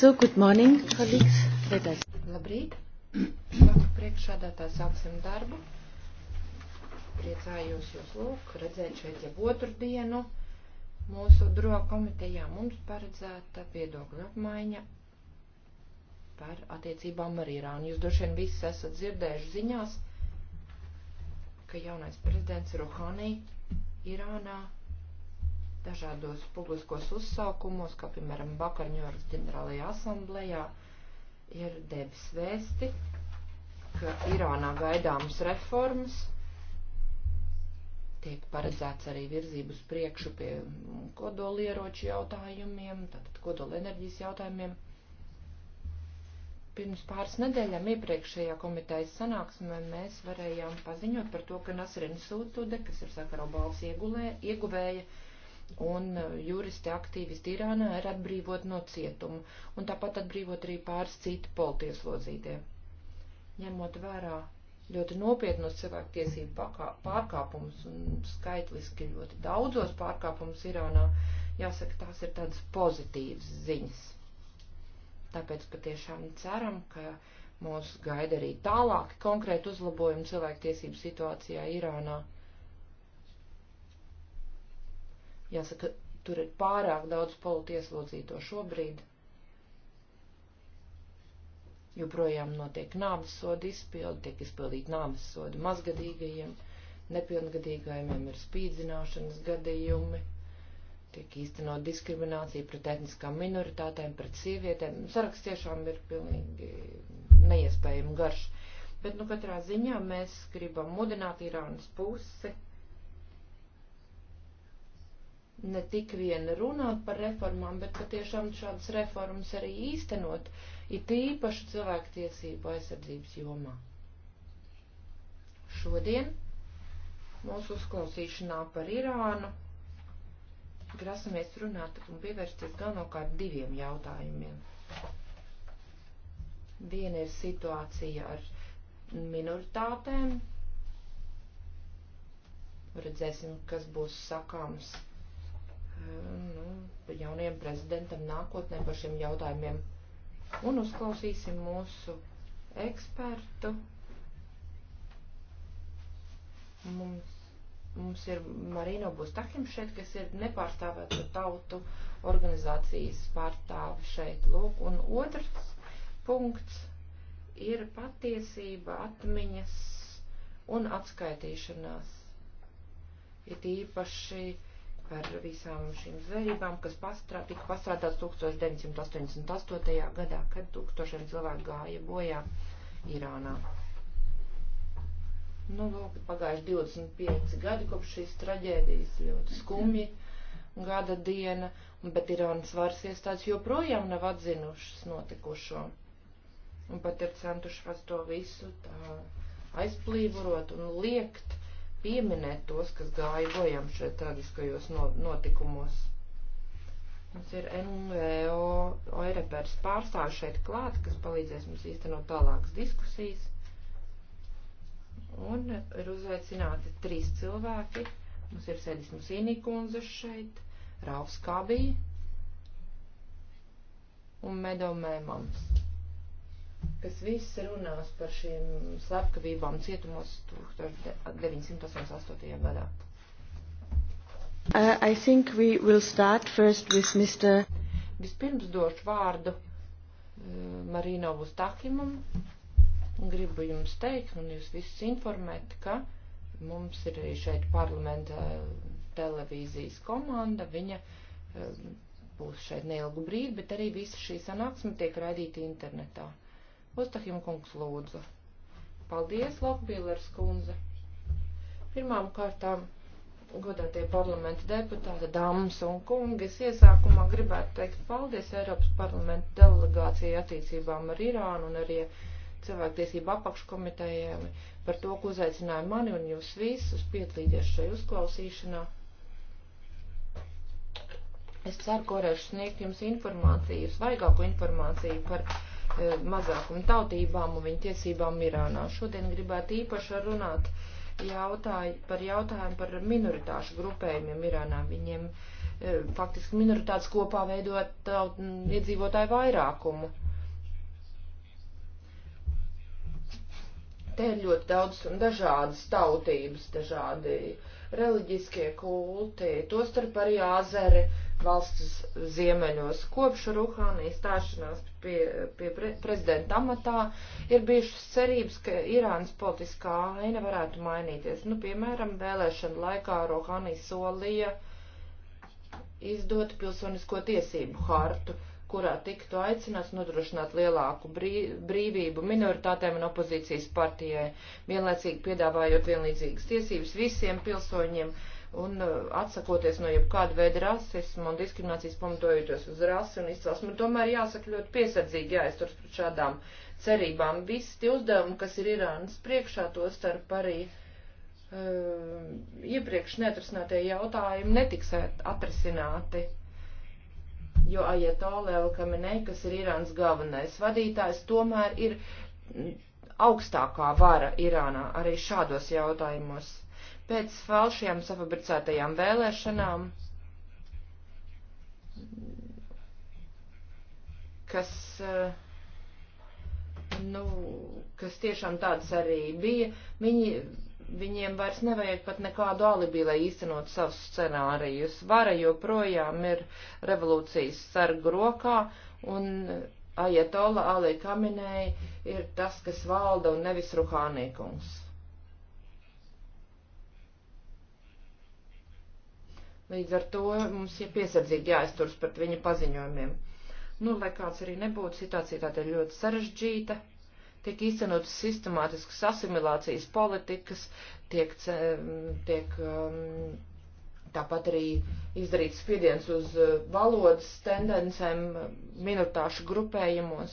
So, good morning, colleagues. Let us. Labrīt. Labi, priekšādātā sāksim darbu. Priecājos jūs lūk, redzēt šeit jau otru dienu. Mūsu droga komitejā mums paredzēta viedokļu apmaiņa par attiecībām ar Irānu. Jūs droši vien visi esat dzirdējuši ziņās, ka jaunais prezidents Rohani Irānā dažādos publiskos uzsaukumos, kā piemēram Bakarņoras ģenerālajā asamblējā, ir devis vēsti, ka Irānā gaidāmas reformas tiek paredzēts arī virzības priekšu pie kodolieroču jautājumiem, tātad kodolenerģijas jautājumiem. Pirms pāris nedēļām iepriekšējā komitejas sanāksmē mēs varējām paziņot par to, ka Nasrin Sūtude, kas ir Sakaro balss iegulē, ieguvēja, ieguvēja un uh, juristi aktīvisti Irānā ir atbrīvot no cietuma, un tāpat atbrīvot arī pāris citu politieslodzītie. Ņemot vērā ļoti nopietnos cilvēku tiesību pārkāpumus un skaitliski ļoti daudzos pārkāpumus Irānā, jāsaka, tās ir tādas pozitīvas ziņas. Tāpēc patiešām ceram, ka mūs gaida arī tālāk konkrēti uzlabojumi cilvēku tiesību situācijā Irānā Jāsaka, tur ir pārāk daudz politieslodzīto šobrīd. Joprojām notiek nāves soda izpildi, tiek izpildīta nāves soda mazgadīgajiem, nepilngadīgajiem ir spīdzināšanas gadījumi, tiek īstenot diskriminācija pret etniskām minoritātēm, pret sievietēm. Saraksts tiešām ir pilnīgi neiespējami garš. Bet, nu, katrā ziņā mēs gribam mudināt Irānas pusi ne tik vien runāt par reformām, bet patiešām šādas reformas arī īstenot, it īpaši cilvēktiesību aizsardzības jomā. Šodien mūsu uzklausīšanā par Irānu grasamies runāt un pievērsties galvenokārt diviem jautājumiem. Viena ir situācija ar minoritātēm. Redzēsim, kas būs sakāms nu, jaunajam prezidentam nākotnē par šiem jautājumiem. Un uzklausīsim mūsu ekspertu. Mums, mums ir Marino Bustahim šeit, kas ir nepārstāvēta tautu organizācijas pārstāve šeit. Lūk, un otrs punkts ir patiesība, atmiņas un atskaitīšanās. Ir īpaši par visām šīm zvērībām, kas pastrā, tika pastrādāts 1988. gadā, kad tūkstošiem cilvēku gāja bojā Irānā. Nu, lūk, pagājuši 25 gadi kopš šīs traģēdijas, ļoti skumji gada diena, bet Irānas varas iestādes joprojām nav atzinušas notikušo. Un pat ir centušas to visu tā aizplīvorot un liekt pieminēt tos, kas gāja bojām šeit traģiskajos notikumos. Mums ir NVO Oirepers pārstāvis šeit klāt, kas palīdzēs mums īstenot tālākas diskusijas. Un ir uzveicināti trīs cilvēki. Mums ir sēdis mums Inīkundze šeit, Raufs Kabī un Medomēmams kas viss runās par šīm slepkavībām cietumos 1988. gadā. Uh, I think we will start first with Mr. Vispirms došu vārdu uh, Marinovu Stakimam. Gribu jums teikt un jūs visus informēt, ka mums ir arī šeit parlamenta televīzijas komanda. Viņa uh, būs šeit neilgu brīdi, bet arī visa šī sanāksme tiek raidīta internetā. Uh, Mustahim kungs lūdzu. Paldies, Lokbīlers kundze. Pirmām kārtām godātie parlamenta deputāti, dāmas un kungi, es iesākumā gribētu teikt paldies Eiropas parlamenta delegācijai attiecībām ar Irānu un arī cilvēktiesību apakškomitējiem par to, ka uzaicināja mani un jūs visus piedalīties šai uzklausīšanā. Es ceru, ka varēšu sniegt jums informāciju, svaigāku informāciju par E, mazākumu tautībām un viņu tiesībām Irānā. Šodien gribētu īpaši runāt jautāju, par jautājumu par minoritāšu grupējumiem Irānā. Viņiem e, faktiski minoritātes kopā veidot taut, iedzīvotāju vairākumu. Te ir ļoti daudz un dažādas tautības, dažādi reliģiskie kulti, tostarp arī āzeri, valsts ziemeļos. Kopš Ruhāna izstāšanās pie, pie pre, prezidenta amatā ir bijušas cerības, ka Irānas politiskā aina varētu mainīties. Nu, piemēram, vēlēšana laikā Ruhāni solīja izdot pilsonisko tiesību hartu, kurā tiktu aicināts nodrošināt lielāku brīvību minoritātēm un opozīcijas partijai, vienlaicīgi piedāvājot vienlīdzīgas tiesības visiem pilsoņiem un uh, atsakoties no jebkāda veida rasismu un diskriminācijas pamatojoties uz rasi un izcelsmi, tomēr jāsaka ļoti piesardzīgi jāizturas pret šādām cerībām. Visi tie uzdevumi, kas ir Irānas priekšā, to starp arī uh, iepriekš neatrisinātie jautājumi netiks atrisināti. Jo Ajatola Elkamenei, kas ir Irānas galvenais vadītājs, tomēr ir augstākā vara Irānā arī šādos jautājumos. Pēc falšajām safabricētajām vēlēšanām, kas, eh, nu, kas tiešām tāds arī bija, viņi viņiem vairs nevajag pat nekādu alibi, lai īstenot savus scenārijus. Vara joprojām ir revolūcijas sargu rokā, un Ajatola Ali Kaminei ir tas, kas valda un nevis Ruhānīkums. Līdz ar to mums ir piesardzīgi jāizturas pret viņa paziņojumiem. Nu, lai kāds arī nebūtu, situācija tāda ir ļoti sarežģīta, tiek īstenotas sistemātiskas asimilācijas politikas, tiek, tiek um, Tāpat arī izdarīt spiediens uz uh, valodas tendencēm minoritāšu grupējumos.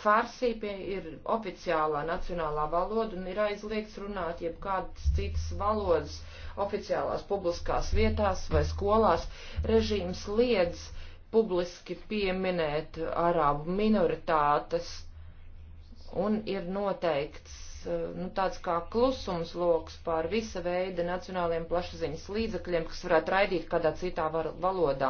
Farsī ir oficiālā nacionālā valoda un ir aizliegts runāt jebkādas citas valodas oficiālās publiskās vietās vai skolās. Režīms liedz publiski pieminēt arābu minoritātes un ir noteikts Eh, nu, tāds kā klusums loks pār visa veida nacionāliem plašsaziņas līdzakļiem, kas varētu raidīt kādā citā var, valodā.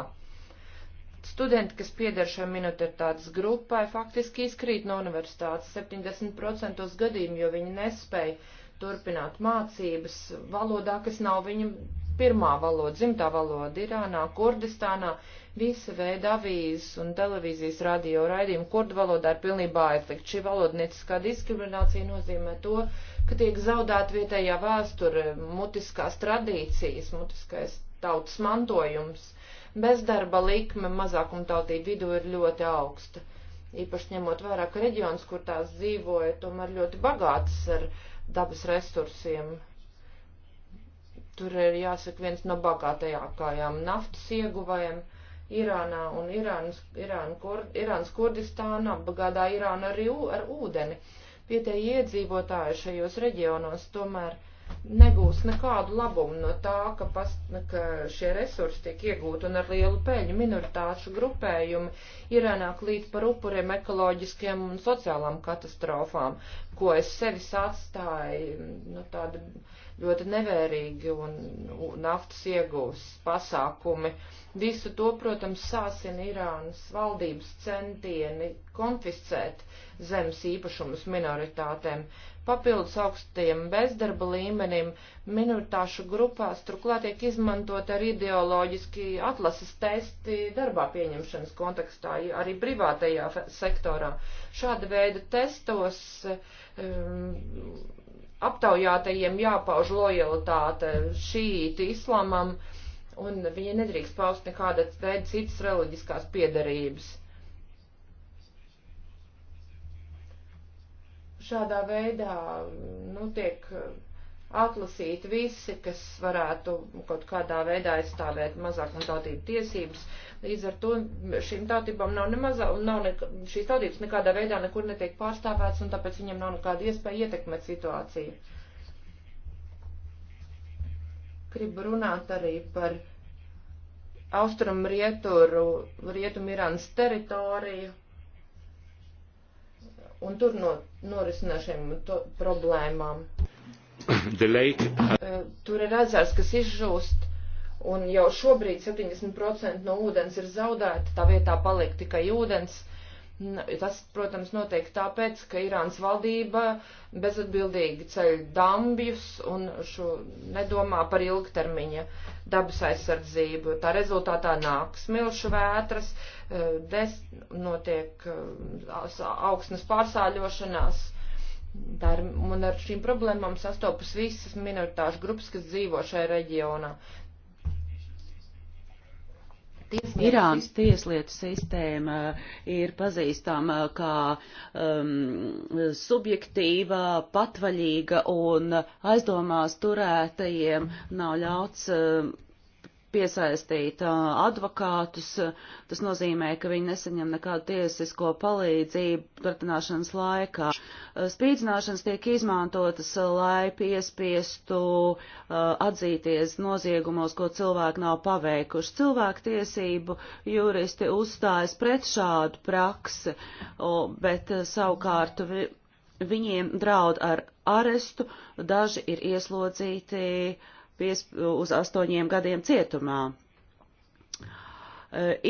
Studenti, kas pieder šai minoritātes grupai, faktiski izkrīt no universitātes 70% gadījumu, jo viņi nespēja turpināt mācības valodā, kas nav viņam pirmā valoda, dzimtā valoda Irānā, Kurdistānā, visa veida avīzes un televīzijas radio raidījumi kurdu valodā ir pilnībā aizliegt. Šī valodnieciskā diskriminācija nozīmē to, ka tiek zaudēta vietējā vēsture, mutiskās tradīcijas, mutiskais tautas mantojums. Bezdarba likme mazākumtautību vidū ir ļoti augsta. Īpaši ņemot vērā, ka reģions, kur tās dzīvoja, tomēr ļoti bagāts ar dabas resursiem, tur ir jāsaka viens no bagātajākajām naftas ieguvējiem Irānā un Irānas, Irāna, Kur, Irānas Kurdistāna apbagādā Irānu arī ar ūdeni. Vietēji iedzīvotāji šajos reģionos tomēr negūs nekādu labumu no tā, ka, pas, ka šie resursi tiek iegūti un ar lielu peļņu minoritāšu grupējumi ienāk līdz par upuriem ekoloģiskiem un sociālām katastrofām, ko es sevis atstāju, nu, tāda ļoti nevērīgi un, un naftas iegūs pasākumi. Visu to, protams, sāsina Irānas valdības centieni konfiscēt zemes īpašumus minoritātēm. Papildus augstajiem bezdarba līmenim minoritāšu grupās turklāt tiek izmantot arī ideoloģiski atlases testi darbā pieņemšanas kontekstā, arī privātajā sektorā. Šāda veida testos um, aptaujātajiem jāpauž lojalitāte šīti islamam, un viņi nedrīkst paust nekāda veida citas reliģiskās piedarības. Šādā veidā, nu, tiek atlasīt visi, kas varētu kaut kādā veidā aizstāvēt mazākumu tautību tiesības. Līdz ar to šīm tautībām nav nemazā, nav ne, šīs tautības nekādā veidā nekur netiek pārstāvēts, un tāpēc viņam nav nekāda iespēja ietekmēt situāciju. Gribu runāt arī par austrumu rieturu, rietumu Irānas teritoriju, un tur no, norisinošiem problēmām. Lake... Eh, tur ir ezers, kas izžūst, un jau šobrīd 70% no ūdens ir zaudēta, tā vietā paliek tikai ūdens. Tas, protams, notiek tāpēc, ka Irānas valdība bezatbildīgi ceļ dambjus un šo nedomā par ilgtermiņa dabas aizsardzību. Tā rezultātā nāk smilšu vētras, eh, des, notiek eh, augsnes pārsāļošanās Tā ir, un ar šīm problēmām sastopas visas minoritāšu grupas, kas dzīvo šajā reģionā. Tieslietu Irānas tieslietu sistēma ir pazīstama kā um, subjektīva, patvaļīga un aizdomās turētajiem nav ļauts um, piesaistīt advokātus. Tas nozīmē, ka viņi nesaņem nekādu tiesisko palīdzību turpināšanas laikā. Spīdzināšanas tiek izmantotas, lai piespiestu atzīties noziegumos, ko cilvēki nav paveikuši. Cilvēku tiesību juristi uzstājas pret šādu praksi, bet savukārt viņiem draud ar arestu, daži ir ieslodzīti uh, pies, uz astoņiem gadiem cietumā. Eh,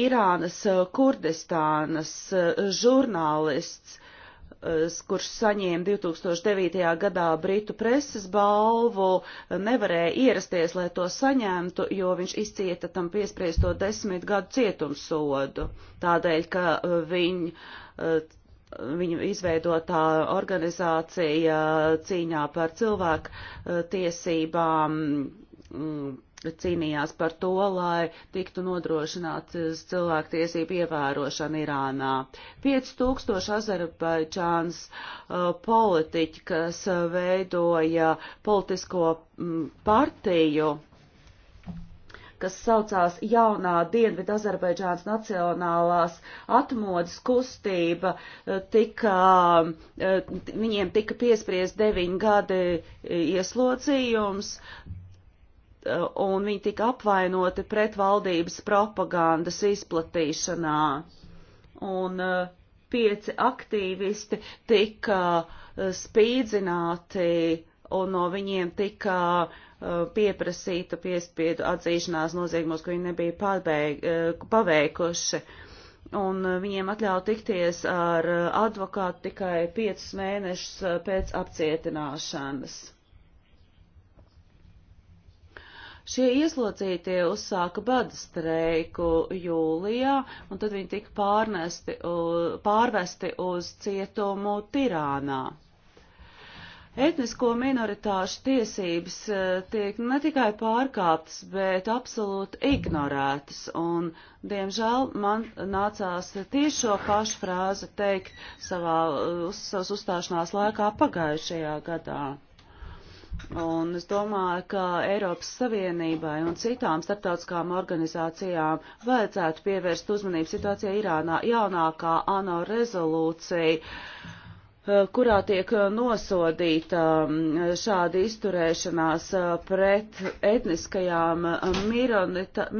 Irānas eh, Kurdistānas eh, žurnālists, kurš saņēma 2009. gadā Britu preses balvu, nevarēja ierasties, lai to saņemtu, jo viņš izcieta tam piespriesto desmit gadu cietumsodu, tādēļ, ka viņ viņu izveidotā organizācija cīņā par cilvēku eh, tiesībām mm, cīnījās par to, lai tiktu nodrošināts eh, cilvēktiesību ievērošana Irānā. 5000 Azerbaidžāns eh, politiķi, kas veidoja politisko mm, partiju, kas saucās Jaunā Dienvidu Azerbaidžānas nacionālās atmodas kustība, eh, tika, eh, viņiem tika piespriest deviņu gadi eh, ieslodzījums, un viņi tika apvainoti pret valdības propagandas izplatīšanā. Un pieci aktīvisti tika spīdzināti, un no viņiem tika uh, Uh, pieprasītu piespiedu atzīšanās noziegumos, ko viņi nebija pabeig, uh, paveikuši. Un uh, viņiem atļauja tikties ar advokātu tikai piecus mēnešus pēc apcietināšanas. Šie ieslodzītie uzsāka bada streiku jūlijā, un tad viņi tika pārnesti, pārvesti uz cietumu Tirānā. Etnisko minoritāšu tiesības e, tiek ne tikai pārkāptas, bet absolūti ignorētas, un, diemžēl, man nācās tieši šo pašu frāzi teikt savā, uz, savas uzstāšanās laikā pagājušajā gadā. Un es domāju, ka Eiropas Savienībai un citām starptautiskām organizācijām vajadzētu pievērst uzmanību situācijai Irānā. Jaunākā ANO rezolūcija Eh, kurā tiek eh, nosodīta mm, šāda izturēšanās eh, pret etniskajām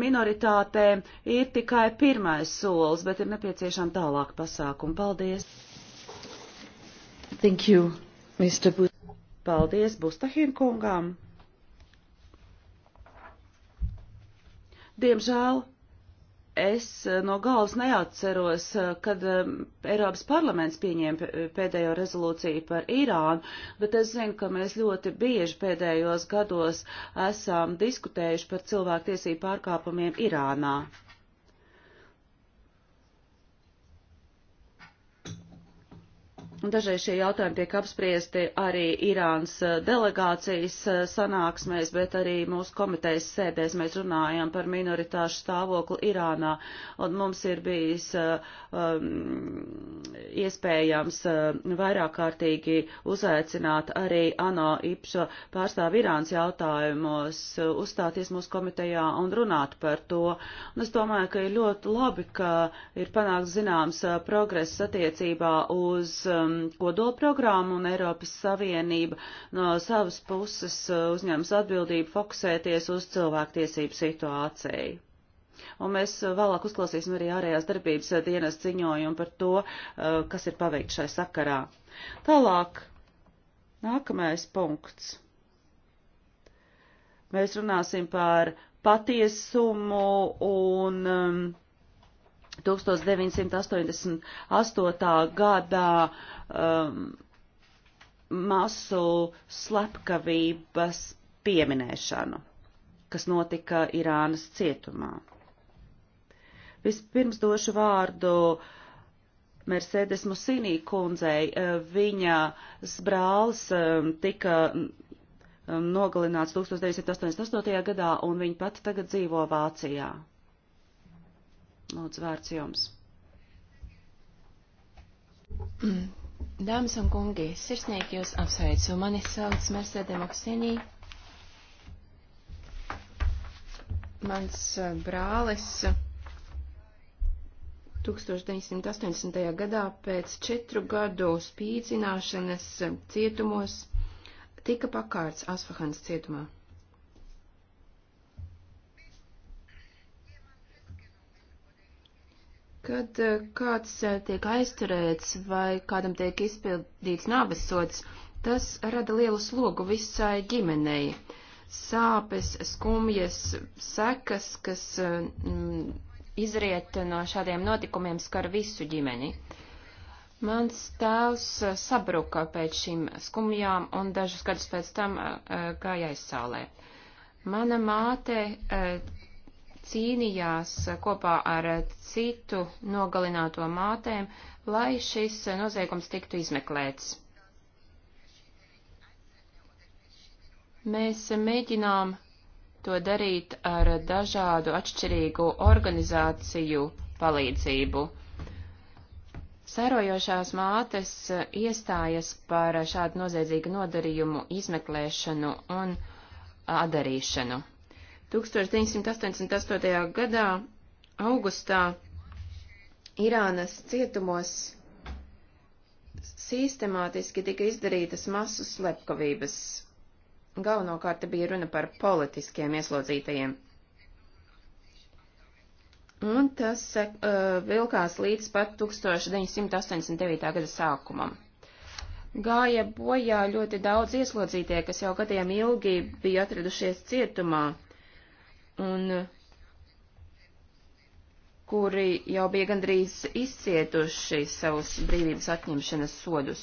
minoritātēm, ir tikai pirmais solis, bet ir nepieciešama tālāk pasākuma. Paldies! Thank you, Mr. Bus Paldies Bustahin kungām! Diemžēl es eh, no galvas neatceros, eh, kad eh, Eiropas parlaments pieņēma pēdējo rezolūciju par Irānu, bet es zinu, ka mēs ļoti bieži pēdējos gados esam diskutējuši par cilvēktiesību pārkāpumiem Irānā. Dažreiz šie jautājumi tiek apspriesti arī Irānas eh, delegācijas eh, sanāksmēs, bet arī mūsu komitejas sēdēs mēs runājam par minoritāšu stāvokli Irānā. Un mums ir bijis eh, um, iespējams um, vairāk kārtīgi uzaicināt arī ANO IPŠO pārstāvi Irānas jautājumos, uzstāties mūsu komitejā un runāt par to. Un es domāju, ka ir ļoti labi, ka ir panākts zināms progress attiecībā uz um, um, kodolprogrammu un Eiropas Savienība no savas puses uh, uzņems atbildību fokusēties uz cilvēktiesību situāciju. Un mēs uh, vēlāk uzklausīsim arī ārējās darbības uh, dienas ziņojumu par to, uh, kas ir paveikts šai sakarā. Tālāk, nākamais punkts. Mēs runāsim par patiesumu un um, 1988. gadā um, masu slepkavības pieminēšanu, kas notika Irānas cietumā. Vispirms došu vārdu uh, Mercedes Musinī kundzei, uh, viņa brālis um, tika um, um, nogalināts 1988. gadā, un viņa pati tagad dzīvo Vācijā. Lūdzu, vārds jums. Dāmas un kungi, sirsnīgi jūs apsveicu. Mani sauc Mercedes Maksinī. Mans eh, brālis 1980. Eh, gadā pēc četru gadu spīdzināšanas eh, cietumos tika pakārts Asfahanas cietumā. Kad eh, kāds eh, tiek aizturēts vai kādam tiek izpildīts nāves sods, tas rada lielu slogu visai ģimenei. Sāpes, skumjas, sekas, kas mm, izriet no šādiem notikumiem, skar visu ģimeni. Mans tēvs sabruka pēc šīm skumjām un dažus gadus pēc tam gāja aizsālē. Mana māte cīnījās kopā ar citu nogalināto mātēm, lai šis noziegums tiktu izmeklēts. Mēs mēģinām to darīt ar dažādu atšķirīgu organizāciju palīdzību. Sērojošās mātes iestājas par šādu noziedzīgu nodarījumu izmeklēšanu un atdarīšanu. 1988. gadā augustā Irānas cietumos sistemātiski tika izdarītas masu slepkavības. Galvenokārt bija runa par politiskiem ieslodzītajiem. Un tas uh, vilkās līdz pat 1989. gada sākumam. Gāja bojā ļoti daudz ieslodzītie, kas jau gadiem ilgi bija atradušies cietumā, un kuri jau bija gandrīz izcietuši savus brīvības atņemšanas sodus.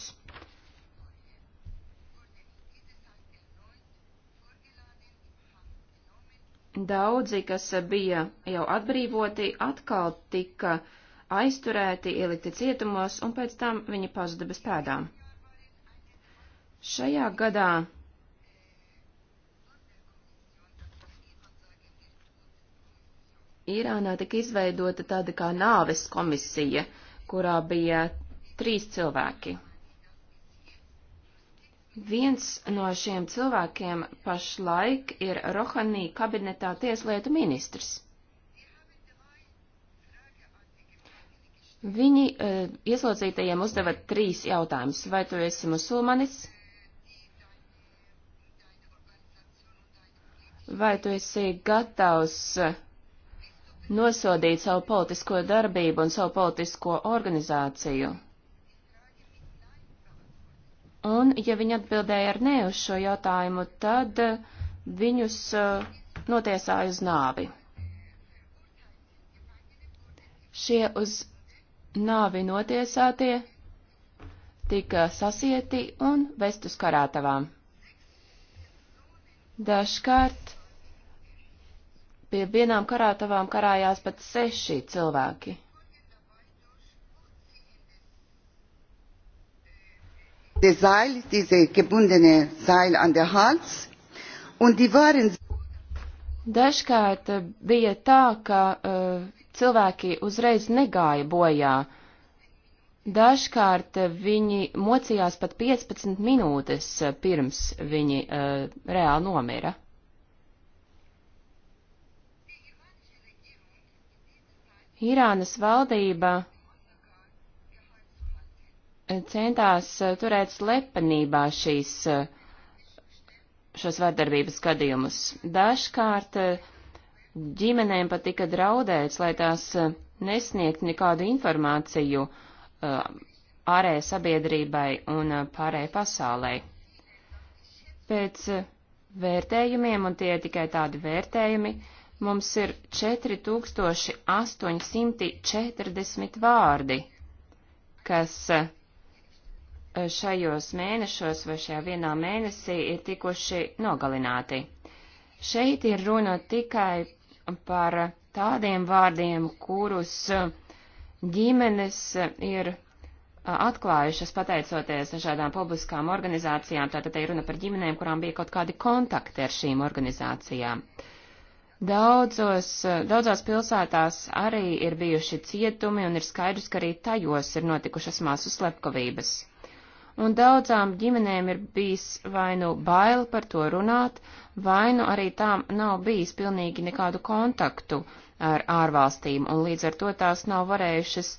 Daudzi, kas bija jau atbrīvoti, atkal tika aizturēti, ielikti cietumos, un pēc tam viņi pazuda bez pēdām. Šajā gadā Irānā tika izveidota tāda kā nāves komisija, kurā bija trīs cilvēki. Viens no šiem cilvēkiem pašlaik ir Rohanī kabinetā tieslietu ministrs. Viņi e, ieslodzītajiem uzdeva trīs jautājumus. Vai tu esi musulmanis? Vai tu esi gatavs nosodīt savu politisko darbību un savu politisko organizāciju. Un, ja viņi atbildēja ar nē uz šo jautājumu, tad uh, viņus uh, notiesāja uz nāvi. Šie uz nāvi notiesātie tika sasieti un vest uz karātavām. Dažkārt Pie vienām karātavām karājās pat seši cilvēki. Der Seil, diese gebundene Seil an der Hals, un die waren. Dažkārt eh, bija tā, ka uh, cilvēki uzreiz negāja bojā. Dažkārt eh, viņi mocījās pat 15 minūtes pirms viņi uh, reāli nomira. Irānas valdība eh, centās eh, turēt slepenībā šīs, eh, šos vardarbības gadījumus. Dažkārt ģimenēm pat tika draudēts, lai tās nesniegt nekādu informāciju ārējai sabiedrībai un pārējai pasaulē. Pēc vērtējumiem, un tie ir tikai tādi vērtējumi, uh, Mums ir 4840 vārdi, kas eh, šajos mēnešos vai šajā vienā mēnesī ir tikuši nogalināti. Šeit ir runa tikai par tādiem vārdiem, kurus eh, ģimenes eh, ir atklājušas pateicoties dažādām publiskām organizācijām, tātad te ir runa par ģimenēm, kurām bija kaut kādi kontakti ar šīm organizācijām. Uh, Daudzos, daudzās pilsētās arī ir bijuši cietumi un ir skaidrs, ka arī tajos ir notikušas māsu slepkavības. Un daudzām ģimenēm ir bijis vai nu bail par to runāt, vai nu arī tām nav bijis pilnīgi nekādu kontaktu ar ārvalstīm, un līdz ar to tās nav varējušas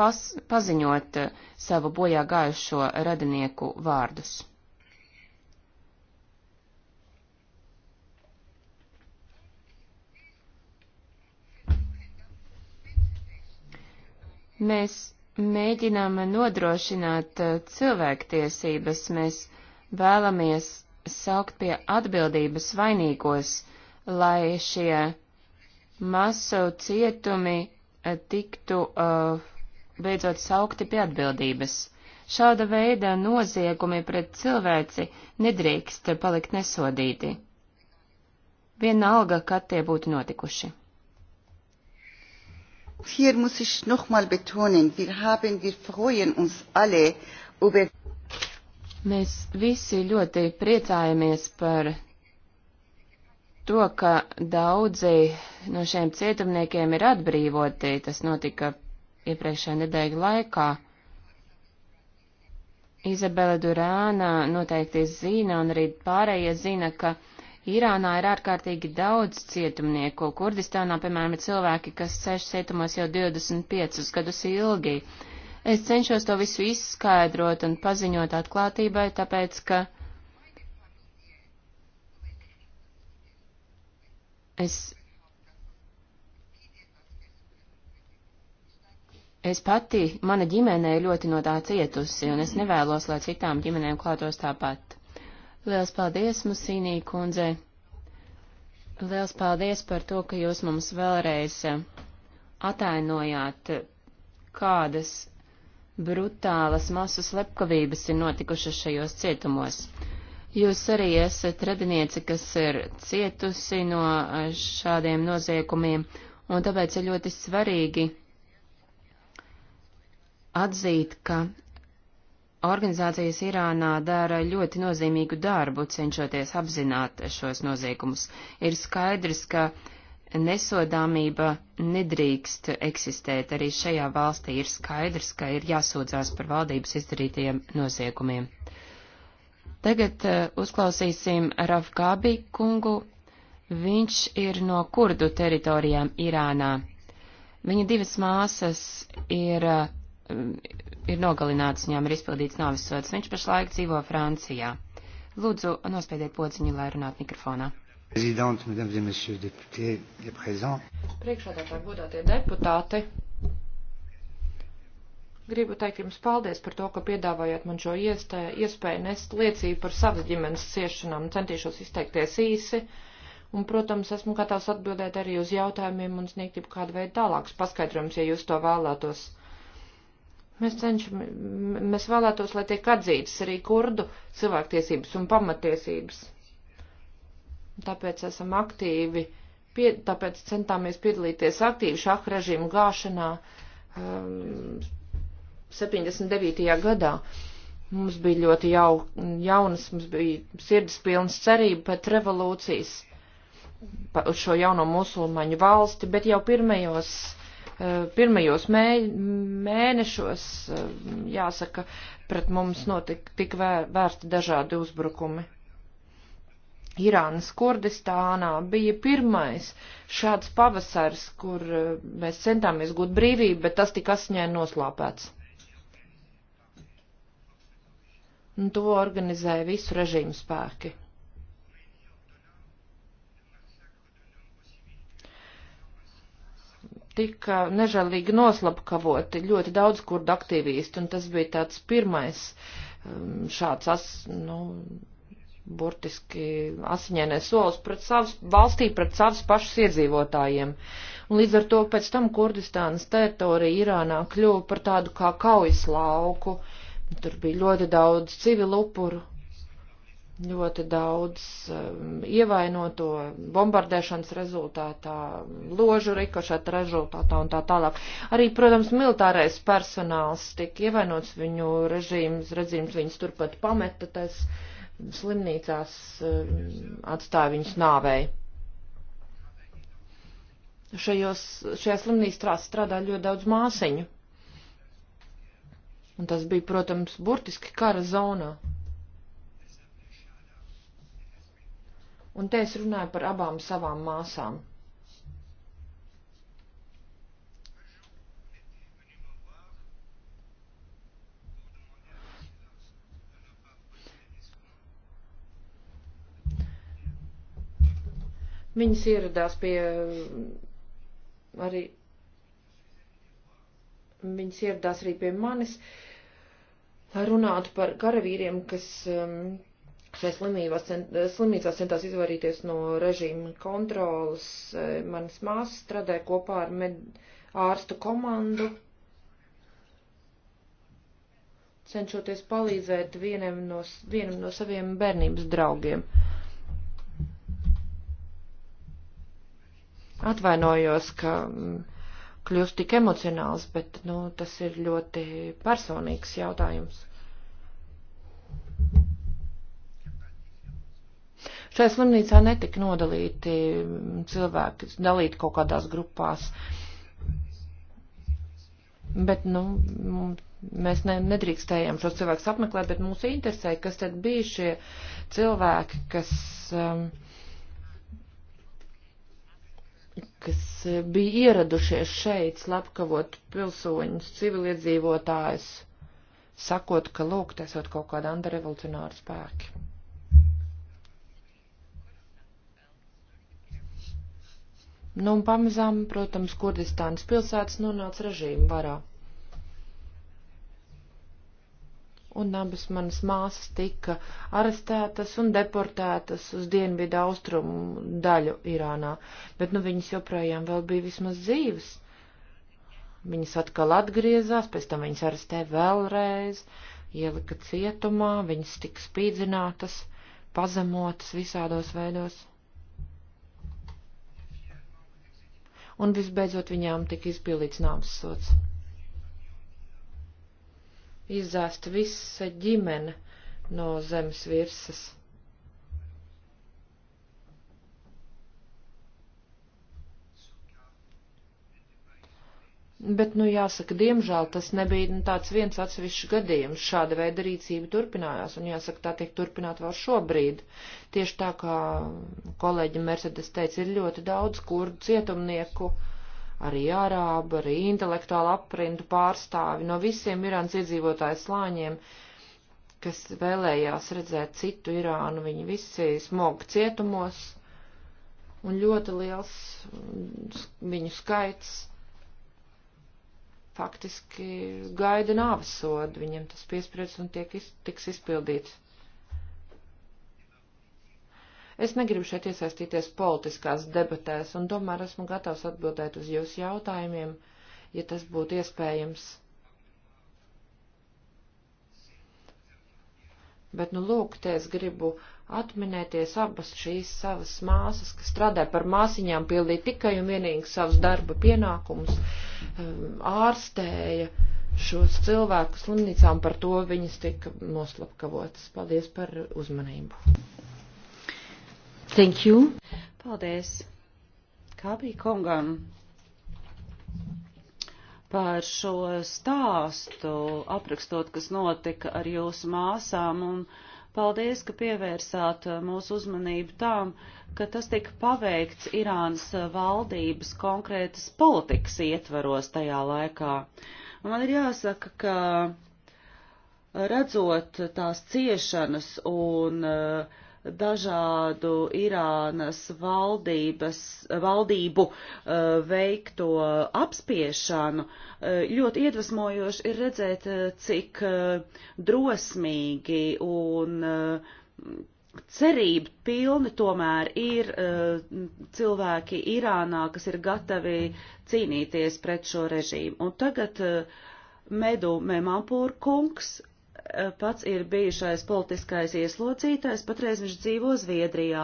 pas, paziņot savu bojā gājušo radinieku vārdus. Mēs mēģinām nodrošināt uh, cilvēktiesības, mēs vēlamies saukt pie atbildības vainīgos, lai šie masu cietumi uh, tiktu uh, beidzot saukti pie atbildības. Šāda veida noziegumi pret cilvēci nedrīkst palikt nesodīti. Vienalga, kad tie būtu notikuši. Hier muss ich nochmal betonen, wir haben, wir freuen uns alle über. Mēs visi ļoti priecājamies par to, ka daudzi no šiem cietumniekiem ir atbrīvoti. Tas notika iepriekšējā nedēļa laikā. Izabela Durāna noteikti zina, un arī pārējie zina, ka Irānā ir ārkārtīgi daudz cietumnieku. Kurdistānā, piemēram, ir cilvēki, kas sēž cietumos jau 25 gadus ilgi. Es cenšos to visu izskaidrot un paziņot atklātībai, tāpēc, ka es Es pati, mana ģimene ir ļoti no tā cietusi, un es nevēlos, lai citām ģimenēm klātos tāpat. Liels paldies, Musīnī kundze! Liels paldies par to, ka jūs mums vēlreiz eh, atainojāt, eh, kādas brutālas masu slepkavības ir notikušas šajos cietumos. Jūs arī esat radiniece, kas ir cietusi no eh, šādiem noziegumiem, un tāpēc ir ļoti svarīgi atzīt, ka Organizācijas Irānā dara ļoti nozīmīgu darbu, cenšoties apzināt šos noziegumus. Ir skaidrs, ka nesodāmība nedrīkst eksistēt. Arī šajā valstī ir skaidrs, ka ir jāsūdzās par valdības izdarītajiem noziegumiem. Tagad uh, uzklausīsim Rafgābi kungu. Viņš ir no kurdu teritorijām Irānā. Viņa divas māsas ir uh, ir nogalināts, viņām ir izpildīts nāvisots. Viņš pašlaik dzīvo Francijā. Lūdzu, nospiediet pociņu, lai runātu mikrofonā. Priekšādātāji, godātie deputāti, gribu teikt jums paldies par to, ka piedāvājāt man šo iestē, iespēju nest liecību par savas ģimenes ciešanām. Centīšos izteikties īsi. Un, protams, esmu gatavs atbildēt arī uz jautājumiem un sniegt jau kādu veidu tālākus paskaidrojumus, ja jūs to vēlētos. Mēs cenšamies, mēs vēlētos, lai tiek atzītas arī kurdu cilvēktiesības un pamatiesības. Tāpēc esam aktīvi, pie, tāpēc centāmies piedalīties aktīvi šāk režīmu gāšanā um, 79. gadā. Mums bija ļoti jau, jaunas, mums bija sirds pilnas cerība pēc revolūcijas uz šo jauno musulmaņu valsti, bet jau pirmajos Eh, pirmajos mēnešos, eh, jāsaka, pret mums notika tik vērsti dažādi uzbrukumi. Irānas Kurdistānā bija pirmais šāds pavasars, kur eh, mēs centāmies gūt brīvību, bet tas tika asņēni noslāpēts. Un to organizēja visu režīmu spēki. tika nežēlīgi noslapkavoti ļoti daudz kurdu aktīvisti, un tas bija tāds pirmais um, šāds, as, nu, burtiski asiņainais solis pret savas valstī, pret savas pašas iedzīvotājiem. Un līdz ar to pēc tam Kurdistānas teritorija Irānā kļuva par tādu kā kaujas lauku. Tur bija ļoti daudz civilu upuru, ļoti daudz um, ievainoto bombardēšanas rezultātā, ložu rikošēta rezultātā un tā tālāk. Arī, protams, militārais personāls tika ievainots, viņu režīms, redzījums viņus turpat pameta, tas slimnīcās um, atstāja viņus nāvēji. Šajos, šajā slimnīcā strādā ļoti daudz māsiņu. Un tas bija, protams, burtiski kara zonā. Un te es runāju par abām savām māsām. Viņas ieradās pie arī, viņas ieradās arī pie manis, lai runātu par karavīriem, kas um, šai slimnīcā centās izvairīties no režīma kontrolas. E, manas māsas strādāja kopā ar med, ārstu komandu, cenšoties palīdzēt vienam no, vienam no saviem bērnības draugiem. Atvainojos, ka mm, kļūst tik emocionāls, bet, nu, tas ir ļoti personīgs jautājums. Šai slimnīcā netika nodalīti cilvēki, dalīti kaut kādās grupās. Bet, nu, mēs ne, nedrīkstējām šos cilvēkus apmeklēt, bet mūs interesē, kas tad bija šie cilvēki, kas. Um, kas bija ieradušies šeit slepkavot pilsoņus, civiliedzīvotājus, sakot, ka lūk, esot kaut kāda antirevolucionāra spēki. Nu, un pamazām, protams, Kurdistānas pilsētas nonāca režīmu varā. Un abas manas māsas tika arestētas un deportētas uz dienvidu austrumu daļu Irānā, bet nu viņas joprojām vēl bija vismaz dzīves. Viņas atkal atgriezās, pēc tam viņas arestē vēlreiz, ielika cietumā, viņas tika spīdzinātas, pazemotas visādos veidos. un visbeidzot viņām tika izpildīts nāves sots. Izzāst visa ģimene no zemes virsas. Bet, nu, jāsaka, diemžēl tas nebija nu, tāds viens atsevišķs gadījums. Šāda veida rīcība turpinājās, un jāsaka, tā tiek turpināta vēl šobrīd. Tieši tā kā kolēģi Mercedes teica, ir ļoti daudz kurdu cietumnieku, arī ārāba, arī intelektuāla aprindu pārstāvi no visiem Irānas iedzīvotāju slāņiem, kas vēlējās redzēt citu Irānu, viņi visi smog cietumos, un ļoti liels mm, viņu skaits faktiski gaida nāves sodu, viņam tas piespriedz un tiek, iz, tiks izpildīts. Es negribu šeit iesaistīties politiskās debatēs, un tomēr esmu gatavs atbildēt uz jūsu jautājumiem, ja tas būtu iespējams. Bet, nu, lūk, te es gribu atminēties abas šīs savas māsas, kas strādāja par māsiņām, pildīja tikai un vienīgi savus darba pienākumus, um, ārstēja šos cilvēkus slimnīcā un par to viņas tika noslapkavotas. Paldies par uzmanību. Thank you. Paldies. Kā bija kongam? par šo stāstu, aprakstot, kas notika ar jūsu māsām un uh, Paldies, ka pievērsāt uh, mūsu uzmanību tām, ka tas tika paveikts Irānas uh, valdības konkrētas politikas ietvaros tajā laikā. Man ir jāsaka, ka uh, redzot tās ciešanas un uh, dažādu Irānas valdības, valdību eh, veikto apspiešanu, eh, ļoti iedvesmojoši ir redzēt, eh, cik drosmīgi un cerība pilni tomēr ir cilvēki Irānā, kas ir gatavi cīnīties pret šo režīmu. Un tagad Medu Memapūr kungs Eh, pats ir bijušais politiskais ieslodzītais, patreiz viņš dzīvo Zviedrijā,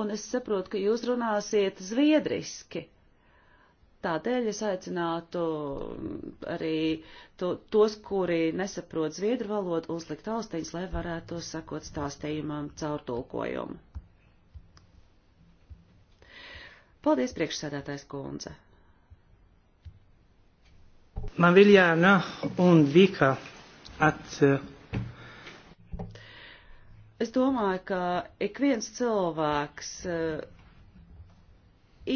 un es saprotu, ka jūs runāsiet zviedriski. Tādēļ es aicinātu mm, arī to, tos, kuri nesaprot zviedru valodu, uzlikt austiņas, lai varētu sakot stāstījumam caur tulkojumu. Paldies, priekšsēdētājs kundze. Man Viljāna un Vika at uh, Es domāju, ka ik viens cilvēks eh,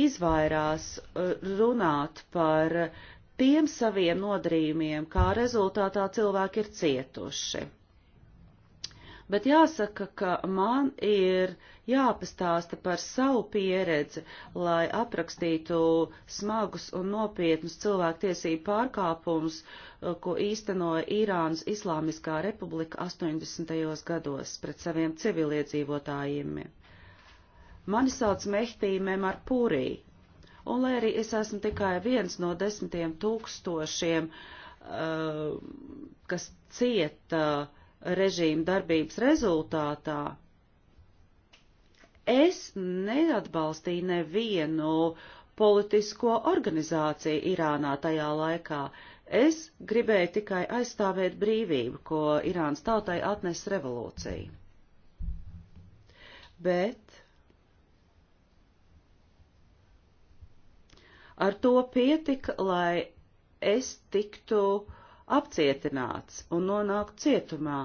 izvairās eh, runāt par tiem saviem nodarījumiem, kā rezultātā cilvēki ir cietuši. Bet jāsaka, ka man ir uh, jāpastāsta par savu pieredzi, lai aprakstītu smagus un nopietnus cilvēktiesību pārkāpumus, eh, ko īstenoja Irānas Islāmiskā republika 80. gados pret saviem civiliedzīvotājiem. Mani sauc Mehtī Memarpūrī, un lai arī es esmu tikai viens no desmitiem tūkstošiem, uh, kas cieta uh, režīmu darbības rezultātā, Es neatbalstīju nevienu politisko organizāciju Irānā tajā laikā. Es gribēju tikai aizstāvēt brīvību, ko Irānas tautai atnes revolūcija. Bet ar to pietika, lai es tiktu apcietināts un nonāktu cietumā.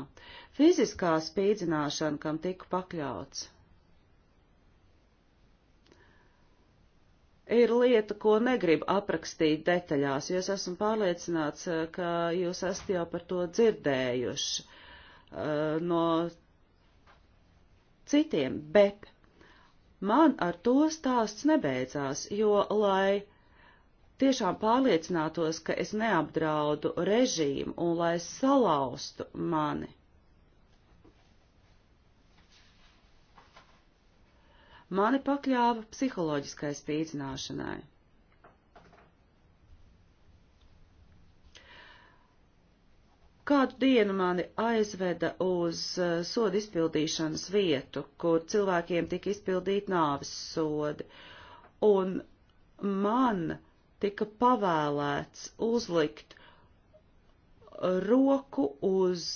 Fiziskā spīdzināšana, kam tiku pakļauts. ir lieta, ko negribu aprakstīt detaļās, jo es esmu pārliecināts, eh, ka jūs esat jau par to dzirdējuši eh, no citiem, bet man ar to stāsts nebeidzās, jo, lai tiešām pārliecinātos, ka es neapdraudu režīmu un lai salaustu mani, Mani pakļāva psiholoģiskai spīdzināšanai. Kādu dienu mani aizveda uz eh, sodu izpildīšanas vietu, kur cilvēkiem tika izpildīti nāves sodi, un man tika pavēlēts uzlikt roku uz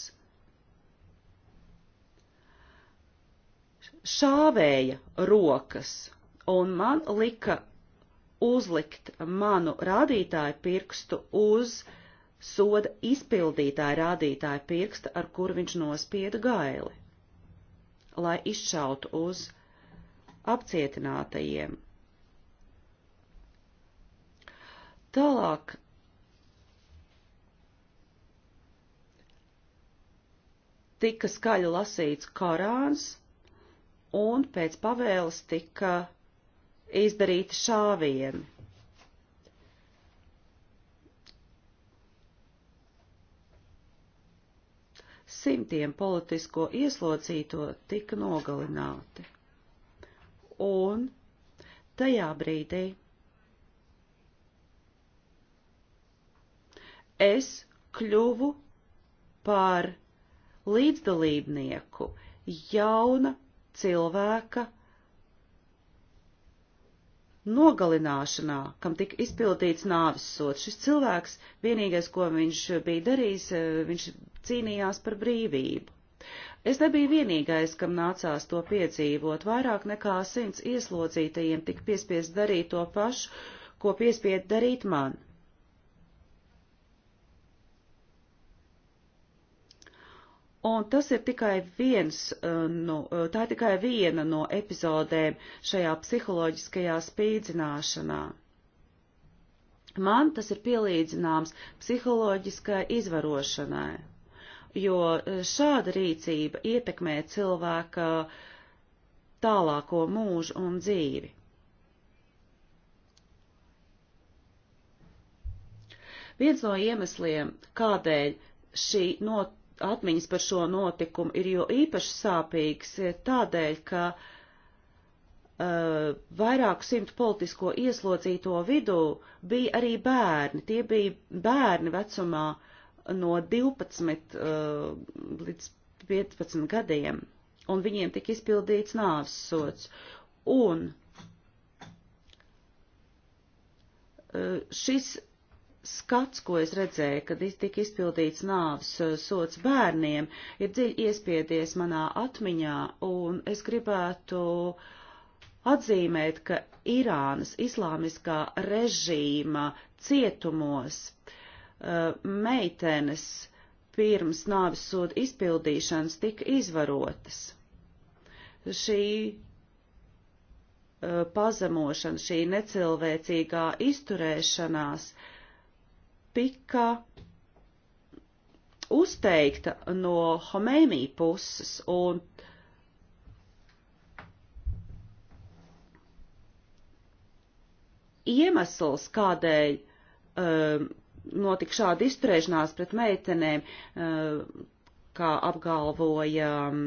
šāvēja rokas, un man lika uzlikt manu rādītāju pirkstu uz soda izpildītāja rādītāja pirksta, ar kuru viņš nospieda gaili, lai izšautu uz apcietinātajiem. Tālāk tika skaļi lasīts Korāns, un pēc pavēles tika izdarīti šāvieni. Simtiem politisko ieslocīto tika nogalināti. Un tajā brīdī es kļuvu par līdzdalībnieku jauna cilvēka nogalināšanā, kam tika izpildīts nāvis sots. Šis cilvēks, vienīgais, ko viņš bija darījis, eh, viņš cīnījās par brīvību. Es nebiju vienīgais, kam nācās to piedzīvot. Vairāk nekā simts ieslodzītajiem tika piespiest darīt to pašu, ko piespied darīt man. Un tas ir tikai viens, eh, nu, eh, tā ir tikai viena no epizodēm šajā psiholoģiskajā spīdzināšanā. Man tas ir pielīdzināms psiholoģiskai izvarošanai, jo eh, šāda rīcība ietekmē cilvēka tālāko mūžu un dzīvi. Viens no iemesliem, kādēļ šī not atmiņas par šo notikumu ir jo īpaši sāpīgs eh, tādēļ, ka uh, vairāku simtu politisko ieslodzīto vidū bija arī bērni. Tie bija bērni vecumā no 12 uh, eh, līdz 15 gadiem, un viņiem tika izpildīts nāves sots. Un uh, šis skats, ko es redzēju, kad tika izpildīts nāves eh, sots bērniem, ir dziļi iespiedies manā atmiņā, un es gribētu atzīmēt, ka Irānas islāmiskā režīma cietumos eh, meitenes pirms nāves soda izpildīšanas tika izvarotas. Šī eh, pazemošana, šī necilvēcīgā izturēšanās uh, tika uzteikta no Homēmī puses, un iemesls, kādēļ um, notika šāda izturēšanās pret meitenēm, um, kā apgalvoja um,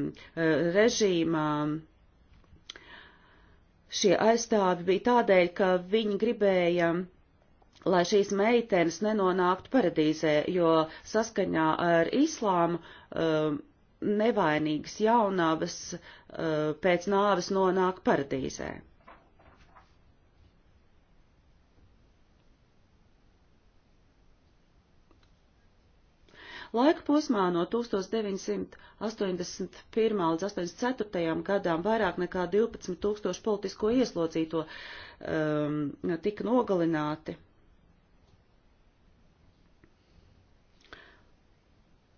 režīmā, šie aizstāvi bija tādēļ, ka viņi gribēja um, lai šīs meitenes nenonāktu paradīzē, jo saskaņā ar islāmu um, nevainīgas jaunavas uh, pēc nāves nonāk paradīzē. Laika posmā no 1981. līdz 84. gadām vairāk nekā 12 tūkstoši politisko ieslodzīto um, tika nogalināti.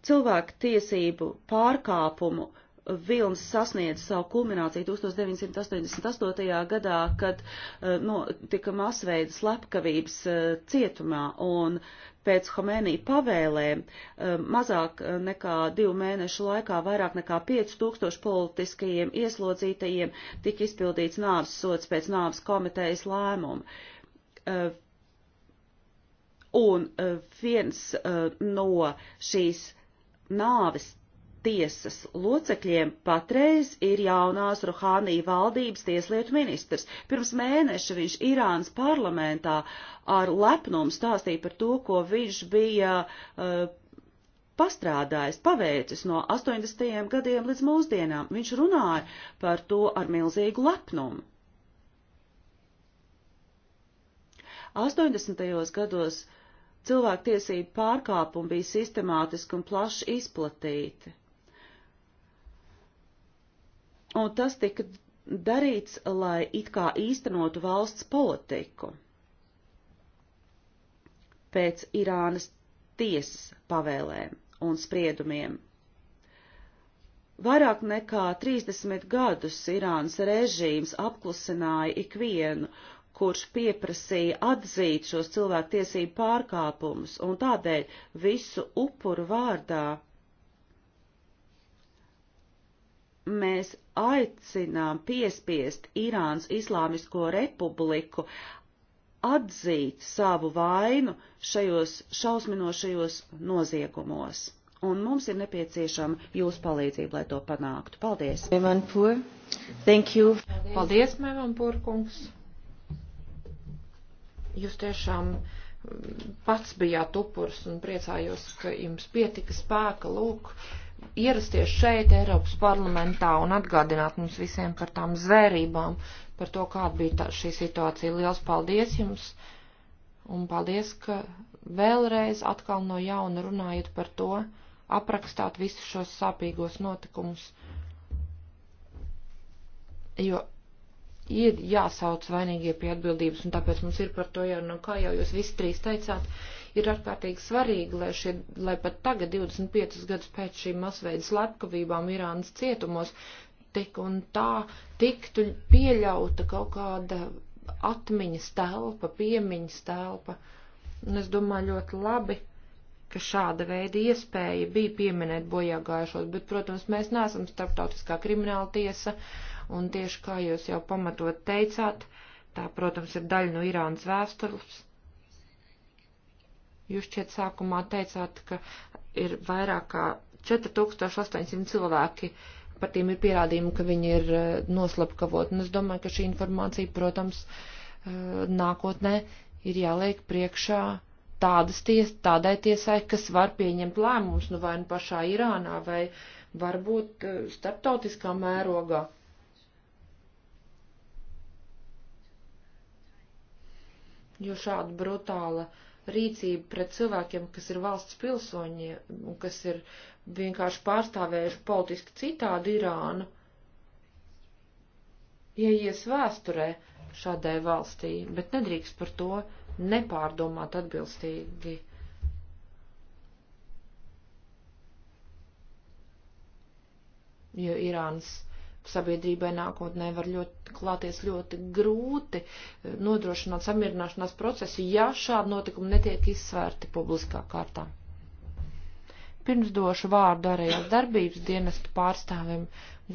cilvēku tiesību pārkāpumu vilnis sasniedz savu kulmināciju 1988. gadā, kad eh, no, tika masveida slepkavības eh, cietumā un pēc Homēnija pavēlēm eh, mazāk nekā divu mēnešu laikā vairāk nekā 5000 politiskajiem ieslodzītajiem tika izpildīts nāves sots pēc nāves komitejas lēmuma. Un viens no šīs nāves tiesas locekļiem patreiz ir jaunās Ruhānī valdības tieslietu ministrs. Pirms mēneša viņš Irānas parlamentā ar lepnumu stāstīja par to, ko viņš bija uh, pastrādājis, paveicis no 80. gadiem līdz mūsdienām. Viņš runāja par to ar milzīgu lepnumu. 80. gados uh, cilvēktiesību pārkāpumi bija sistemātiski un plaši izplatīti. Un tas tika darīts, lai it kā īstenotu valsts politiku. Pēc Irānas tiesas pavēlēm un spriedumiem. Vairāk nekā 30 gadus Irānas režīms apklusināja ikvienu, kurš pieprasīja atzīt šos cilvēku tiesību pārkāpumus, un tādēļ visu upuru vārdā mēs aicinām piespiest Irānas Islāmisko republiku atzīt savu vainu šajos šausminošajos noziegumos. Un mums ir nepieciešama jūsu palīdzība, lai to panāktu. Paldies! Paldies, Mēmanpūr kungs! Jūs tiešām mm, pats bijāt upurs un priecājos, ka jums pietika spēka lūk ierasties šeit Eiropas parlamentā un atgādināt mums visiem par tām zvērībām, par to, kāda bija tā, šī situācija. Liels paldies jums un paldies, ka vēlreiz atkal no jauna runājat par to, aprakstāt visus šos sāpīgos notikumus. Jo ir jāsauc vainīgie pie atbildības, un tāpēc mums ir par to jau, nu, kā jau jūs visi trīs teicāt, ir ārkārtīgi svarīgi, lai, šie, lai pat tagad, 25 gadus pēc šīm masveidas slepkavībām Irānas cietumos, tik un tā tiktu pieļauta kaut kāda atmiņas telpa, piemiņas telpa. Un es domāju ļoti labi, ka šāda veida iespēja bija pieminēt bojāgājušos, bet, protams, mēs neesam starptautiskā krimināla tiesa, un tieši kā jūs jau pamatot teicāt, tā, protams, ir daļa no Irānas vēstures. Jūs šķiet sākumā teicāt, ka ir vairāk kā 4800 cilvēki, par tiem ir pierādījumi, ka viņi ir eh, noslapkavot, un es domāju, ka šī informācija, protams, eh, nākotnē ir jāliek priekšā tādas ties, tādai tiesai, kas var pieņemt lēmumus, nu vai nu pašā Irānā, vai varbūt eh, starptautiskā mērogā. jo šāda brutāla rīcība pret cilvēkiem, kas ir valsts pilsoņi un kas ir vienkārši pārstāvējuši politiski citādi Irānu, ieies vēsturē šādai valstī, bet nedrīkst par to nepārdomāt atbilstīgi. Jo Irānas sabiedrībai nākotnē var ļoti klāties ļoti grūti eh, nodrošināt samierināšanās procesu, ja šādi notikumi netiek izsvērti publiskā kārtā. Pirms došu vārdu arējās darbības dienestu pārstāvim,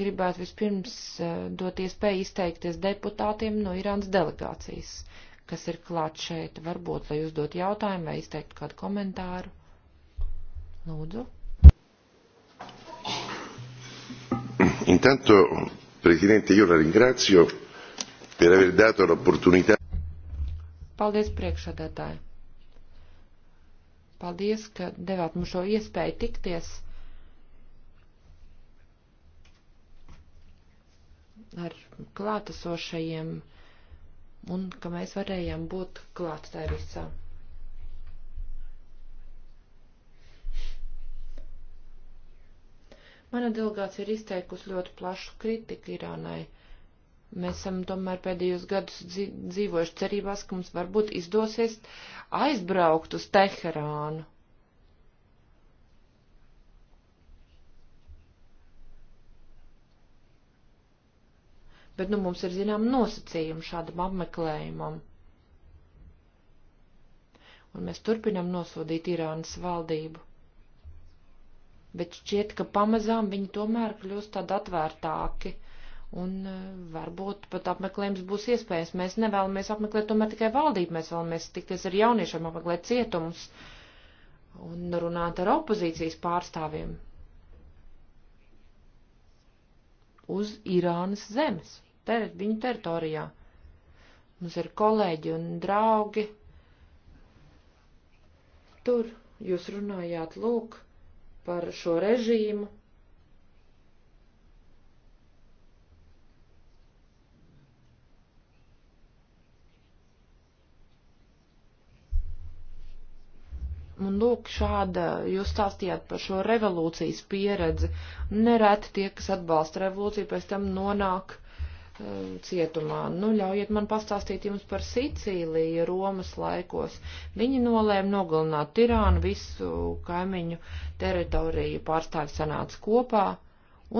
gribētu vispirms eh, dot iespēju izteikties deputātiem no Irānas delegācijas, kas ir klāt šeit, varbūt, lai uzdot jautājumu vai izteikt kādu komentāru. Lūdzu intanto Presidente, io la ringrazio per aver dato l'opportunità. Paldies priekšsādātāji. Paldies, ka devāt mums šo iespēju tikties ar klātesošajiem un ka mēs varējām būt klāt tā visā. Mana delegācija ir izteikusi ļoti plašu kritiku Irānai. Mēs esam tomēr pēdējos gadus dzīvojuši cerībās, ka mums varbūt izdosies aizbraukt uz Teherānu. bet nu mums ir zinām nosacījumi šādam apmeklējumam. Un mēs turpinam nosodīt Irānas valdību bet šķiet, ka pamazām viņi tomēr kļūst tādi atvērtāki. Un eh, varbūt pat apmeklējums būs iespējams. Mēs nevēlamies apmeklēt tomēr tikai valdību, mēs vēlamies tikties ar jauniešiem, apmeklēt cietumus un runāt ar opozīcijas pārstāvjiem uz Irānas zemes, ter, viņu teritorijā. Mums ir kolēģi un draugi. Tur jūs runājāt, lūk, par šo režīmu. Un lūk, šāda jūs stāstījāt par šo revolūcijas pieredzi. Nereti tie, kas atbalsta revolūciju, pēc tam nonāk Um, cietumā. Nu, ļaujiet man pastāstīt jums par Sicīliju Romas laikos. Viņi nolēma nogalināt tirānu, visu kaimiņu teritoriju pārstāvi sanāca kopā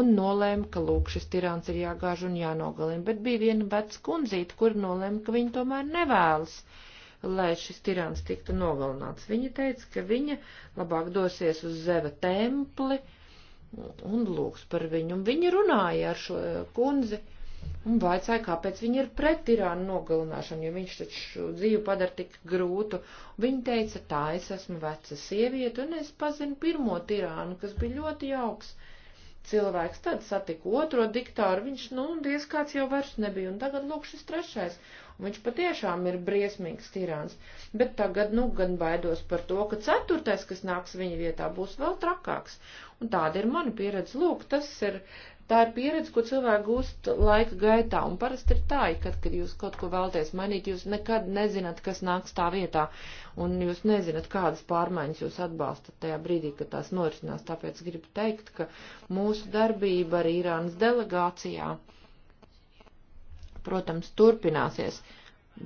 un nolēma, ka lūk, šis tirāns ir jāgāž un jānogalina. Bet bija viena veca kundzīte, kur nolēma, ka viņa tomēr nevēlas, lai šis tirāns tiktu nogalināts. Viņa teica, ka viņa labāk dosies uz Zeva templi un lūgs par viņu. Un viņa runāja ar šo uh, kundzi un vaicāja, kāpēc viņi ir pret Irānu nogalināšanu, jo viņš taču dzīvi padara tik grūtu. Viņa teica, tā es esmu veca sieviete, un es pazinu pirmo tirānu, kas bija ļoti jauks cilvēks. Tad satiku otro diktāru, viņš, nu, diez kāds jau vairs nebija, un tagad lūk šis trešais. Un viņš patiešām ir briesmīgs tirāns, bet tagad, nu, gan baidos par to, ka ceturtais, kas nāks viņa vietā, būs vēl trakāks. Un tāda ir mana pieredze. Lūk, tas ir Tā ir pieredze, ko cilvēki gūst laika gaitā, un parasti ir tā, ka, kad jūs kaut ko vēlaties mainīt, jūs nekad nezināt, kas nāks tā vietā, un jūs nezināt, kādas pārmaiņas jūs atbalstat tajā brīdī, kad tās norisinās. Tāpēc gribu teikt, ka mūsu darbība arī Irānas delegācijā, protams, turpināsies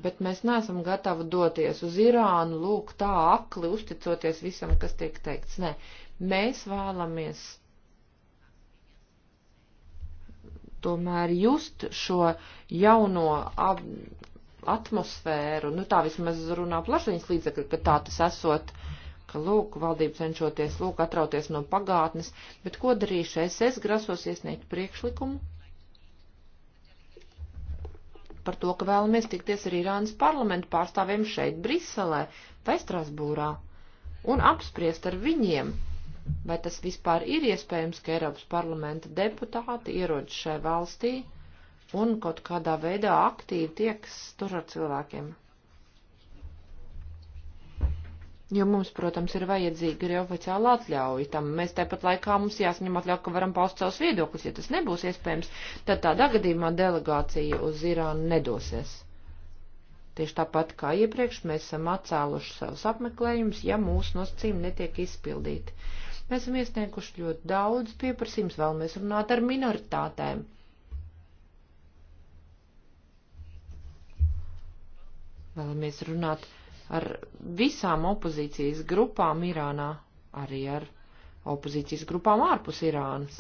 bet mēs neesam gatavi doties uz Irānu, lūk, tā akli uzticoties visam, kas tiek teikts. Nē, mēs vēlamies tomēr just šo jauno atmosfēru, nu tā vismaz runā plašiņas līdzekļi, ka tā tas esot, ka lūk, valdība cenšoties, lūk, atrauties no pagātnes, bet ko darīšu es? Es grasos iesniegt priekšlikumu par to, ka vēlamies tikties ar Irānas parlamentu pārstāvjiem šeit, Briselē vai Strasbūrā un apspriest ar viņiem vai tas vispār ir iespējams, ka Eiropas parlamenta deputāti ierodas šai valstī un kaut kādā veidā aktīvi tieks tur ar cilvēkiem. Jo mums, protams, ir vajadzīga arī oficiāla atļauja tam. Mēs tāpat laikā mums jāsaņem atļauja, ka varam paust savus viedokļus. Ja tas nebūs iespējams, tad tādā gadījumā delegācija uz Irānu nedosies. Tieši tāpat kā iepriekš, mēs esam atcēluši savus apmeklējumus, ja mūsu nosacījumi netiek izpildīti. Mēs esam iesnieguši ļoti daudz pieprasījums, vēlamies runāt ar minoritātēm. Vēlamies runāt ar visām opozīcijas grupām Irānā, arī ar opozīcijas grupām ārpus Irānas.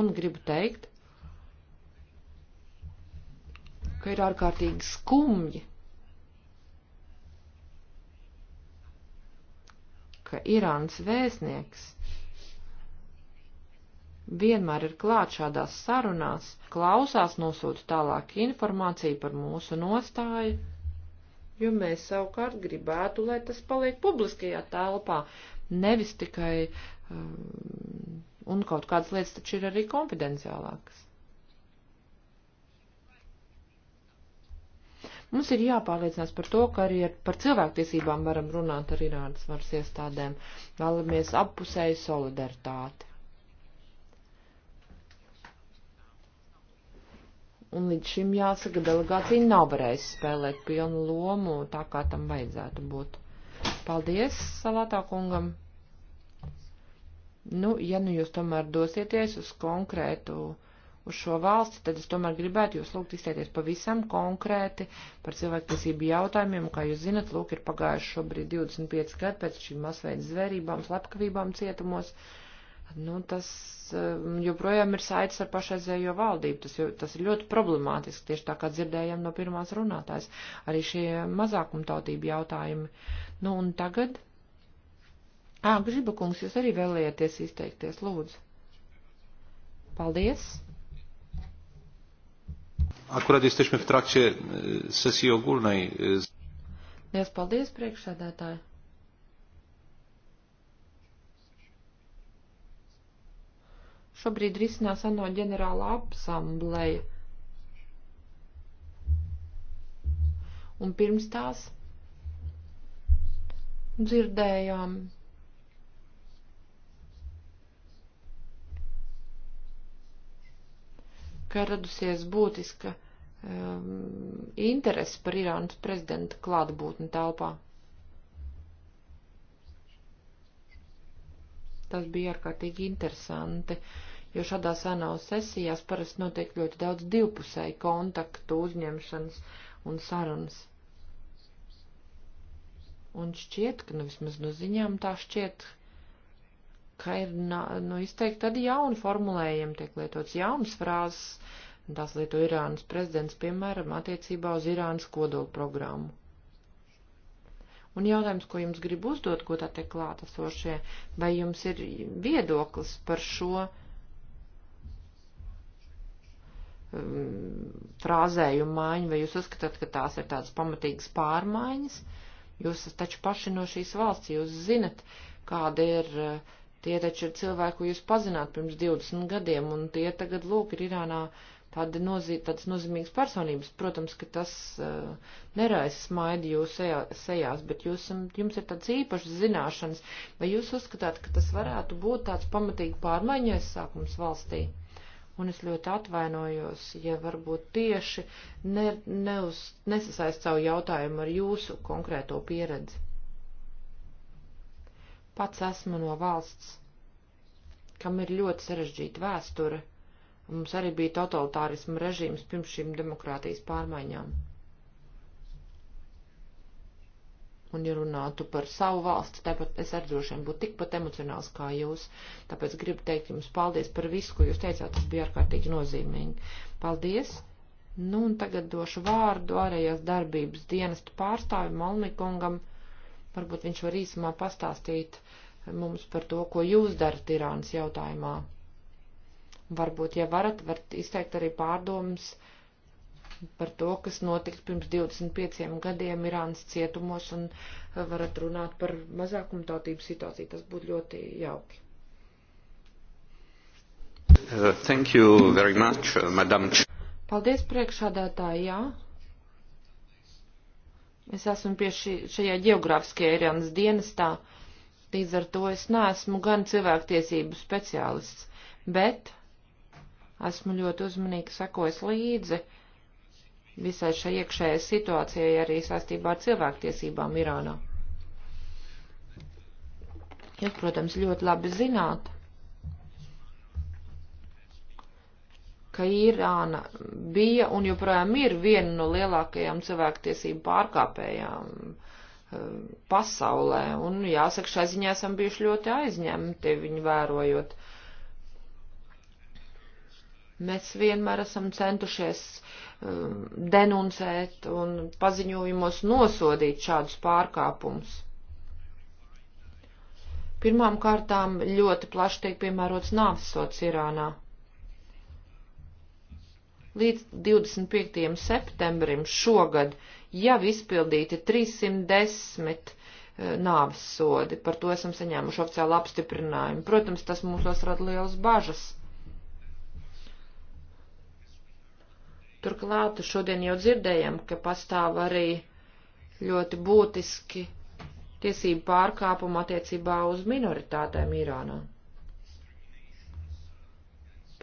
Un gribu teikt, ka ir ārkārtīgi skumji, ka Irānas vēstnieks vienmēr ir klāt šādās sarunās, klausās, nosūta tālāk informāciju par mūsu nostāju, jo mēs savukārt gribētu, lai tas paliek publiskajā telpā, nevis tikai, um, un kaut kādas lietas taču ir arī konfidenciālākas. Mums ir jāpārliecinās par to, ka arī par cilvēktiesībām varam runāt ar Irānas varas iestādēm. Vēlamies appusēju solidaritāti. Un līdz šim jāsaka, delegācija nav varējusi spēlēt pilnu lomu tā, kā tam vajadzētu būt. Paldies Salātā kungam. Nu, ja nu jūs tomēr dosieties uz konkrētu, uz šo valsti, tad es tomēr gribētu jūs lūgt izteikties pavisam konkrēti par cilvēktiesību jautājumiem. Kā jūs zinat, lūk, ir pagājuši šobrīd 25 gadi pēc šīm masveidas zvērībām, slepkavībām cietumos. Uh, nu, tas eh, joprojām ir saites ar pašreizējo valdību. Tas, tas ir ļoti problemātiski, tieši tā kā dzirdējām no pirmās runātājs. Arī šie mazākumtautību jautājumi. Nu, un tagad. Ā, Griba kungs, jūs arī vēlējāties izteikties, lūdzu. Paldies. Akurat jesteśmy w trakcie e, sesji ogólnej. E, Liels paldies, priekšsēdētāji. Šobrīd risinās ANO ģenerāla apsambleja. Un pirms tās dzirdējām ka radusies būtiska um, interese par Irānas prezidenta klātbūtni telpā. Tas bija ārkārtīgi interesanti. Uh, jo šādās ANO sesijās parasti notiek ļoti daudz divpusēju kontaktu uzņemšanas un sarunas. Un šķiet, ka nu vismaz no ziņām tā šķiet, ka ir nu, izteikti tādi jauni formulējumi, tiek lietots jaunas frāzes, tās lieto Irānas prezidents, piemēram, attiecībā uz Irānas kodola programmu. Un jautājums, ko jums grib uzdot, ko tā te klātesošie, vai jums ir viedoklis par šo? Um, frāzējumu maiņu, vai jūs uzskatāt, ka tās ir tādas pamatīgas pārmaiņas? Jūs esat taču paši no šīs valsts, jūs zinat, kāda ir, uh, tie taču ir cilvēki, ko jūs pazināt pirms 20 gadiem, un tie tagad, lūk, ir Irānā tāda nozī, tādas nozīmīgas personības. Protams, ka tas uh, neraisa smaidi jūs sejā, sejās, bet jūs, jums ir tāds īpašs zināšanas, vai jūs uzskatāt, ka tas varētu būt tāds pamatīgi pārmaiņais sākums valstī? un es ļoti atvainojos, ja varbūt tieši ne, neuz, nesasaist savu jautājumu ar jūsu konkrēto pieredzi. Pats esmu no valsts, kam ir ļoti sarežģīta vēsture, un mums arī bija totalitārisma režīms pirms šīm demokrātijas pārmaiņām. Un, ja runātu par savu valsti, tāpat es arī droši vien būtu tikpat emocionāls kā jūs. Tāpēc gribu teikt jums paldies par visu, ko jūs teicāt. Tas bija ārkārtīgi nozīmīgi. Paldies! Nu, un tagad došu vārdu ārējās darbības dienestu pārstāvi Malnikungam. Varbūt viņš var īsumā pastāstīt mums par to, ko jūs darat Irānas jautājumā. Varbūt, ja varat, varat izteikt arī pārdomas par to, kas notiks pirms 25 gadiem Irānas cietumos un eh, varat runāt par mazākumtautību situāciju. Tas būtu ļoti jauki. Uh, thank you very much, uh, Madam. Paldies priekšādātāji, jā. Es esmu pie šī, šajā geogrāfiskajā Irānas dienestā, līdz ar to es neesmu gan cilvēktiesību speciālists, bet esmu ļoti uzmanīgi sakojis līdzi uh, visai šai iekšējai situācijai arī saistībā ar cilvēktiesībām Irānā. Jūs, protams, ļoti labi zināt, ka Irāna bija un joprojām ir viena no lielākajām cilvēktiesību pārkāpējām eh, pasaulē, un jāsaka, šai ziņā esam bijuši ļoti aizņemti viņu vērojot. Mēs vienmēr esam centušies uh, Um, denuncēt un paziņojumos nosodīt šādus pārkāpumus. Pirmām kārtām ļoti plaši tiek piemērots nāvsots Irānā. Līdz 25. septembrim šogad jau izpildīti 310 nāves sodi. Par to esam saņēmuši oficiālu apstiprinājumu. Protams, tas mūsos rada lielas bažas Turklāt šodien jau dzirdējam, ka pastāv arī ļoti būtiski tiesību pārkāpumu attiecībā uz minoritātēm Irānā.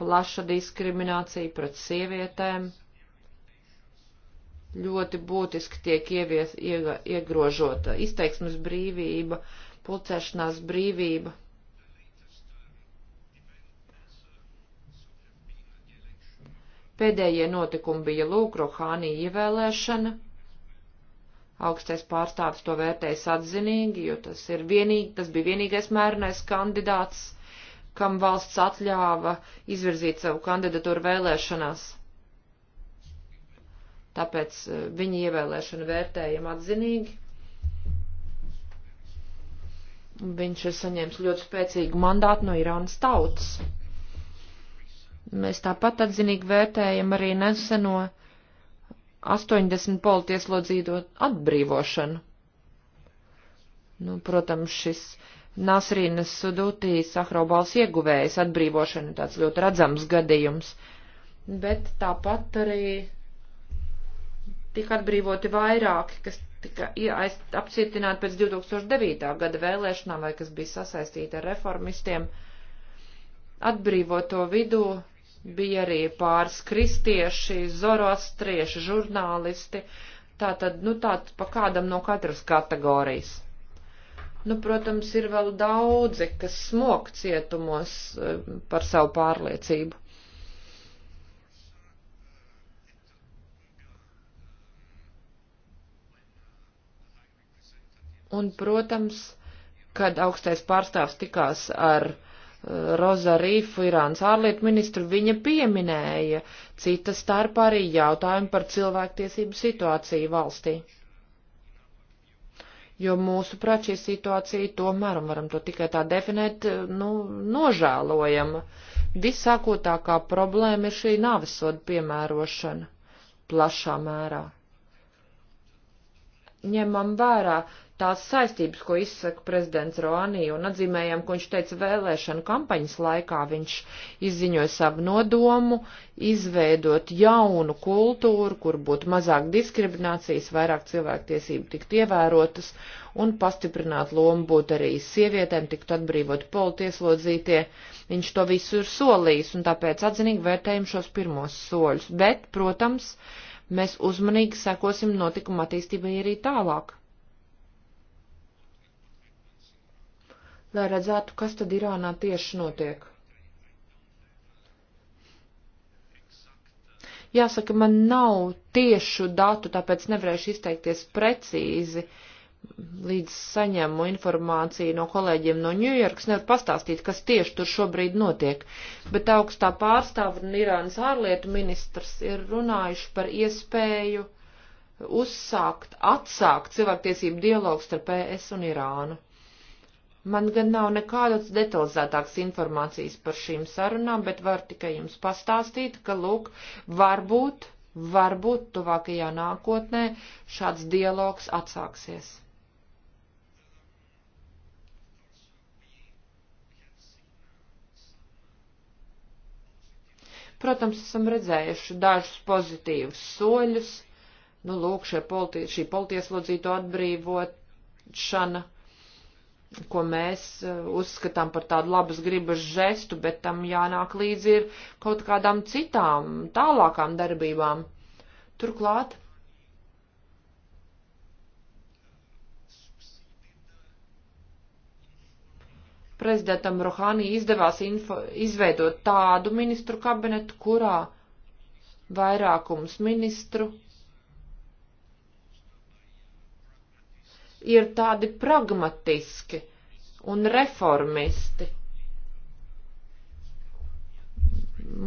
Plaša diskriminācija pret sievietēm ļoti būtiski tiek ievies, ie, iegrožota izteiksmes brīvība, pulcēšanās brīvība. Pēdējie notikumi bija Lūkrohānī ievēlēšana. Augstais pārstāvis to vērtējas atzinīgi, jo tas, ir vienīgi, tas bija vienīgais mērenais kandidāts, kam valsts atļāva izvirzīt savu kandidatūru vēlēšanās. Tāpēc eh, viņa ievēlēšanu vērtējam atzinīgi. Viņš ir saņēmis ļoti spēcīgu mandātu no Irānas tautas. Mēs tāpat atzinīgi vērtējam arī neseno 80 politieslodzīto atbrīvošanu. Nu, protams, šis Nasrīnas Sudutī Sahrobals ieguvējas atbrīvošana tāds ļoti redzams gadījums, bet tāpat arī tika atbrīvoti vairāki, kas tika apcietināti pēc 2009. gada vēlēšanām vai kas bija sasaistīti ar reformistiem. Atbrīvoto vidū bija arī pāris kristieši, zoroastrieši, žurnālisti, tā tad, nu, tāds pa kādam no katras kategorijas. Nu, protams, ir vēl daudzi, kas smok cietumos e, par savu pārliecību. Un, protams, kad augstais pārstāvs tikās ar Roza Rīfu, Irānas ārlietu ministru, viņa pieminēja cita starpā arī jautājumu par cilvēktiesību situāciju valstī. Jo mūsu prāt šī situācija tomēr, un varam to tikai tā definēt, nu, nožēlojama. Visākotākā problēma ir šī nāvesoda piemērošana plašā mērā ņemam vērā tās saistības, ko izsaka prezidents Roanī, un atzīmējām, ko viņš teica vēlēšanu kampaņas laikā, viņš izziņoja savu nodomu izveidot jaunu kultūru, kur būtu mazāk diskriminācijas, vairāk cilvēktiesību tikt ievērotas, un pastiprināt lomu būtu arī sievietēm, tiktu atbrīvot politieslodzītie. Viņš to visu ir solījis, un tāpēc atzinīgi vērtējam šos pirmos soļus. Bet, protams, mēs uzmanīgi sekosim notikuma attīstībai arī tālāk. lai redzētu, kas tad Irānā tieši notiek. Jāsaka, man nav tiešu datu, tāpēc nevarēšu izteikties precīzi, līdz saņemu informāciju no kolēģiem no Ņujorkas. Nevaru pastāstīt, kas tieši tur šobrīd notiek, bet augstā pārstāva un Irānas ārlietu ministrs ir runājuši par iespēju uzsākt, atsākt cilvēktiesību dialogu starp ES un Irānu. Man gan nav nekādas detalizētākas informācijas par šīm sarunām, bet var tikai jums pastāstīt, ka, lūk, varbūt, varbūt tuvākajā nākotnē šāds dialogs atsāksies. Protams, esam redzējuši dažus pozitīvus soļus, nu, lūk, politi šī politieslodzīto atbrīvotšana ko mēs eh, uzskatām par tādu labas gribas žestu, bet tam jānāk līdzi ir kaut kādām citām, tālākām darbībām. Turklāt. Prezidentam Rohani izdevās info, izveidot tādu ministru kabinetu, kurā vairākums ministru ir tādi pragmatiski un reformisti.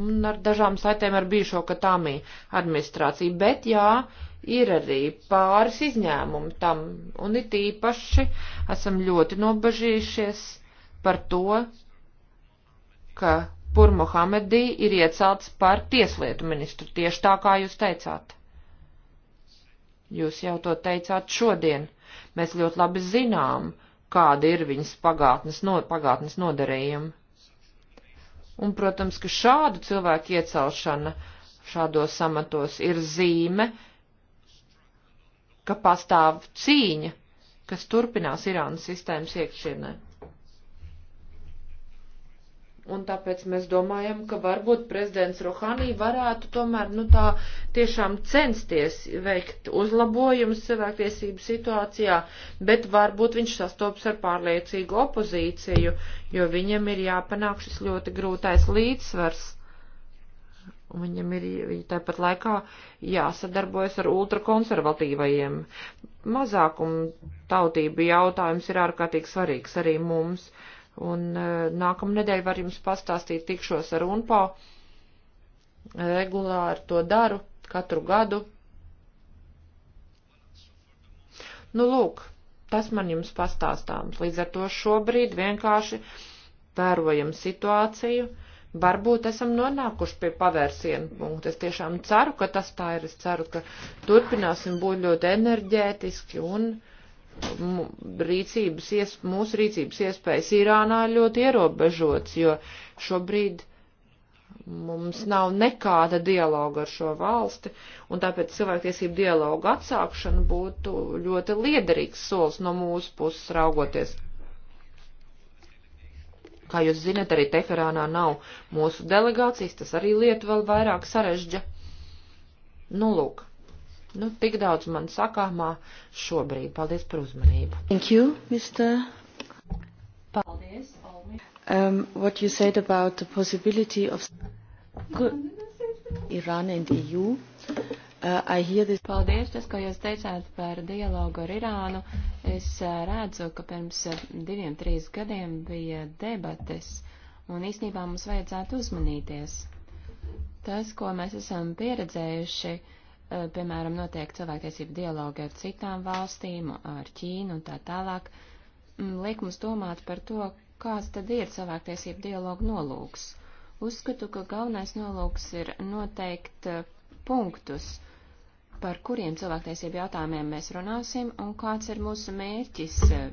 Un ar dažām saitēm ar bijušo Katāmī administrāciju, bet jā, ir arī pāris izņēmumi tam, un it īpaši esam ļoti nobažījušies par to, ka Purmohamedī ir iecelts par tieslietu ministru, tieši tā kā jūs teicāt. Jūs jau to teicāt šodien Mēs ļoti labi zinām, kāda ir viņas pagātnes, no, pagātnes nodarījumi. Un, protams, ka šādu cilvēku iecelšana šādos amatos ir zīme, ka pastāv cīņa, kas turpinās Irānas sistēmas iekšienē. Un tāpēc mēs domājam, ka varbūt prezidents Rohanī varētu tomēr, nu tā, tiešām censties veikt uzlabojumus cilvēktiesību situācijā, bet varbūt viņš sastops ar pārliecīgu opozīciju, jo viņam ir jāpanāk šis ļoti grūtais līdzsvars. Un viņam ir tāpat laikā jāsadarbojas ar ultrakonservatīvajiem. Mazākumu tautību jautājums ir ārkārtīgi svarīgs arī mums. Uh, Un e, nākamnedēļ var jums pastāstīt, tikšos ar UNPO. E, regulāri to daru, katru gadu. Nu, lūk, tas man jums pastāstāms. Līdz ar to šobrīd vienkārši vērojam situāciju. Varbūt esam nonākuši pie pavērsienu punkta. Es tiešām ceru, ka tas tā ir. Es ceru, ka turpināsim būt ļoti enerģētiski un uh, rīcības, ies, mūsu rīcības iespējas Irānā ir ļoti ierobežots, jo šobrīd mums nav nekāda dialoga ar šo valsti, un tāpēc cilvēktiesību dialogu atsākšana būtu ļoti liederīgs solis no mūsu puses raugoties. Kā jūs zinat, arī Teherānā nav mūsu delegācijas, tas arī lietu vēl vairāk sarežģa. Nu, lūk. Nu, tik daudz man sakāmā šobrīd. Paldies par uzmanību. Thank you, Mr. Paldies. Um, what you said about the possibility of Iran and EU. Uh, I hear this. Paldies, tas, ko jūs teicāt par dialogu ar Irānu. Es uh, redzu, ka pirms uh, diviem, trīs gadiem bija debates, un īstenībā mums vajadzētu uzmanīties. Tas, ko mēs esam pieredzējuši, uh, Eh, piemēram, notiek cilvēktiesību dialogi ar citām valstīm, ar Ķīnu un tā tālāk, mm, liek mums domāt par to, kāds tad ir cilvēktiesību dialogu nolūks. Uzskatu, ka galvenais nolūks ir noteikt eh, punktus, par kuriem cilvēktiesību jautājumiem mēs runāsim un kāds ir mūsu mērķis eh,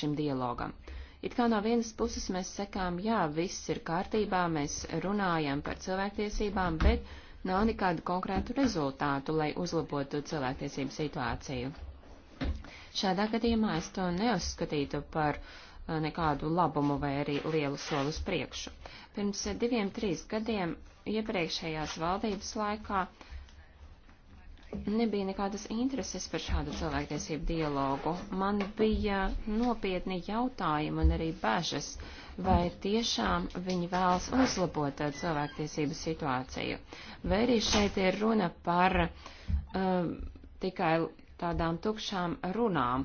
šim dialogam. It kā no vienas puses mēs sekām, jā, viss ir kārtībā, mēs runājam par cilvēktiesībām, bet nav nekādu konkrētu rezultātu, lai uzlabotu cilvēktiesību situāciju. Šādā gadījumā es to neuzskatītu par uh, nekādu labumu vai arī lielu soli uz priekšu. Pirms diviem, trīs gadiem iepriekšējās valdības laikā uh, nebija nekādas intereses par šādu cilvēktiesību dialogu. Man bija nopietni jautājumi un arī bažas, vai tiešām viņi vēlas uzlabot uh, cilvēktiesību situāciju. Vai arī šeit ir runa par uh, tikai tādām tukšām runām,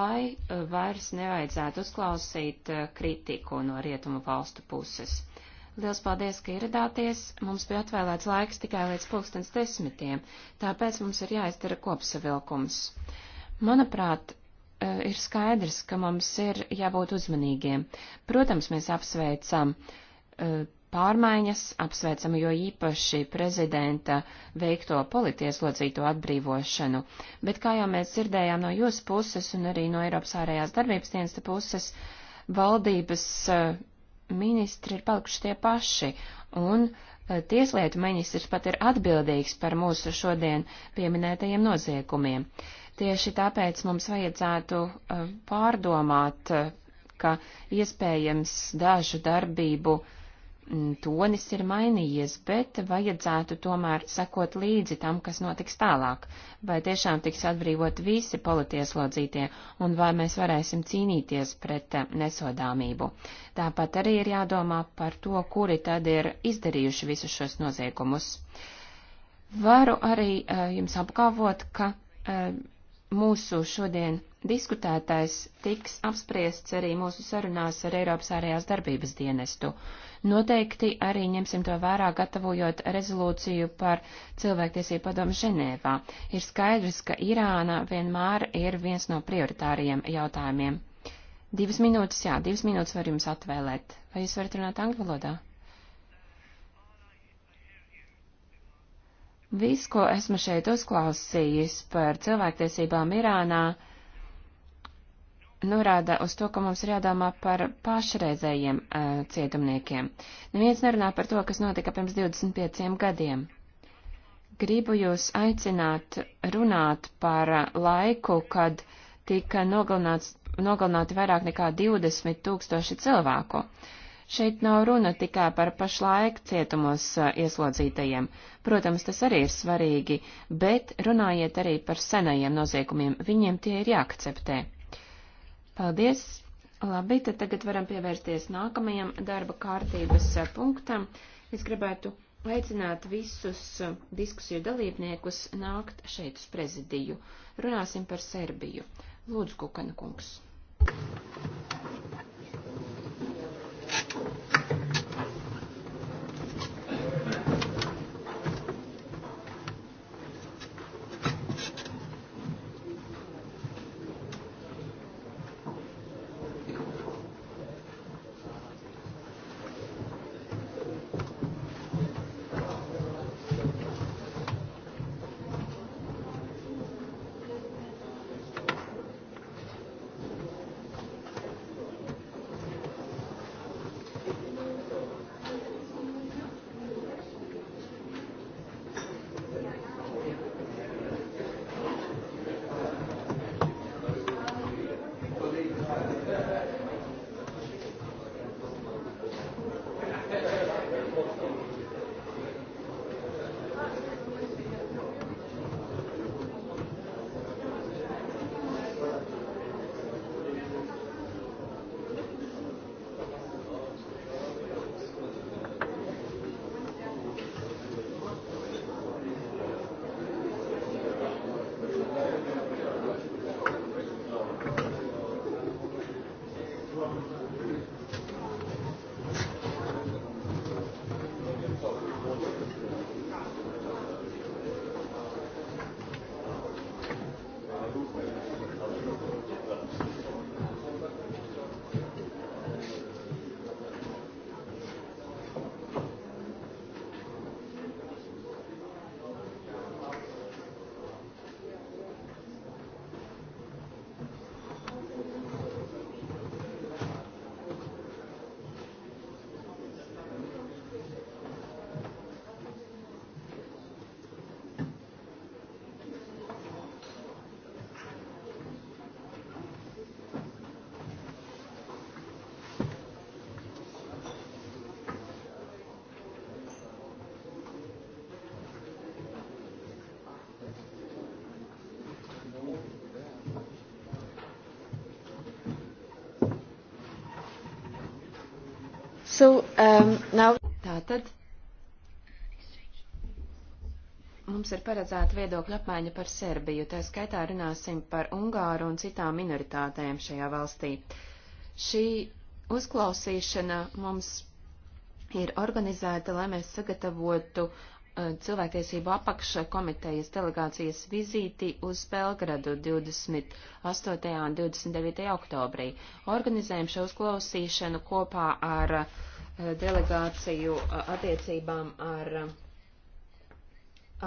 lai uh, vairs nevajadzētu uzklausīt uh, kritiku no rietumu valstu puses. Uh, Liels paldies, ka ieradāties. Mums bija atvēlēts laiks tikai līdz pulkstens desmitiem, tāpēc mums ir jāizdara kopsavilkums. Manuprāt, eh, ir skaidrs, ka mums ir jābūt uzmanīgiem. Protams, mēs apsveicam eh, pārmaiņas, apsveicam jo īpaši prezidenta veikto politieslodzīto atbrīvošanu, bet kā jau mēs dzirdējām no jūsu puses un arī no Eiropas ārējās darbības dienesta puses, valdības eh, ministri ir palikuši tie paši, un e, tieslietu ministrs pat ir atbildīgs par mūsu šodien pieminētajiem noziegumiem. Tieši tāpēc mums vajadzētu e, pārdomāt, e, ka iespējams dažu darbību uh, Mm, tonis ir mainījies, bet vajadzētu tomēr sekot līdzi tam, kas notiks tālāk. Vai tiešām tiks atbrīvot visi politieslodzītie, un vai mēs varēsim cīnīties pret eh, nesodāmību. Tāpat arī ir jādomā par to, kuri tad ir izdarījuši visus šos noziegumus. Varu arī uh, jums apgalvot, ka uh, mūsu šodien diskutētais tiks apspriests arī mūsu sarunās ar Eiropas ārējās darbības dienestu. Uh, Noteikti arī ņemsim to vērā, gatavojot rezolūciju par cilvēktiesību padomu Ženēvā. Ir skaidrs, ka Irāna vienmēr ir viens no prioritāriem jautājumiem. Divas minūtes, jā, divas minūtes var jums atvēlēt. Vai jūs varat runāt angļu valodā? Viss, ko esmu šeit uzklausījis par cilvēktiesībām Irānā, norāda uz to, ka mums ir jādomā par pašreizējiem uh, cietumniekiem. Neviens nerunā par to, kas notika pirms 25 gadiem. Gribu jūs aicināt runāt par uh, laiku, kad tika nogalināti vairāk nekā 20 tūkstoši cilvēku. Šeit nav runa tikai par pašlaik cietumos uh, ieslodzītajiem. Protams, tas arī ir svarīgi, bet runājiet arī par senajiem noziegumiem. Viņiem tie ir jāakceptē. Paldies! Labi, tad tagad varam pievērsties nākamajam darba kārtības eh, punktam. Es gribētu aicināt visus eh, diskusiju dalībniekus nākt šeit uz prezidiju. Runāsim par Serbiju. Lūdzu, Kukana kungs. So, um, now... Tātad mums ir paredzēta viedokļa apmaiņa par Serbiju, tā skaitā runāsim par Ungāru un citām minoritātēm šajā valstī. Šī uzklausīšana mums ir organizēta, lai mēs sagatavotu uh, cilvēktiesību apakša komitejas delegācijas vizīti uz Belgradu 28. un 29. oktobrī. Organizējam šo uzklausīšanu kopā ar uh, delegāciju attiecībām ar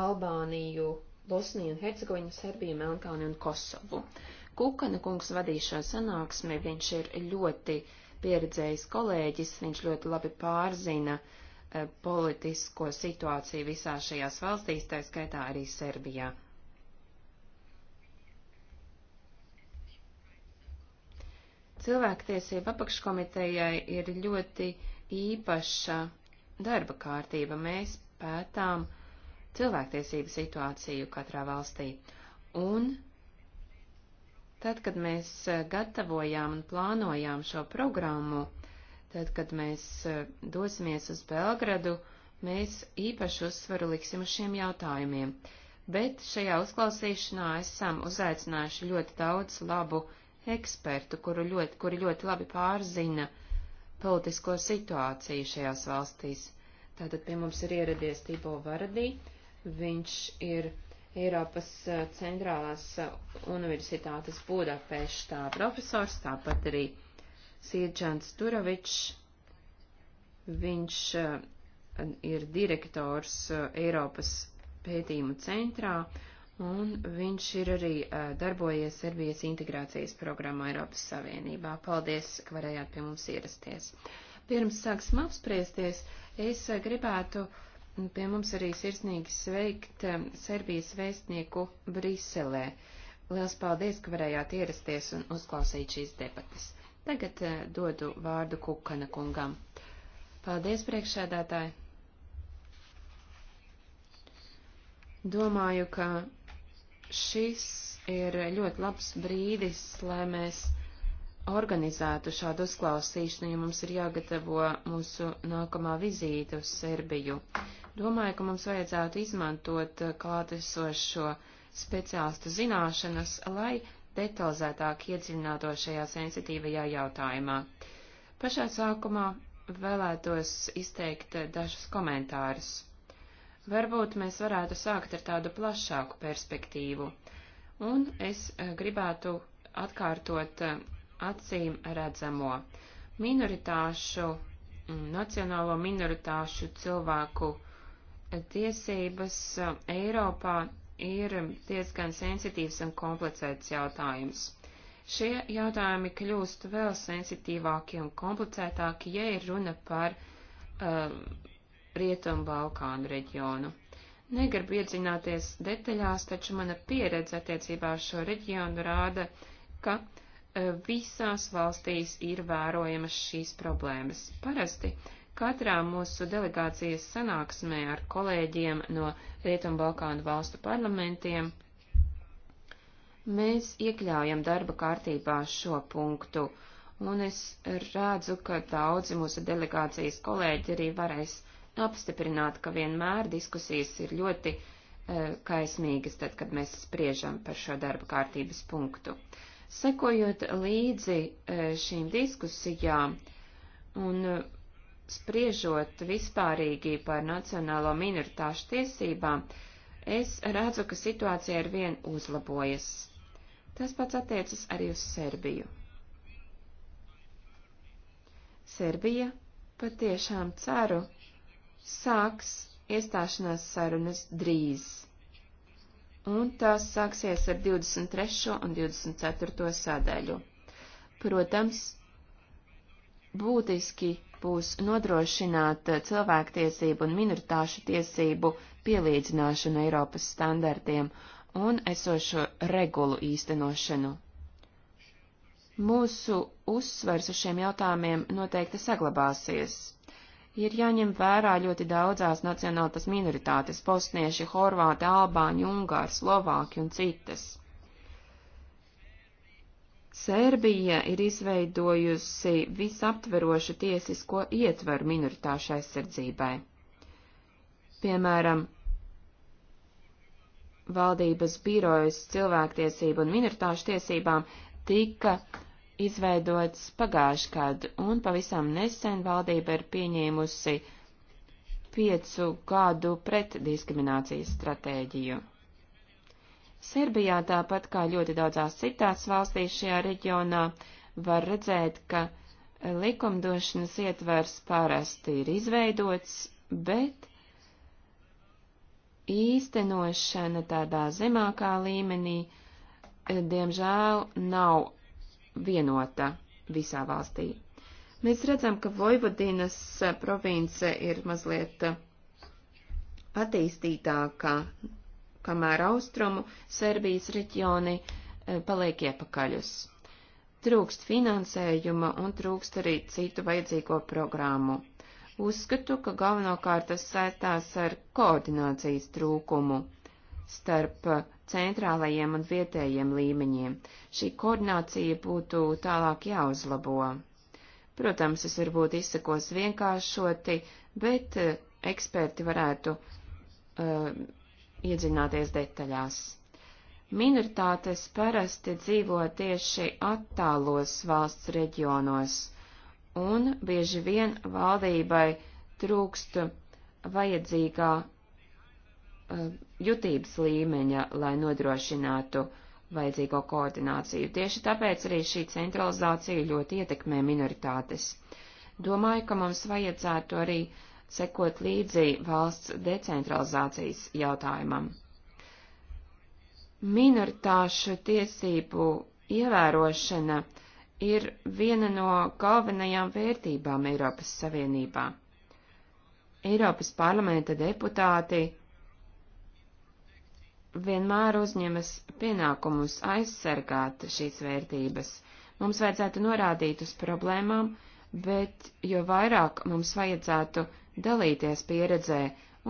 Albāniju, Bosniju un Hercegoviņu, Serbiju, Melnkalni un Kosovu. Kukana kungs vadīja šo sanāksmi, viņš ir ļoti pieredzējis kolēģis, viņš ļoti labi pārzina eh, politisko situāciju visā šajās valstīs, tā skaitā arī Serbijā. Cilvēktiesība apakškomitejai ir ļoti uh, īpaša darba kārtība. Mēs pētām cilvēktiesību situāciju katrā valstī. Un tad, kad mēs eh, gatavojām un plānojām šo programmu, tad, kad mēs eh, dosimies uz Belgradu, mēs īpašu uzsvaru liksim uz šiem jautājumiem. Bet šajā uzklausīšanā esam uzaicinājuši ļoti daudz labu ekspertu, kuri ļoti, kuri ļoti labi pārzina uh, politisko situāciju šajās valstīs. Tātad pie mums ir ieradies Tibo Varadī, viņš ir Eiropas centrālās universitātes Budapeštā profesors, tāpat arī Sirčants Turovičs, viņš ir direktors Eiropas pētījumu centrā, uh, un viņš ir arī darbojies Serbijas integrācijas programmā Eiropas Savienībā. Paldies, ka varējāt pie mums ierasties. Pirms sāksim apspriesties, es gribētu pie mums arī sirsnīgi sveikt Serbijas vēstnieku Briselē. Liels paldies, ka varējāt ierasties un uzklausīt šīs debatas. Tagad eh, dodu vārdu Kukana kungam. Paldies, priekšsēdētāji! Domāju, ka Šis ir ļoti labs brīdis, lai mēs organizētu šādu uzklausīšanu, jo mums ir jāgatavo mūsu nākamā vizīte uz Serbiju. Domāju, ka mums vajadzētu izmantot klātesošo speciālistu zināšanas, lai detalizētāk iedziļinātos šajā sensitīvajā jautājumā. Pašā sākumā vēlētos izteikt dažus komentārus. Varbūt mēs varētu sākt ar tādu plašāku perspektīvu. Un es eh, gribētu atkārtot eh, acīm redzamo minoritāšu, mm, nacionālo minoritāšu cilvēku eh, tiesības Eiropā ir diezgan sensitīvs un komplicēts jautājums. Šie jautājumi kļūst vēl sensitīvāki un komplicētāki, ja ir runa par uh, Rietumu Balkānu reģionu. Negribu iedzināties detaļās, taču mana pieredze attiecībā uz šo reģionu rāda, ka e, visās valstīs ir vērojamas šīs problēmas. Parasti katrā mūsu delegācijas sanāksmē ar kolēģiem no Rietumbalkānu valstu parlamentiem mēs iekļaujam darba kārtībā šo punktu, un es redzu, ka daudzi mūsu delegācijas kolēģi arī varēs apstiprināt, ka vienmēr diskusijas ir ļoti uh, kaismīgas, tad, kad mēs spriežam par šo darba kārtības punktu. Sekojot līdzi uh, šīm diskusijām un uh, spriežot vispārīgi par nacionālo minoritāšu tiesībām, es redzu, ka situācija ar vien uzlabojas. Tas pats attiecas arī uz Serbiju. Serbija patiešām ceru, sāks iestāšanās sarunas drīz, un tās sāksies ar 23. un 24. sadaļu. Protams, būtiski būs nodrošināt cilvēktiesību un minoritāšu tiesību pielīdzināšanu Eiropas standartiem un esošo regulu īstenošanu. Mūsu uzsvers uz šiem jautājumiem noteikti saglabāsies ir jāņem vērā ļoti daudzās nacionālās minoritātes - bosnieši, horvāti, albāņi, ungāri, slovāki un citas. Sērbija ir izveidojusi visaptverošu tiesisko ietveru minoritāšu aizsardzībai. Piemēram, valdības birojas cilvēktiesību un minoritāšu tiesībām tika izveidots pagājuši gadu, un pavisam nesen valdība ir pieņēmusi piecu gadu pretdiskriminācijas stratēģiju. Serbijā, tāpat kā ļoti daudzās citās valstīs šajā reģionā, var redzēt, ka likumdošanas ietvers parasti ir izveidots, bet īstenošana tādā zemākā līmenī, diemžēl, nav vienota visā valstī. Mēs redzam, ka Vojvodinas province ir mazliet attīstītākā, kamēr austrumu Serbijas reģioni eh, paliek iepakaļus. Trūkst finansējuma un trūkst arī citu vajadzīgo programmu. Uzskatu, ka galvenokārt tas saistās ar koordinācijas trūkumu starp centrālajiem un vietējiem līmeņiem. Šī koordinācija būtu tālāk jāuzlabo. Protams, es varbūt izsakos vienkāršoti, bet eh, eksperti varētu uh, iedzināties detaļās. Minoritātes parasti dzīvo tieši attālos valsts reģionos, un bieži vien valdībai trūkst vajadzīgā uh, jutības līmeņa, lai nodrošinātu vajadzīgo koordināciju. Tieši tāpēc arī šī centralizācija ļoti ietekmē minoritātes. Domāju, ka mums vajadzētu arī sekot līdzi valsts decentralizācijas jautājumam. Minoritāšu tiesību ievērošana ir viena no galvenajām vērtībām Eiropas Savienībā. Eiropas parlamenta deputāti vienmēr uzņemas pienākumus aizsargāt šīs vērtības. Mums vajadzētu norādīt uz problēmām, bet jo vairāk mums vajadzētu dalīties pieredzē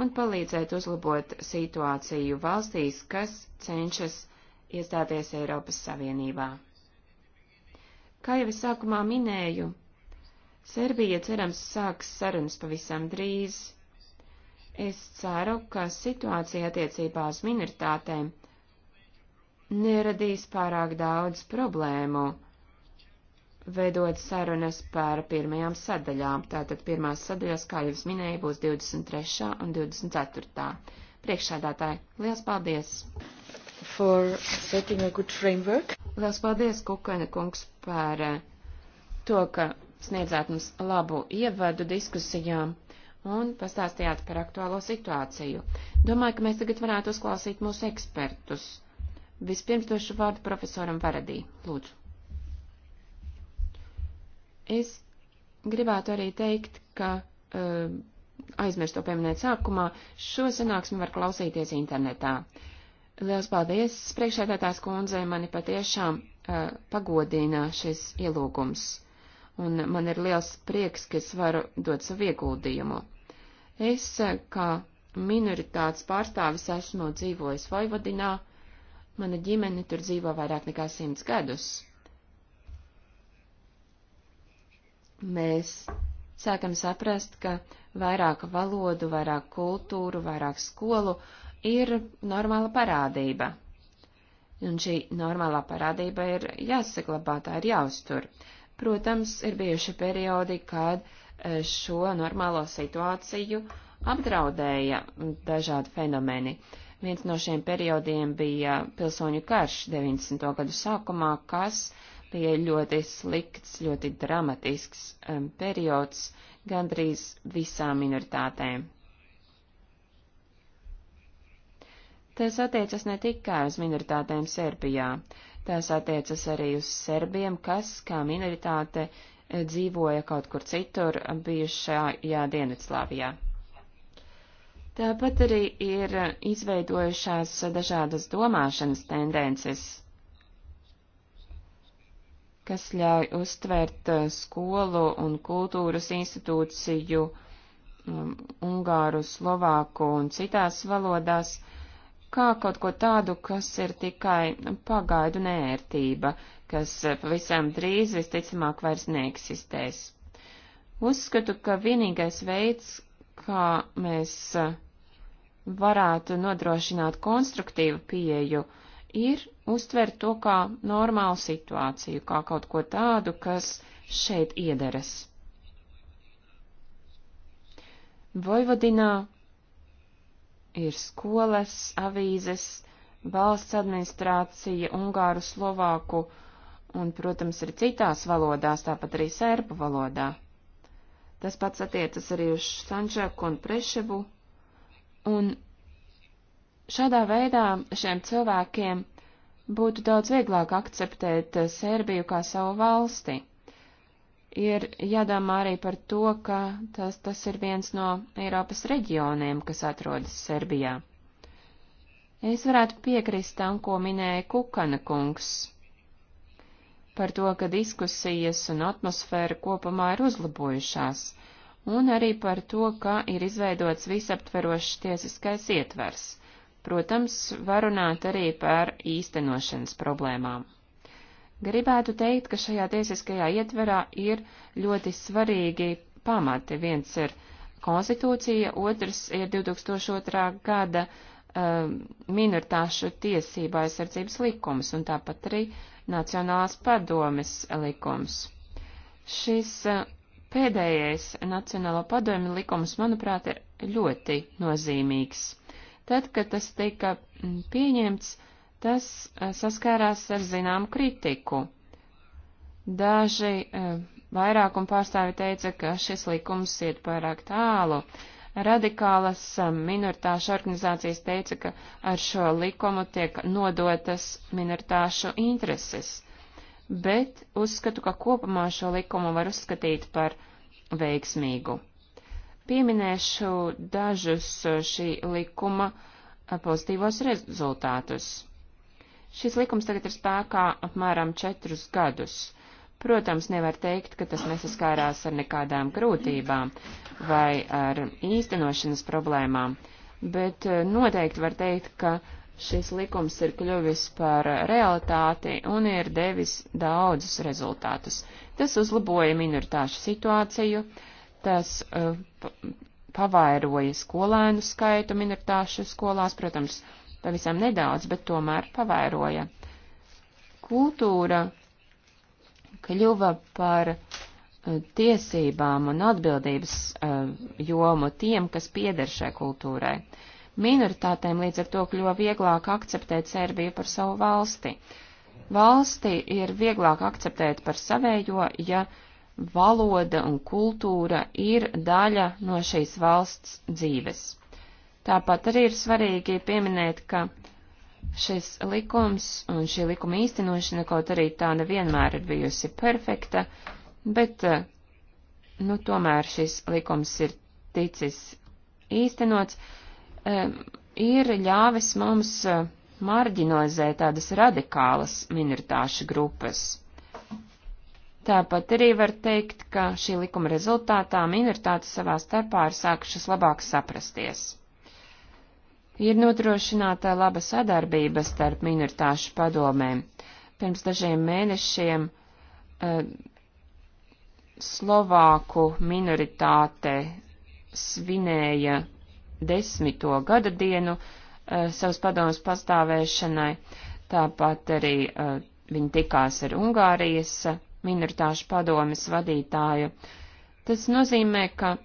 un palīdzēt uzlabot situāciju valstīs, kas cenšas iestāties Eiropas Savienībā. Kā jau es sākumā minēju, Serbija cerams sāks sarunas pavisam drīz Es ceru, ka situācija attiecībā uz minoritātēm neradīs pārāk daudz problēmu, veidot sarunas par pirmajām sadaļām. Tātad pirmās sadaļas, kā jau es minēju, būs 23. un 24. Priekšādātāji, liels paldies! For setting a good framework. Liels paldies, Kukana kungs, par eh, to, ka sniedzāt mums labu ievadu diskusijām un pastāstījāt par aktuālo situāciju. Domāju, ka mēs tagad varētu uzklausīt mūsu ekspertus. Vispirms došu vārdu profesoram Varadī. Lūdzu. Es gribētu arī teikt, ka uh, aizmirst to pieminēt sākumā, šo sanāksmi var klausīties internetā. Liels paldies, priekšētātās kundze, mani patiešām uh, pagodina šis ielūgums, un man ir liels prieks, ka es varu dot savu ieguldījumu. Es, eh, kā minoritātes pārstāvis, esmu dzīvojis Vojvodinā, mana ģimene tur dzīvo vairāk nekā simts gadus. Mēs sākam saprast, ka vairāk valodu, vairāk kultūru, vairāk skolu ir normāla parādība. Un šī normālā parādība ir jāsaglabā, tā ir jāuztur. Protams, ir bijuši periodi, kad uh, Eh, šo normālo situāciju apdraudēja dažādi fenomeni. Viens no šiem periodiem bija pilsoņu karš 90. gadu sākumā, kas bija ļoti slikts, ļoti dramatisks um, periods gandrīz visām minoritātēm. Tas attiecas ne tikai uz minoritātēm Serbijā, tās attiecas arī uz serbiem, kas kā minoritāte uh, dzīvoja kaut kur citur bijušajā Dienvidslāvijā. Tāpat arī ir izveidojušās dažādas domāšanas tendences, kas ļauj uztvērt uh, skolu un kultūras institūciju um, ungāru, slovāku un citās valodās, uh, kā kaut ko tādu, kas ir tikai pagaidu nērtība, kas pavisam drīz visticamāk vairs neeksistēs. Uzskatu, ka vienīgais veids, kā mēs varētu nodrošināt konstruktīvu pieju, ir uztvert to kā normālu situāciju, kā kaut ko tādu, kas šeit iederas. Vojvodinā ir skolas, avīzes, valsts administrācija, ungāru, slovāku un, protams, ir citās valodās, tāpat arī sērpu valodā. Tas pats attiecas arī uz Sančaku un Preševu, un šādā veidā šiem cilvēkiem būtu daudz vieglāk akceptēt Sērbiju kā savu valsti ir jādomā arī par to, ka tas, tas ir viens no Eiropas reģioniem, kas atrodas Serbijā. Es varētu piekrist tam, ko minēja Kukana kungs par to, ka diskusijas un atmosfēra kopumā ir uzlabojušās, un arī par to, ka ir izveidots visaptverošs tiesiskais ietvers. Protams, var runāt arī par īstenošanas problēmām. Gribētu teikt, ka šajā tiesiskajā ietverā ir ļoti svarīgi pamati. Viens ir konstitūcija, otrs ir 2002. gada um, minoritāšu tiesība aizsardzības likums un tāpat arī Nacionālās padomes likums. Šis uh, pēdējais Nacionālo padomi likums, manuprāt, ir ļoti nozīmīgs. Tad, kad tas tika mm, pieņemts, uh, tas eh, saskārās ar zināmu kritiku. Daži eh, vairākuma pārstāvi teica, ka šis likums iet pārāk tālu. Radikālas eh, minoritāšu organizācijas teica, ka ar šo likumu tiek nodotas minoritāšu intereses, bet uzskatu, ka kopumā šo likumu var uzskatīt par veiksmīgu. Pieminēšu dažus šī likuma pozitīvos rezultātus. Šis likums tagad ir spēkā apmēram četrus gadus. Protams, nevar teikt, ka tas nesaskārās ar nekādām grūtībām vai ar īstenošanas problēmām, bet eh, noteikti var teikt, ka šis likums ir kļuvis par realitāti un ir devis daudzus rezultātus. Tas uzlaboja minoritāšu situāciju, tas uh, pavairoja skolēnu skaitu minoritāšu skolās, protams, uh, pavisam nedaudz, bet tomēr pavēroja. Kultūra kļuva par eh, tiesībām un atbildības eh, jomu tiem, kas pieder šai kultūrai. Minoritātēm līdz ar to kļuva vieglāk akceptēt Serbiju par savu valsti. Valsti ir vieglāk akceptēt par savējo, ja valoda un kultūra ir daļa no šīs valsts dzīves. Tāpat arī ir svarīgi pieminēt, ka šis likums un šī likuma īstenošana, kaut arī tā nevienmēr ir bijusi perfekta, bet, eh, nu, tomēr šis likums ir ticis īstenots, eh, ir ļāvis mums eh, marģinalizēt tādas radikālas minoritāšu grupas. Tāpat arī var teikt, ka šī likuma rezultātā minoritātes savā starpā ir sākušas labāk saprasties. Ir nodrošināta laba sadarbība starp minoritāšu padomēm. Pirms dažiem mēnešiem uh, Slovāku minoritāte svinēja desmito gada dienu uh, savas padomas pastāvēšanai, tāpat arī uh, viņi tikās ar Ungārijas minoritāšu padomes vadītāju. Tas nozīmē, ka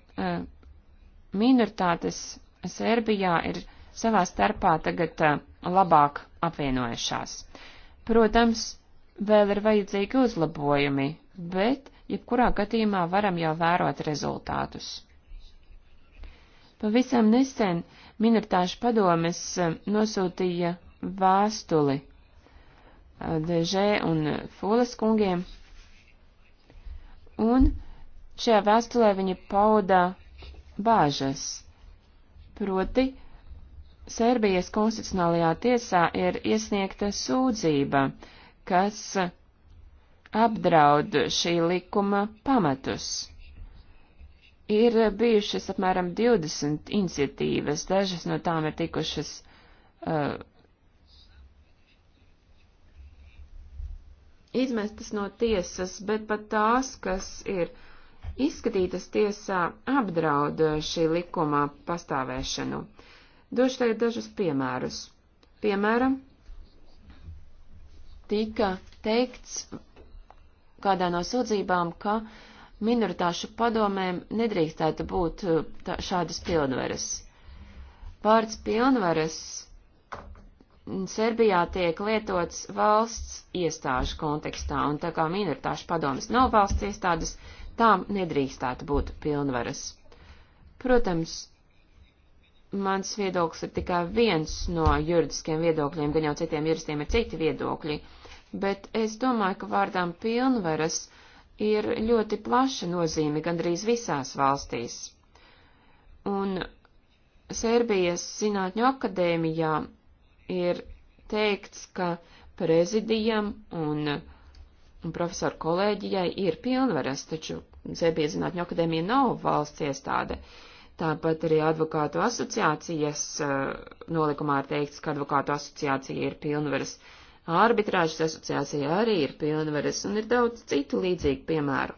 minoritātes Serbijā ir savā starpā tagad eh, labāk apvienojušās. Protams, vēl ir vajadzīgi uzlabojumi, bet jebkurā gadījumā varam jau vērot rezultātus. Pavisam nesen minoritāšu padomes eh, nosūtīja vēstuli eh, Dežē un Fūles kungiem, un šajā vēstulē viņi pauda bāžas, proti Serbijas konstitucionālajā tiesā ir iesniegta sūdzība, kas apdraud šī likuma pamatus. Ir bijušas apmēram 20 iniciatīvas, dažas no tām ir tikušas uh, izmestas no tiesas, bet pat tās, kas ir izskatītas tiesā, apdraud šī likumā pastāvēšanu. Došu tagad dažus piemērus. Piemēram, tika teikts kādā no sūdzībām, ka minoritāšu padomēm nedrīkstētu būt uh, tā, šādas pilnvaras. Vārds pilnvaras Serbijā tiek lietots valsts iestāžu kontekstā, un tā kā minoritāšu padomas nav valsts iestādes, tām nedrīkstētu būt pilnvaras. Protams, mans viedoklis ir tikai viens no juridiskiem viedokļiem, gan jau citiem juristiem ir citi viedokļi, bet es domāju, ka vārdām pilnvaras ir ļoti plaša nozīme gandrīz visās valstīs. Un Sērbijas Zinātņu akadēmijā ir teikts, ka prezidijam un, un profesoru kolēģijai ir pilnvaras, taču Sērbijas Zinātņu akadēmija nav valsts iestāde. Uh, Tāpat arī advokātu asociācijas eh, nolikumā ir teikts, ka advokātu asociācija ir pilnvaras, arbitrāžas asociācija arī ir pilnvaras, un ir daudz citu līdzīgu piemēru.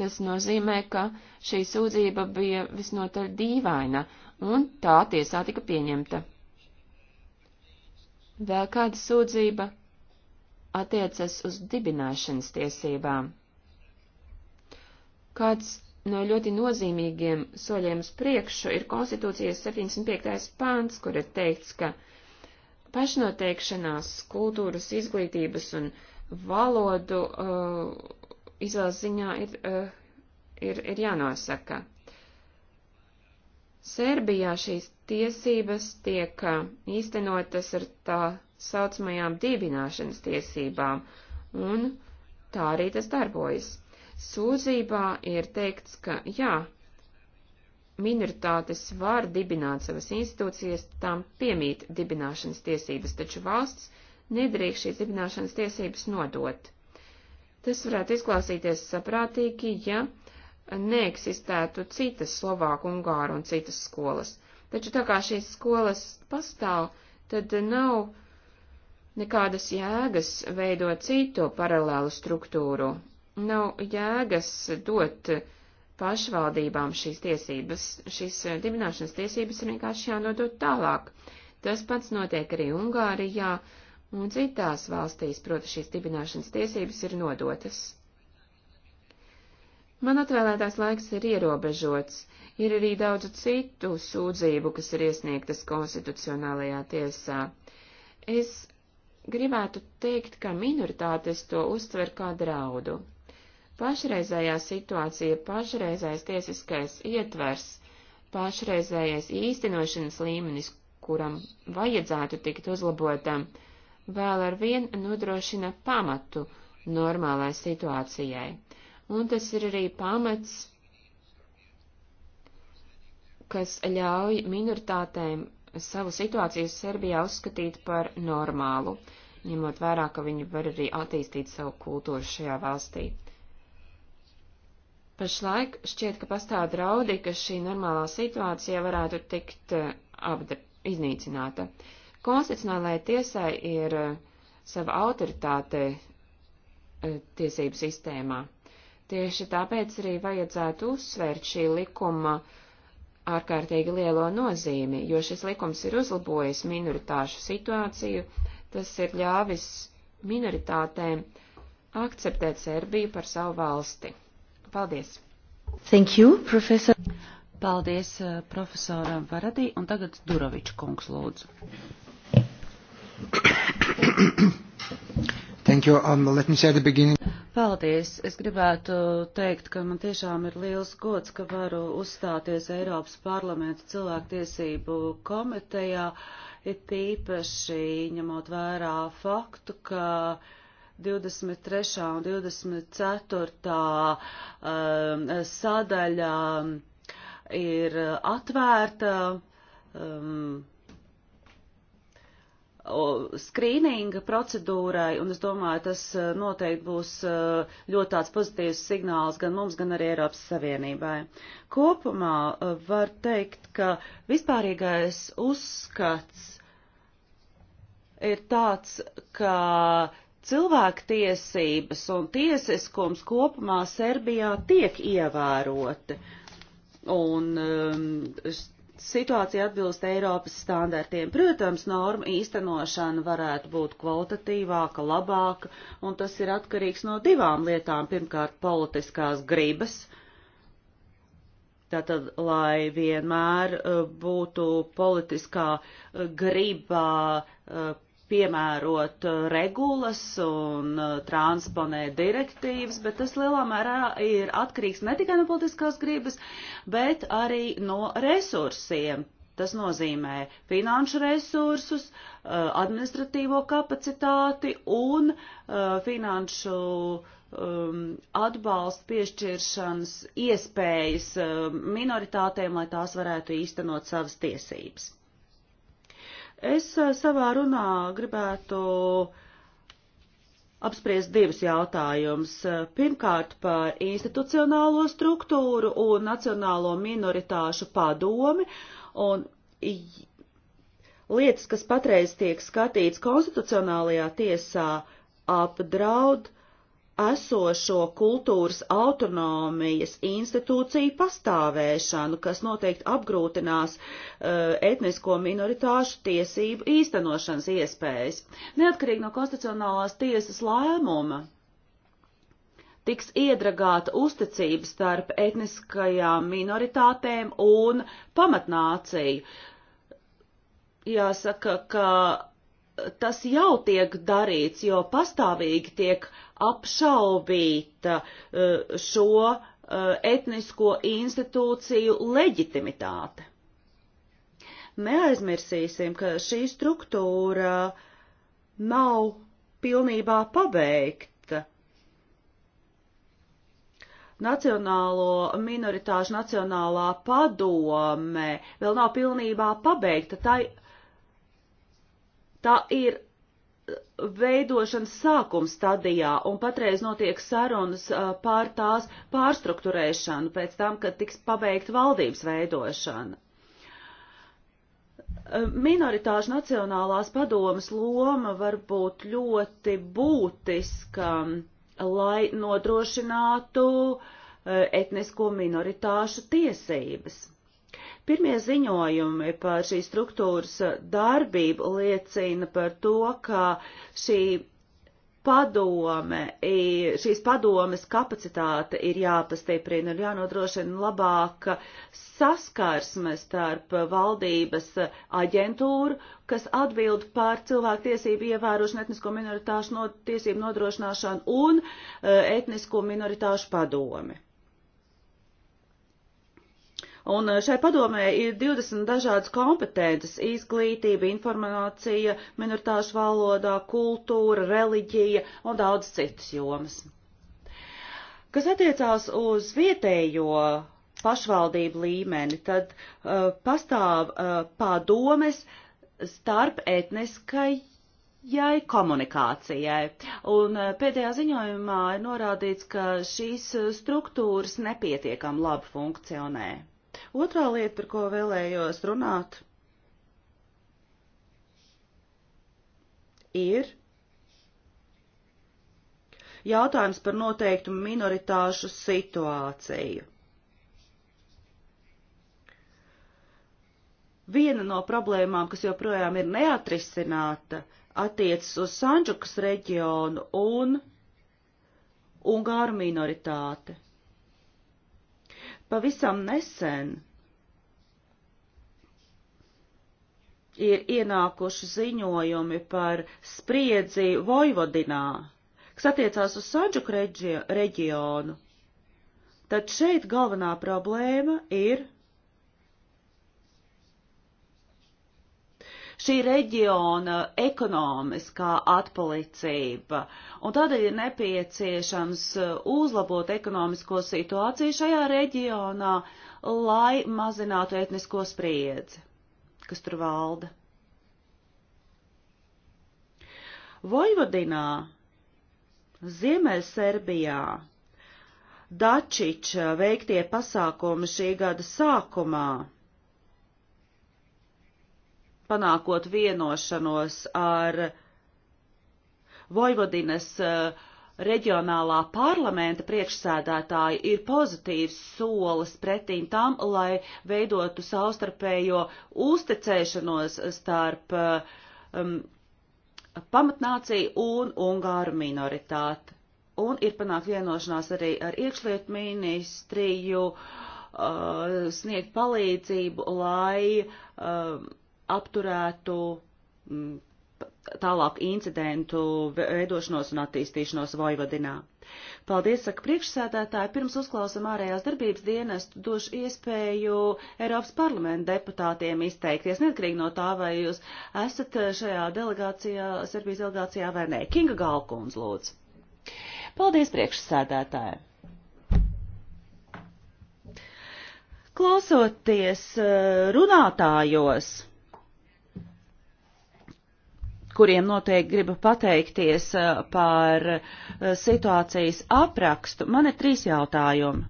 Tas nozīmē, ka šī sūdzība bija visnotaļ dīvaina, un tā tiesā tika pieņemta. Vēl kāda sūdzība attiecas uz dibināšanas tiesībām. Kāds no ļoti nozīmīgiem soļiem uz priekšu ir konstitūcijas 75. pāns, kur ir teikts, ka pašnoteikšanās, kultūras, izglītības un valodu uh, izvēles ziņā ir, uh, ir, ir jānosaka. Serbijā šīs tiesības tiek uh, īstenotas ar tā saucamajām dibināšanas tiesībām, un tā arī tas darbojas. Sūdzībā ir teikts, ka jā, minoritātes var dibināt savas institūcijas, tām piemīt dibināšanas tiesības, taču valsts nedrīkst šīs dibināšanas tiesības nodot. Tas varētu izklausīties saprātīgi, ja neeksistētu citas Slovāku, Ungāru un citas skolas. Taču tā kā šīs skolas pastāv, tad nav nekādas jēgas veidot citu paralēlu struktūru, Nav jēgas dot pašvaldībām šīs tiesības. Šīs eh, dibināšanas tiesības ir vienkārši jānodot tālāk. Tas pats notiek arī Ungārijā un citās valstīs, proti šīs dibināšanas tiesības ir nodotas. Man atvēlētās laiks ir ierobežots, ir arī daudz citu sūdzību, kas ir iesniegtas konstitucionālajā tiesā. Es gribētu teikt, ka minoritātes to uztver kā draudu. Pašreizējā situācija, pašreizējais tiesiskais ietvers, pašreizējais īstenošanas līmenis, kuram vajadzētu tikt uzlabotam, vēl ar vien nodrošina pamatu normālai situācijai. Un tas ir arī pamats, kas ļauj minoritātēm savu situāciju Serbijā uzskatīt par normālu, ņemot vērā, ka viņi var arī attīstīt savu kultūru šajā valstī. Pašlaik šķiet, ka pastāv draudi, ka šī normālā situācija varētu tikt eh, apdra, iznīcināta. Konstitucionālajai tiesai ir eh, sava autoritāte eh, tiesību sistēmā. Tieši tāpēc arī vajadzētu uzsvērt šī likuma ārkārtīgi lielo nozīmi, jo šis likums ir uzlabojis minoritāšu situāciju, tas ir ļāvis minoritātēm akceptēt Serbiju par savu valsti. Paldies! Thank you, profesor. Paldies uh, profesoram Varadī un tagad Durovičs kungs lūdzu. Thank you. Um, let me say at the beginning. Paldies! Es gribētu teikt, ka man tiešām ir liels gods, ka varu uzstāties Eiropas parlamenta cilvēktiesību komitejā, ir tīpaši ņemot vērā faktu, ka uh, 23. un 24. Um, sadaļā um, ir atvērta um, skrīninga procedūrai, un es domāju, tas uh, noteikti būs uh, ļoti tāds pozitīvs signāls gan mums, gan arī Eiropas Savienībai. Kopumā uh, var teikt, ka vispārīgais uzskats ir tāds, ka cilvēktiesības un tiesiskums kopumā Serbijā tiek ievēroti. Un um, situācija atbilst Eiropas standartiem. Protams, norma īstenošana varētu būt kvalitatīvāka, labāka, un tas ir atkarīgs no divām lietām. Pirmkārt, politiskās gribas. Tātad, lai vienmēr uh, būtu politiskā uh, gribā uh, piemērot uh, regulas un uh, transponēt direktīvas, bet tas lielā mērā ir atkarīgs ne tikai no politiskās gribas, bet arī no resursiem. Tas nozīmē finanšu resursus, uh, administratīvo kapacitāti un finanšu um, atbalstu piešķiršanas iespējas minoritātēm, lai tās varētu īstenot savas tiesības. Es eh, savā runā gribētu apspriest divus jautājumus. Pirmkārt par institucionālo struktūru un nacionālo minoritāšu padomi un lietas, kas patreiz tiek skatīts konstitucionālajā tiesā, apdraud uh, esošo kultūras autonomijas institūciju pastāvēšanu, kas noteikti apgrūtinās uh, etnisko minoritāšu tiesību īstenošanas iespējas. Neatkarīgi no konstitucionālās tiesas lēmuma tiks iedragāta uzticība starp etniskajām minoritātēm un pamatnāciju. Jāsaka, ka tas jau tiek darīts, jo pastāvīgi tiek uh, apšaubīt eh, šo eh, etnisko institūciju leģitimitāte. Neaizmirsīsim, ka šī struktūra nav pilnībā pabeigta. Nacionālo minoritāšu nacionālā padome vēl nav pilnībā pabeigta. Tā, tā ir veidošanas sākuma stadijā, un patreiz notiek sarunas uh, pār tās pārstruktūrēšanu pēc tam, kad tiks pabeigta valdības veidošana. Uh, minoritāšu nacionālās padomas loma var būt ļoti būtiska, lai nodrošinātu uh, etnisko minoritāšu tiesības. Pirmie ziņojumi par šīs struktūras darbību liecina par to, ka šī padome, šīs padomes kapacitāte ir jāpastiprina, ir jānodrošina labāka saskarsme starp valdības aģentūru, kas atbild par cilvēktiesību ievērošanu, etnisko minoritāšu no, tiesību nodrošināšanu un e, etnisko minoritāšu padomi. Un eh, šai padomē ir 20 dažādas kompetences - izglītība, informācija, minoritāšu valodā, kultūra, reliģija un daudz citas jomas. Kas attiecās uz vietējo pašvaldību līmeni, tad uh, pastāv uh, padomes starp etniskai jai komunikācijai. Un pēdējā ziņojumā ir norādīts, ka šīs struktūras nepietiekam labi funkcionē. Otrā lieta, par ko vēlējos runāt, ir jautājums par noteiktu minoritāšu situāciju. Viena no problēmām, kas joprojām ir neatrisināta, attiecas uz Sanģukas reģionu un Ungāru minoritāti. Pavisam nesen ir ienākuši ziņojumi par spriedzi Vojvodinā, kas attiecās uz Sanģuk reģionu. Tad šeit galvenā problēma ir šī reģiona ekonomiskā atpalicība, un tādēļ ir nepieciešams uh, uzlabot ekonomisko situāciju šajā reģionā, lai mazinātu etnisko spriedzi, kas tur valda. Vojvodinā, Ziemeļserbijā, Dačiča veiktie pasākumi šī gada sākumā panākot vienošanos ar Vojvodinas eh, reģionālā parlamenta priekšsēdētāju, ir pozitīvs solis pretīm tam, lai veidotu savstarpējo uzticēšanos starp eh, um, pamatnāciju un ungāru minoritāti. Un ir panākt vienošanās arī ar iekšlietu ministriju uh, sniegt palīdzību, lai uh, um, apturētu mm, tālāk incidentu veidošanos un attīstīšanos Vojvodinā. Paldies, saka priekšsēdētāji, pirms uzklausam ārējās darbības dienestu došu iespēju Eiropas parlamenta deputātiem izteikties, neatkarīgi no tā, vai jūs esat šajā delegācijā, Serbijas delegācijā vai nē. Kinga Galkons, lūdzu. Paldies, priekšsēdētāji. Klausoties eh, runātājos kuriem noteikti gribu pateikties eh, par eh, situācijas aprakstu. Man ir trīs jautājumi.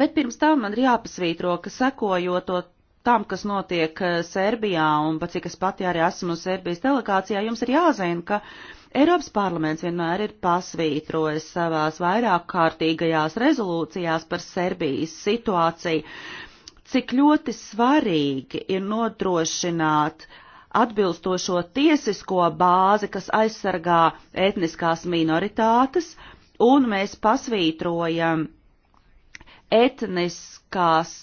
Bet pirms tam man ir jāpasvītro, ka sekojot to tam, kas notiek eh, Serbijā, un pat cik es pati arī esmu Serbijas delegācijā, jums ir jāzina, ka Eiropas parlaments vienmēr ir pasvītrojis savās vairāk kārtīgajās rezolūcijās par Serbijas situāciju cik ļoti svarīgi ir nodrošināt atbilstošo tiesisko bāzi, kas aizsargā etniskās minoritātes, un mēs pasvītrojam etniskās,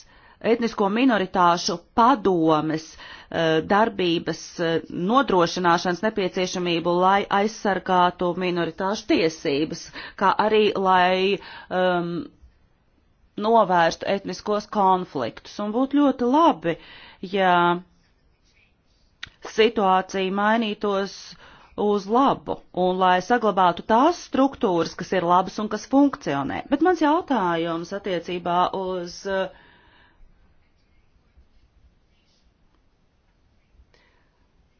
etnisko minoritāšu padomes eh, darbības eh, nodrošināšanas nepieciešamību, lai aizsargātu minoritāšu tiesības, kā arī lai um, novērst etniskos konfliktus. Un būtu ļoti labi, ja situācija mainītos uz labu un lai saglabātu tās struktūras, kas ir labas un kas funkcionē. Bet mans jautājums attiecībā uz uh,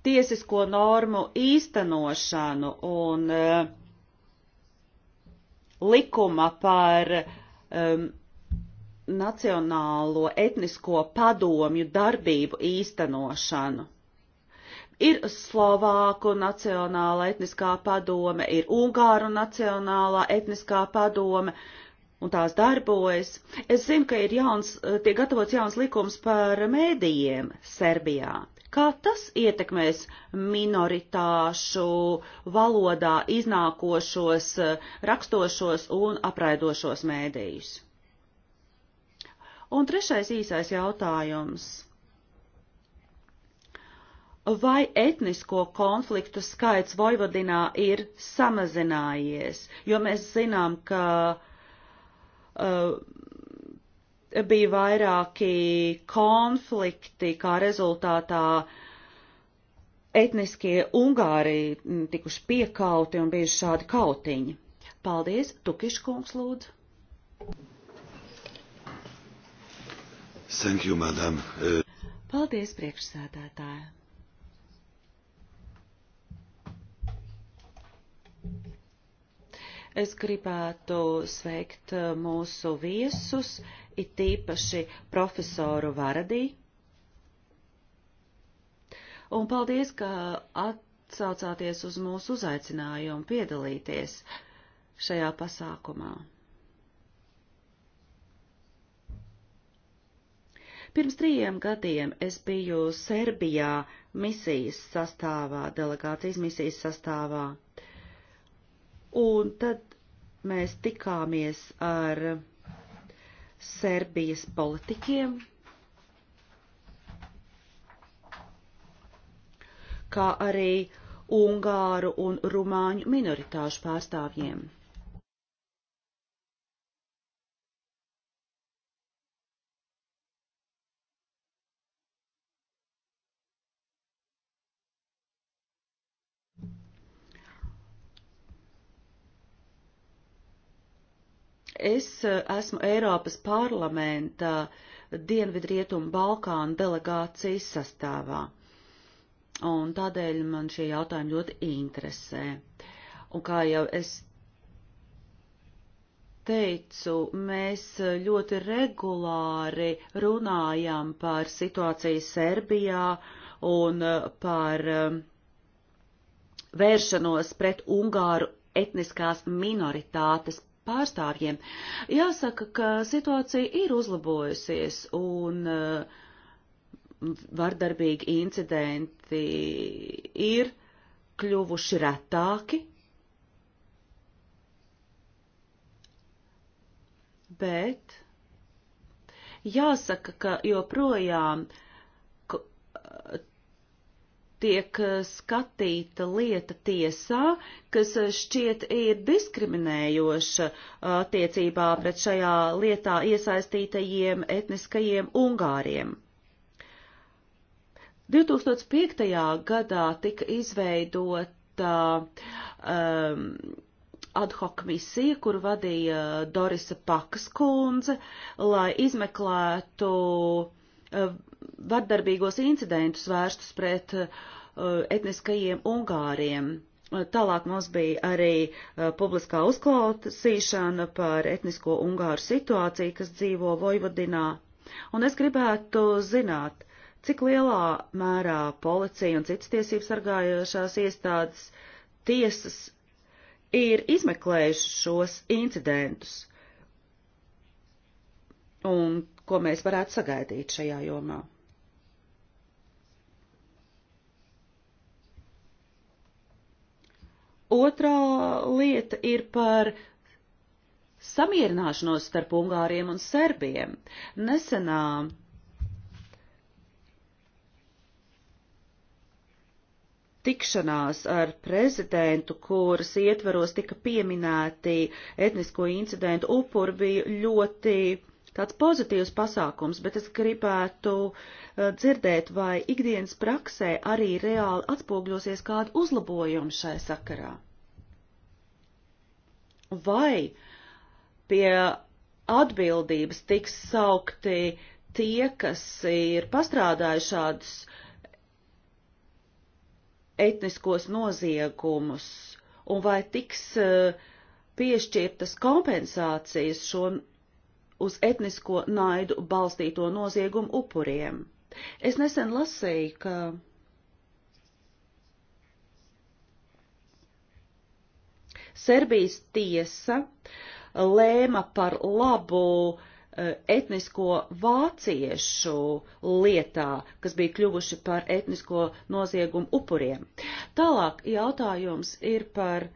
tiesisko normu īstenošanu un uh, likuma par um, nacionālo etnisko padomju darbību īstenošanu. Ir Slovāku nacionāla etniskā padome, ir Ungāru nacionālā etniskā padome, un tās darbojas. Es zinu, ka ir jauns, tiek gatavots jauns likums par mēdījiem Serbijā. Kā tas ietekmēs minoritāšu valodā iznākošos, rakstošos un apraidošos mēdījus? Un trešais īsais jautājums. Vai etnisko konfliktu skaits Vojvodinā ir samazinājies? Jo mēs zinām, ka uh, bija vairāki konflikti, kā rezultātā uh, etniskie ungāri tikuši piekauti un bijuši šādi kautiņi. Paldies, Tukiškungs lūdzu. Thank you, madam. Uh, paldies, priekšsēdētāji. Es gribētu sveikt uh, mūsu viesus, it īpaši profesoru Varadī. Un paldies, ka atsaucāties uz mūsu uzaicinājumu piedalīties šajā pasākumā. Pirms trījiem gadiem es biju Serbijā misijas sastāvā, delegācijas misijas sastāvā. Un tad mēs tikāmies ar Serbijas politiķiem, kā arī Ungāru un Rumāņu minoritāšu pārstāvjiem. Es eh, esmu Eiropas parlamenta Dienvidrietumu Balkānu delegācijas sastāvā, un tādēļ man šie jautājumi ļoti interesē. Un kā jau es teicu, mēs eh, ļoti regulāri runājam par situāciju Serbijā un eh, par vēršanos pret Ungāru etniskās minoritātes pārstāvjiem. Jāsaka, ka situācija ir uzlabojusies un eh, vardarbīgi incidenti ir kļuvuši retāki, bet jāsaka, ka joprojām uh, tiek eh, skatīta lieta tiesā, kas eh, šķiet ir diskriminējoša eh, attiecībā pret šajā lietā iesaistītajiem etniskajiem ungāriem. 2005. gadā tika izveidota um, ad hoc misija, kur vadīja Dorisa Pakas kundze, lai izmeklētu um, vardarbīgos incidentus vērstus pret uh, etniskajiem ungāriem. Uh, tālāk mums bija arī uh, publiskā uzklausīšana par etnisko ungāru situāciju, kas dzīvo Vojvodinā. Un es gribētu zināt, cik lielā mērā policija un citas tiesības sargājošās iestādes tiesas ir izmeklējuši šos incidentus. Un ko mēs varētu sagaidīt šajā jomā. Otrā lieta ir par samierināšanos starp Ungāriem un Serbiem. Nesenā tikšanās ar prezidentu, kuras ietveros tika pieminēti etnisko incidentu upuri, bija ļoti tāds pozitīvs pasākums, bet es gribētu eh, dzirdēt, vai ikdienas praksē arī reāli atspogļosies kādu uzlabojumu šai sakarā. Vai pie atbildības tiks saukti tie, kas ir pastrādājuši šādus etniskos noziegumus, un vai tiks eh, piešķirtas kompensācijas šo uz etnisko naidu balstīto noziegumu upuriem. Es nesen lasēju, ka Serbijas tiesa lēma par labu e, etnisko vāciešu lietā, kas bija kļuvuši par etnisko noziegumu upuriem. Tālāk jautājums ir par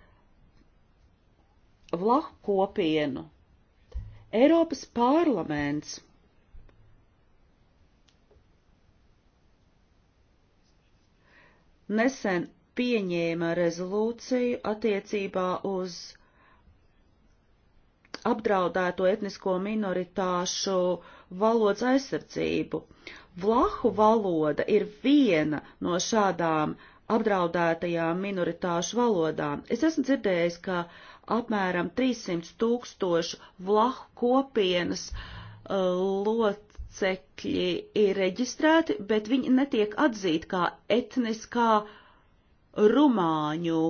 vlahu kopienu Eiropas parlaments. Nesen pieņēma rezolūciju attiecībā uz apdraudēto etnisko minoritāšu valodas aizsardzību. Vlahu valoda ir viena no šādām apdraudētajām minoritāšu valodām. Es esmu dzirdējis, ka uh, apmēram 300 tūkstošu vlahu kopienas uh, locekļi ir reģistrēti, bet viņi netiek atzīti kā etniskā rumāņu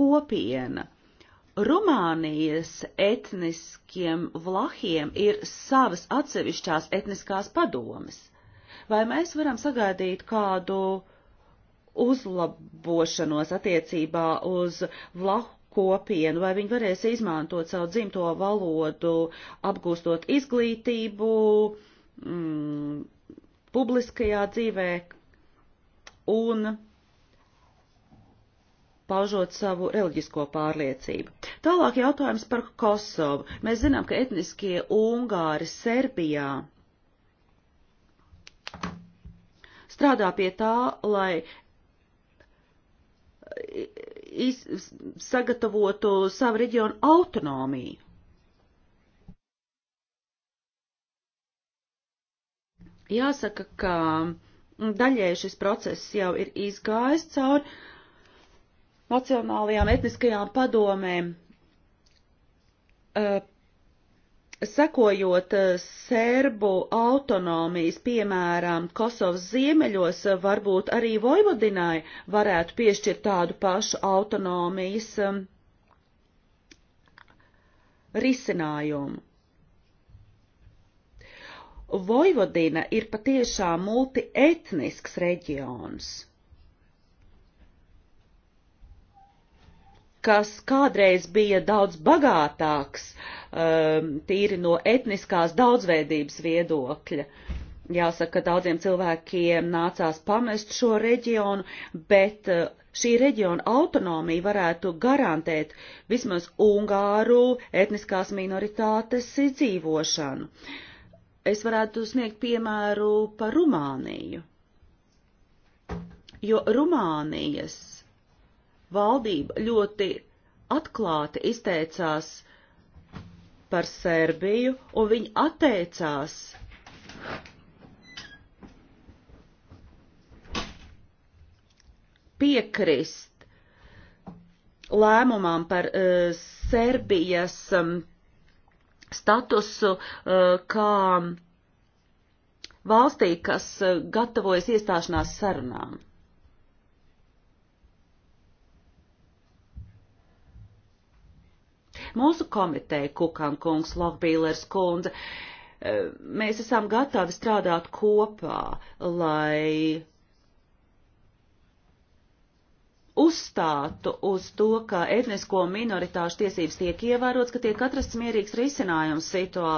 kopiena. Rumānijas etniskiem vlahiem ir savas atsevišķās etniskās padomes. Vai mēs varam sagaidīt kādu uh, uzlabošanos attiecībā uz vlahu kopienu, vai viņi varēs izmantot savu dzimto valodu, apgūstot izglītību, mm, publiskajā dzīvē un paužot savu reliģisko pārliecību. Tālāk jautājums par Kosovu. Mēs zinām, ka etniskie Ungāri Serbijā strādā pie tā, lai iz, sagatavotu savu reģionu autonomiju. Jāsaka, ka daļēji šis process jau ir izgājis cauri nacionālajām etniskajām padomēm eh, Sekojot eh, serbu autonomijas, piemēram, Kosovas ziemeļos, eh, varbūt arī Vojvodinai varētu piešķirt tādu pašu autonomijas eh, risinājumu. Vojvodina ir patiešām multietnisks reģions. kas kādreiz bija daudz bagātāks uh, Um, tīri no etniskās daudzveidības viedokļa. Jāsaka, ka daudziem cilvēkiem nācās pamest šo reģionu, bet uh, šī reģiona autonomija varētu garantēt vismaz Ungāru etniskās minoritātes dzīvošanu. Es varētu sniegt piemēru par Rumāniju, jo Rumānijas valdība ļoti atklāti izteicās uh, par Serbiju, un viņi atteicās piekrist lēmumam par uh, Serbijas um, statusu uh, kā valstī, kas uh, gatavojas iestāšanās sarunām. Mūsu komiteja, Kukan kungs, Lohbīlers kundze, e, mēs esam gatavi strādāt kopā, lai uzstātu uz to, ka etnisko minoritāšu tiesības tiek ievērots, ka tiek atrasts mierīgs risinājums situā,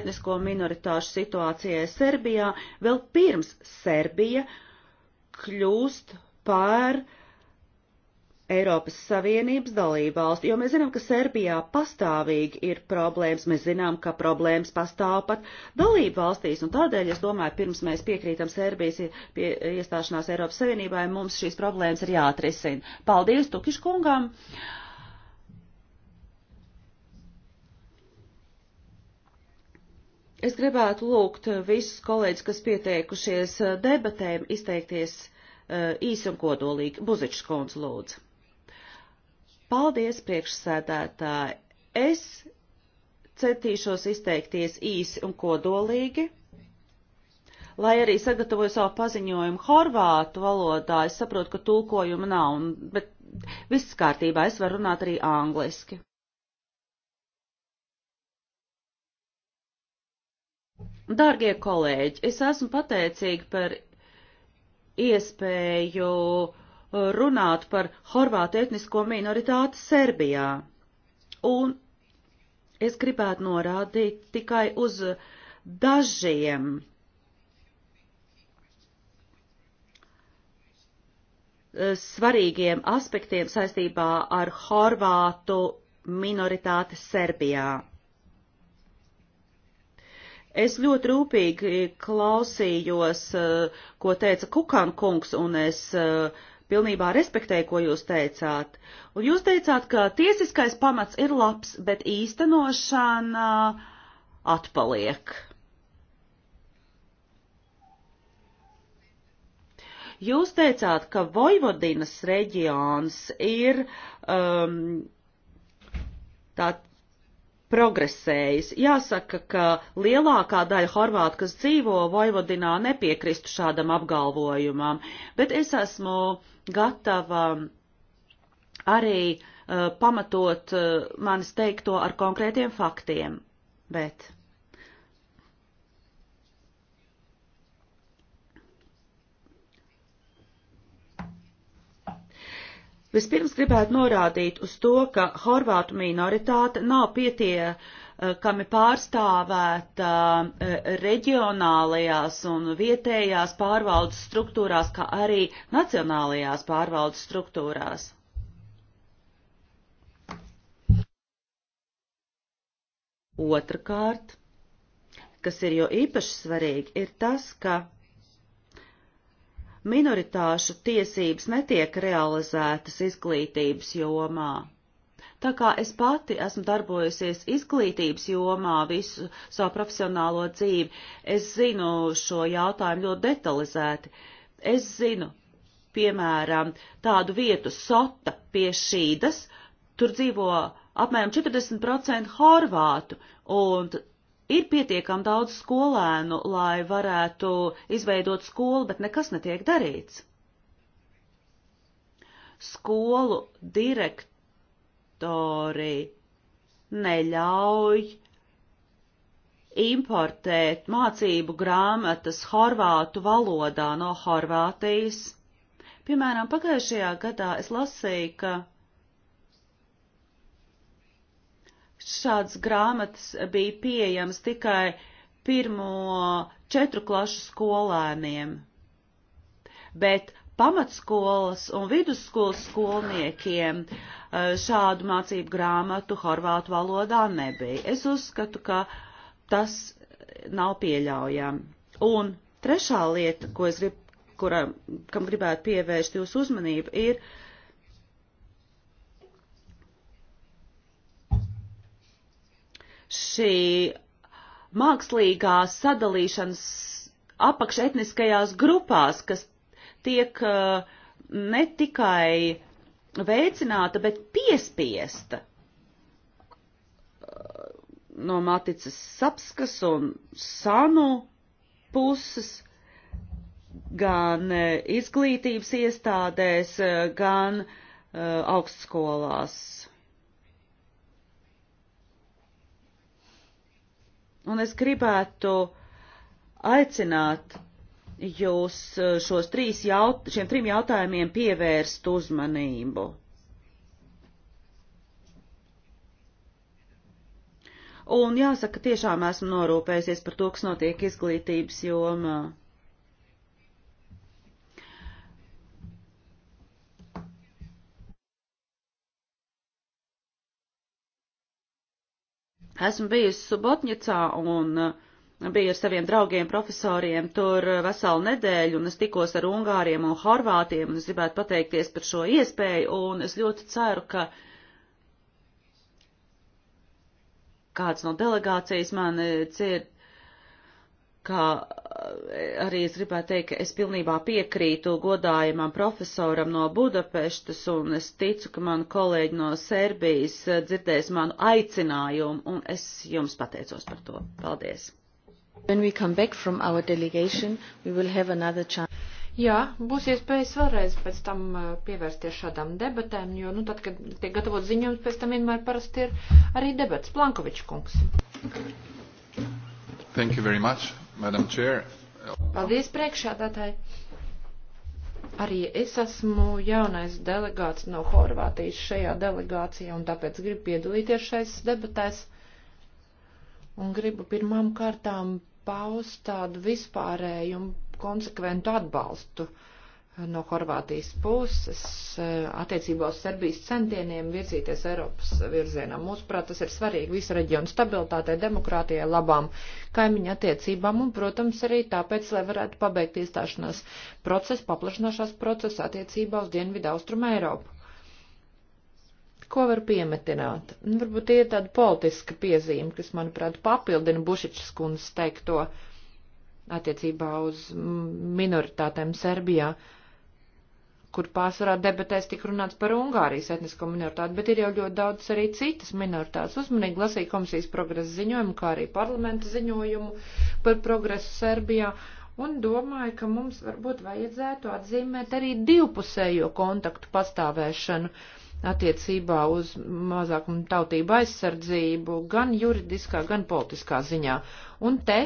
etnisko minoritāšu situācijai Serbijā, vēl pirms Serbija kļūst par uh, Eiropas Savienības dalību valstu, jo mēs zinām, ka Serbijā pastāvīgi ir problēmas, mēs zinām, ka problēmas pastāv pat dalību valstīs, un tādēļ, es domāju, pirms mēs piekrītam Serbijas pie, iestāšanās Eiropas Savienībai, mums šīs problēmas ir jāatrisina. Paldies Tukiškungam! Es gribētu lūgt visus kolēģus, kas pieteikušies debatēm, izteikties uh, īsi un kodolīgi. Buzičs kundze lūdzu. Paldies, priekšsēdētāji! Es centīšos izteikties īsi un kodolīgi. Lai arī sagatavoju savu paziņojumu horvātu valodā, es saprotu, ka tulkojuma nav, bet viss kārtībā, es varu runāt arī angliski. Dārgie kolēģi, es esmu pateicīga par iespēju uh, runāt par horvātu etnisko minoritāti Serbijā. Un es gribētu norādīt tikai uz dažiem svarīgiem aspektiem saistībā ar horvātu minoritāti Serbijā. Es ļoti rūpīgi klausījos, ko teica Kukan kungs, un es uh, pilnībā respektēju, ko jūs teicāt. Un jūs teicāt, ka tiesiskais pamats ir labs, bet īstenošana atpaliek. Jūs teicāt, ka Vojvodinas reģions ir um, tāds progresējis. Jāsaka, ka lielākā daļa horvātu, kas dzīvo Vojvodinā, nepiekristu šādam apgalvojumam, bet es esmu gatava arī uh, pamatot uh, manis teikto ar konkrētiem faktiem. Bet Vispirms gribētu norādīt uz to, ka horvātu minoritāte nav pietiekami pārstāvēta eh, reģionālajās un vietējās pārvaldes struktūrās, kā arī nacionālajās pārvaldes struktūrās. Otrakārt, kas ir jo īpaši svarīgi, ir tas, ka minoritāšu tiesības netiek realizētas izglītības jomā. Tā kā es pati esmu darbojusies izglītības jomā visu savu profesionālo dzīvi, es zinu šo jautājumu ļoti detalizēti. Es zinu, piemēram, tādu vietu Sota pie šīdas, tur dzīvo apmēram 40% horvātu, un ir pietiekam daudz skolēnu, lai varētu izveidot skolu, bet nekas netiek darīts. Skolu direktori neļauj importēt mācību grāmatas horvātu valodā no Horvātijas. Piemēram, pagājušajā gadā es lasīju, ka šādas grāmatas bija pieejamas tikai pirmo četru klašu skolēniem. Bet pamatskolas un vidusskolas skolniekiem eh, šādu mācību grāmatu horvātu valodā nebija. Es uzskatu, ka tas nav pieļaujami. Un trešā lieta, ko es grib, kura, kam gribētu pievērst jūsu uzmanību, ir uh, šī mākslīgā sadalīšanas apakšetniskajās grupās, kas tiek uh, ne tikai veicināta, bet piespiesta uh, no Maticas Sapskas un Sanu puses, gan uh, izglītības iestādēs, gan augstskolās. Un es gribētu aicināt jūs e, šos trīs jaut, šiem trim jautājumiem pievērst uzmanību. Un jāsaka, tiešām esmu norūpējusies par to, kas notiek izglītības jomā. Uh, Esmu bijusi Subotņicā un uh, biju ar saviem draugiem profesoriem tur uh, veselu nedēļu, un es tikos ar Ungāriem un Horvātiem, un es gribētu pateikties par šo iespēju, un es ļoti ceru, ka kāds no delegācijas mani dzird kā eh, arī es gribētu teikt, ka es pilnībā piekrītu godājumam profesoram no Budapeštas, un es ticu, ka man kolēģi no Serbijas eh, dzirdēs manu aicinājumu, un es jums pateicos par to. Paldies! Jā, būs iespējas vēlreiz pēc tam eh, pievērsties šādām debatēm, jo, nu, tad, kad tiek gatavot ziņojums, pēc tam vienmēr parasti ir arī debats. Plankovičs kungs. Thank you very much. Madam Chair. Paldies priekšādātāji. Arī es esmu jaunais delegāts no Horvātijas šajā delegācijā un tāpēc gribu piedalīties šais debatēs un gribu pirmām kārtām paust tādu vispārēju un konsekventu atbalstu uh, no Horvātijas puses eh, attiecībā uz Serbijas centieniem virzīties Eiropas virzienā. Mūsuprāt, tas ir svarīgi visu reģionu stabilitātei, demokrātijai, labām kaimiņa attiecībām un, protams, arī tāpēc, lai varētu pabeigt iestāšanās procesu, paplašināšanās procesu attiecībā uz Dienvidu Austrumu Eiropu. Ko var piemetināt? Nu, varbūt tie ir tāda politiska piezīme, kas, manuprāt, papildina Bušičs kundzes teikto attiecībā uz minoritātēm Serbijā. Uh, kur pārsvarā debatēs tika runāts par Ungārijas etnisko minoritāti, bet ir jau ļoti daudz arī citas minoritātes. Uzmanīgi lasīja komisijas progresa ziņojumu, kā arī parlamenta ziņojumu par progresu Serbijā. Un domāju, ka mums varbūt vajadzētu atzīmēt arī divpusējo kontaktu pastāvēšanu attiecībā uz mazākumu tautību aizsardzību gan juridiskā, gan politiskā ziņā. Un te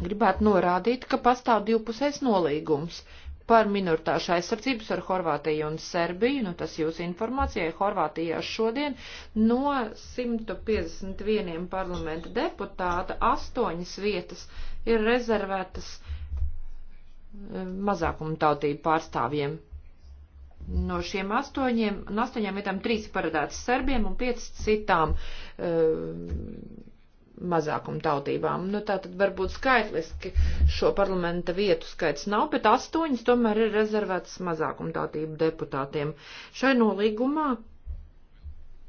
gribētu norādīt, ka pastāv divpusējs nolīgums par minoritāšu aizsardzības ar Horvātiju un Serbiju. Nu, tas jūs informācijai Horvātijā šodien no 151 parlamenta deputāta astoņas vietas ir rezervētas eh, mazākumu tautību pārstāvjiem. No šiem astoņiem, no astoņām vietām trīs paredzētas serbiem un piecas citām. Uh, mazākumu tautībām. Nu, tā tad varbūt skaitliski šo parlamenta vietu skaits nav, bet astoņas tomēr ir rezervētas mazākumu tautību deputātiem. Šai nolīgumā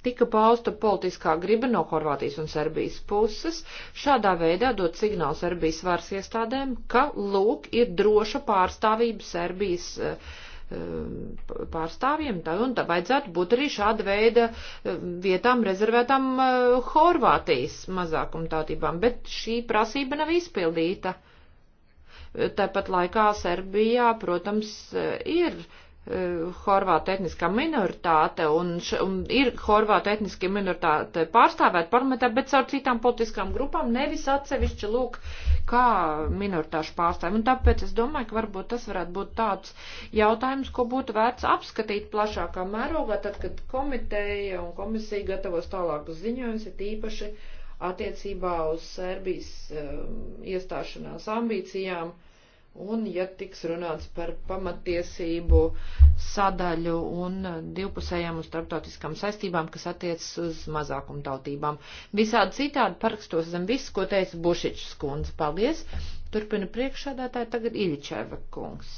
tika pausta politiskā griba no Horvātijas un Serbijas puses, šādā veidā dot signālu Serbijas varas iestādēm, ka lūk ir droša pārstāvība Serbijas uh, Um, pārstāvjiem, tā un tā vajadzētu būt arī šāda veida um, vietām rezervētām uh, Horvātijas mazākumtautībām, bet šī prasība nav izpildīta. Tāpat laikā Serbijā, protams, uh, ir horvāta etniskā minoritāte un, š, un ir horvāta etniskā minoritāte pārstāvēt parlamentā, bet caur citām politiskām grupām, nevis atsevišķi lūk, kā minoritāšu pārstāvi. Un tāpēc es domāju, ka varbūt tas varētu būt tāds jautājums, ko būtu vērts apskatīt plašākā mērogā, tad, kad komiteja un komisija gatavos tālākus ziņojumus, ir īpaši attiecībā uz Serbijas um, iestāšanās ambīcijām. Uh, Un, ja tiks runāts par pamatiesību sadaļu un divpusējām un starptautiskām saistībām, kas attiecas uz mazākumtautībām. Visādi citādi parakstos zem visu, ko teica Bušičs kundze. Paldies! Turpina priekšādātāja tagad Iļičēva kungs.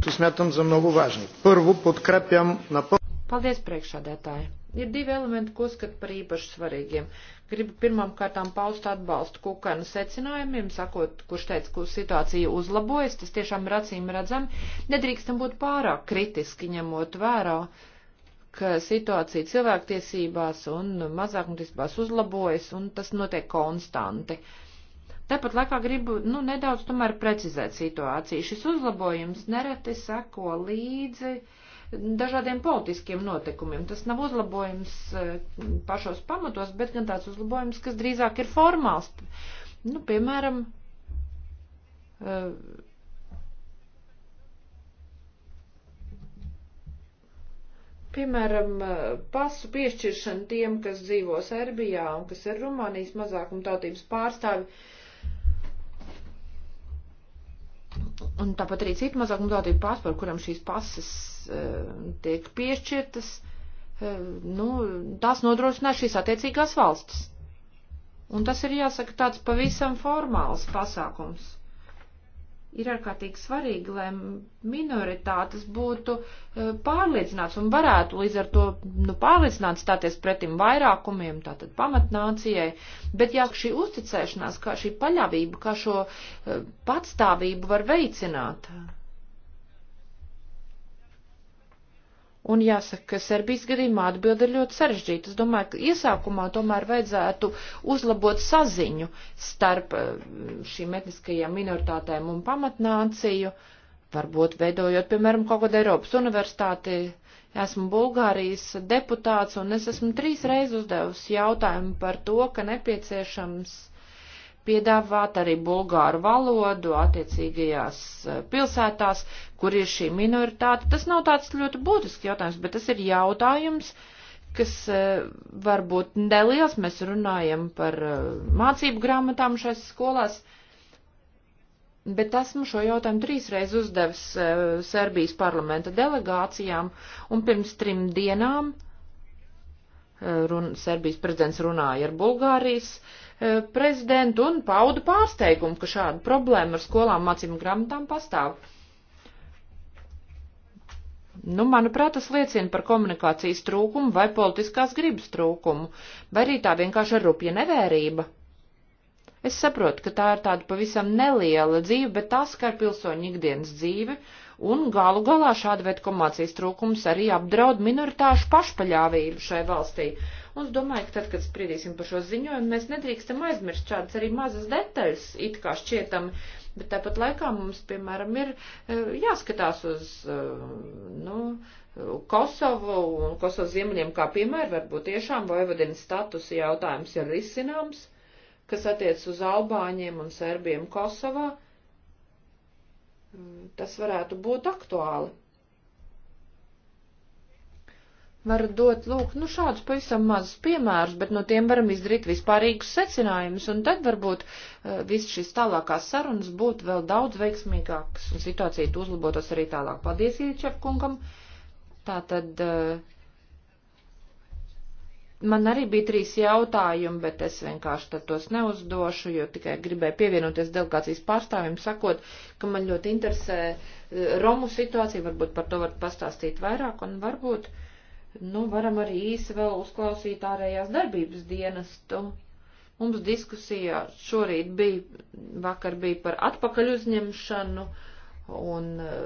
Tu smetam za mnogo važni. Prvu podkrepjam na... Paldies priekšādātāja. Ir divi elementi, ko skat par īpaši svarīgiem. Gribu pirmām kārtām paust atbalstu kukana secinājumiem, sakot, kurš teica, ka situācija uzlabojas, tas tiešām ir acīm redzami. Nedrīkstam būt pārāk kritiski ņemot vērā, ka situācija cilvēktiesībās un mazākumtiesībās uzlabojas, un tas notiek konstanti. Tāpat laikā gribu nu, nedaudz tomēr precizēt situāciju. Šis uzlabojums nereti seko līdzi uh, dažādiem politiskiem notikumiem. Tas nav uzlabojums eh, pašos pamatos, bet gan tāds uzlabojums, kas drīzāk ir formāls. Nu, piemēram, eh, Piemēram, eh, pasu piešķiršana tiem, kas dzīvo Serbijā un kas ir Rumānijas mazākuma tautības pārstāvi, uh, Un tāpat arī citu mazāk mutātību pārspēru, kuram šīs pasas eh, tiek piešķirtas, eh, nu, tās nodrošinās šīs attiecīgās valstis. Un tas ir jāsaka tāds pavisam formāls pasākums ir ārkārtīgi svarīgi, lai minoritātes būtu e, pārliecināts un varētu līdz ar to nu, pārliecināt stāties pretim vairākumiem, tātad pamatnācijai, bet jā, šī uzticēšanās, kā šī paļāvība, kā šo e, patstāvību var veicināt. Un jāsaka, ka Serbijas gadījumā atbildi ir ļoti sarežģīta. Es domāju, ka iesākumā tomēr vajadzētu uzlabot saziņu starp eh, šīm etniskajām minoritātēm un pamatnāciju, varbūt veidojot, piemēram, kaut kādu Eiropas universitāti. Esmu Bulgārijas deputāts un es esmu trīs reizes uzdevusi jautājumu par to, ka nepieciešams uh, piedāvāt arī bulgāru valodu attiecīgajās eh, pilsētās, kur ir šī minoritāte. Tas nav tāds ļoti būtisks jautājums, bet tas ir jautājums, kas eh, varbūt neliels. Mēs runājam par eh, mācību grāmatām šais skolās. Bet esmu šo jautājumu trīsreiz uzdevis Serbijas parlamenta delegācijām, un pirms trim dienām run, Serbijas prezidents runāja ar Bulgārijas uh, E, prezidentu un paudu pārsteigumu, ka šāda problēma ar skolām mācību grāmatām pastāv. Nu, manuprāt, tas liecina par komunikācijas trūkumu vai politiskās gribas trūkumu, vai arī tā vienkārši ir rupja nevērība. Es saprotu, ka tā ir tāda pavisam neliela dzīve, bet tas skar pilsoņu ikdienas dzīvi, un galu galā šāda veida komācijas trūkums arī apdraud minoritāšu pašpaļāvību šai valstī Un es domāju, ka tad, kad spriedīsim par šo ziņojumu, mēs nedrīkstam aizmirst šādas arī mazas detaļas, it kā šķietam, bet tāpat laikā mums, piemēram, ir e, jāskatās uz, e, nu, Kosovu un Kosovas ziemeļiem kā piemēru, varbūt tiešām Vojvodinas statusa jautājums ir risināms, kas attiec uz Albāņiem un Serbiem Kosovā. Mm, tas varētu būt aktuāli. Varu dot, lūk, nu šādus pavisam mazus piemērus, bet no tiem varam izdarīt vispārīgus secinājumus, un tad varbūt uh, viss šis tālākās sarunas būtu vēl daudz veiksmīgākas, un situācija uzlabotos arī tālāk. Paldies, Ilčev kungam. Tātad. Uh, eh, man arī bija trīs jautājumi, bet es vienkārši tad tos neuzdošu, jo tikai gribēju pievienoties delegācijas pārstāvim, sakot, ka man ļoti interesē eh, Romu situācija, varbūt par to varat pastāstīt vairāk, un varbūt Nu, varam arī īsi vēl uzklausīt ārējās darbības dienestu. Mums diskusijā šorīt bija, vakar bija par atpakaļ uzņemšanu un eh,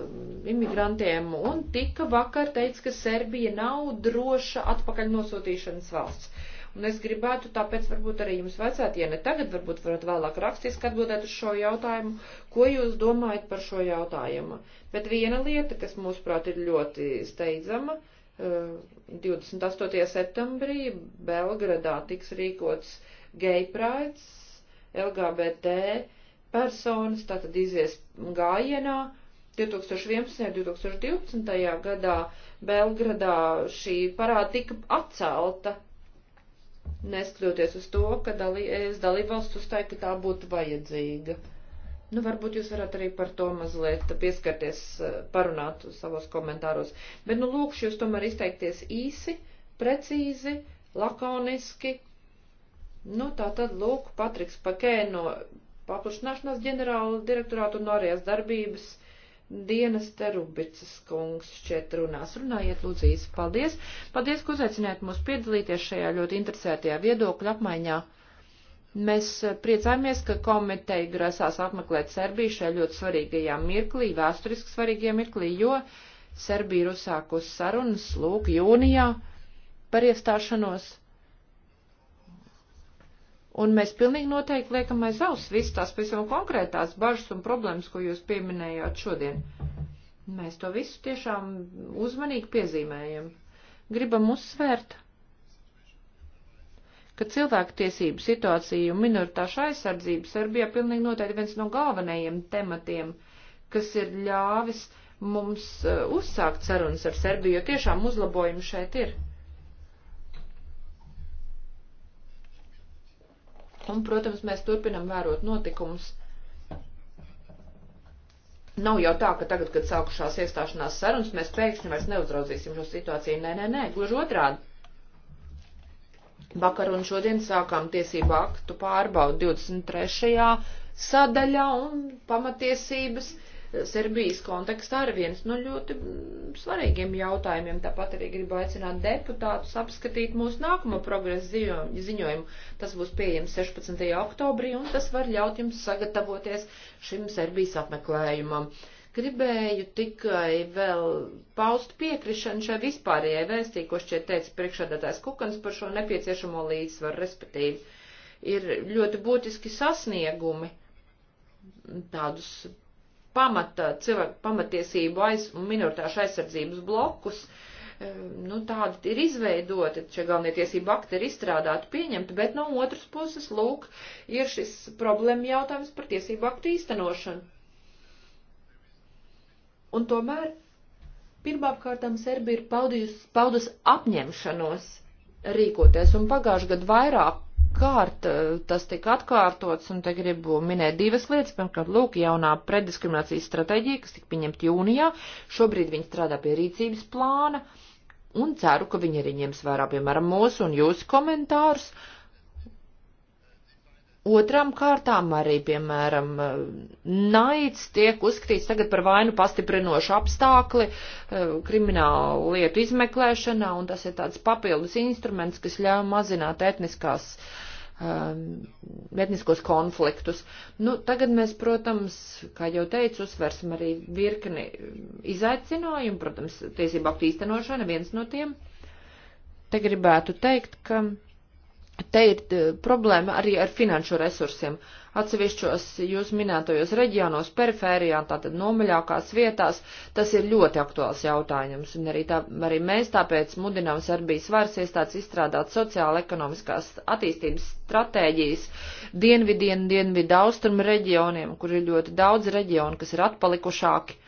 imigrantiem, un tika vakar teica, ka Serbija nav droša atpakaļ nosūtīšanas valsts. Un es gribētu, tāpēc varbūt arī jums vajadzētu, ja ne tagad, varbūt varat vēlāk rakstiski atbildēt uz šo jautājumu, ko jūs domājat par šo jautājumu. Bet viena lieta, kas mūsuprāt ir ļoti steidzama, eh, 28. septembrī Belgradā tiks rīkots gay prides, LGBT personas, tātad izies gājienā. 2011. un 2012. gadā Belgradā šī parāda tika atcelta, neskatoties uz to, ka dalī, es dalībvalsts uzstāja, ka tā būtu vajadzīga. Nu, varbūt jūs varat arī par to mazliet pieskarties, parunāt savos komentāros. Bet, nu, lūkšu jūs tomēr izteikties īsi, precīzi, lakoniski. Nu, tā tad, lūk, Patriks Pakē no paplašināšanās ģenerāla direktorāta un ārējās darbības dienas Terubicas kungs šeit runās. Runājiet, lūdzu, īsi. Paldies. Paldies, ka uzaicinājāt mūs piedalīties šajā ļoti interesētajā viedokļa apmaiņā. Mēs eh, priecājamies, ka komiteja grasās apmeklēt Serbiju šajā ļoti svarīgajā mirklī, vēsturiski svarīgajā mirklī, jo Serbija ir uzsākusi sarunas, lūk, jūnijā par iestāšanos. Un mēs pilnīgi noteikti liekam aiz auss visas tās pavisam konkrētās bažas un problēmas, ko jūs pieminējāt šodien. Mēs to visu tiešām uzmanīgi piezīmējam. Gribam uzsvērt, ka cilvēktiesību situācija un minoritāšu aizsardzība Serbijā pilnīgi noteikti viens no galvenajiem tematiem, kas ir ļāvis mums eh, uzsākt sarunas ar Serbiju, jo tiešām uzlabojumi šeit ir. Un, protams, mēs turpinam vērot notikumus. Nav jau tā, ka tagad, kad sākušās iestāšanās sarunas, mēs pēkšņi vairs neuzraudzīsim šo situāciju. Nē, nē, nē, gluži otrādi Vakar un šodien sākām tiesību aktu pārbaudu 23. sadaļā un pamatiesības Serbijas kontekstā ir viens no ļoti svarīgiem jautājumiem. Tāpat arī gribu aicināt deputātus apskatīt mūsu nākamo progresu ziņojumu. Tas būs pieejams 16. oktobrī un tas var ļaut jums sagatavoties šim Serbijas apmeklējumam. Uh, Gribēju tikai vēl paust piekrišanu šai vispārējai vēstī, ko šķiet teica priekšādātājs Kukans par šo nepieciešamo līdzsvaru, respektīvi, ir ļoti būtiski sasniegumi tādus pamata, cilvēku pamatiesību aiz, un minoritāšu aizsardzības blokus, e, nu, tādi ir izveidoti, šie galvenie tiesību akti ir izstrādāti, pieņemti, bet no otras puses, lūk, ir šis problēma jautājums par tiesību aktu īstenošanu. Un tomēr pirmām kārtām Serbija ir paudījusi, paudus apņemšanos rīkoties, un pagājuši gadu vairāk kārt eh, tas tika atkārtots, un te gribu minēt divas lietas. Pirmkārt, lūk, jaunā preddiskriminācijas stratēģija, kas tika pieņemta jūnijā, šobrīd viņi strādā pie rīcības plāna, un ceru, ka viņi arī ņems vērā, piemēram, mūsu un jūsu komentārus. Uh, Otram kārtām arī, piemēram, naids tiek uzskatīts tagad par vainu pastiprinošu apstākli eh, kriminālu lietu izmeklēšanā, un tas ir tāds papildus instruments, kas ļauj mazināt etniskās, um, etniskos konfliktus. Nu, tagad mēs, protams, kā jau teicu, uzsversim arī virkni izaicinājumu, protams, tiesību aktīstenošana viens no tiem. Te gribētu teikt, ka Te ir e, problēma arī ar finanšu resursiem. Atsevišķos jūs minētojos reģionos, perifērijā, tātad nomaļākās vietās, tas ir ļoti aktuāls jautājums, un arī, tā, arī mēs tāpēc mudinām Serbijas varas iestādes izstrādāt sociāla-ekonomiskās attīstības stratēģijas dienvidienu, dienvidu austrumu reģioniem, kur ir ļoti daudz reģionu, kas ir atpalikušāki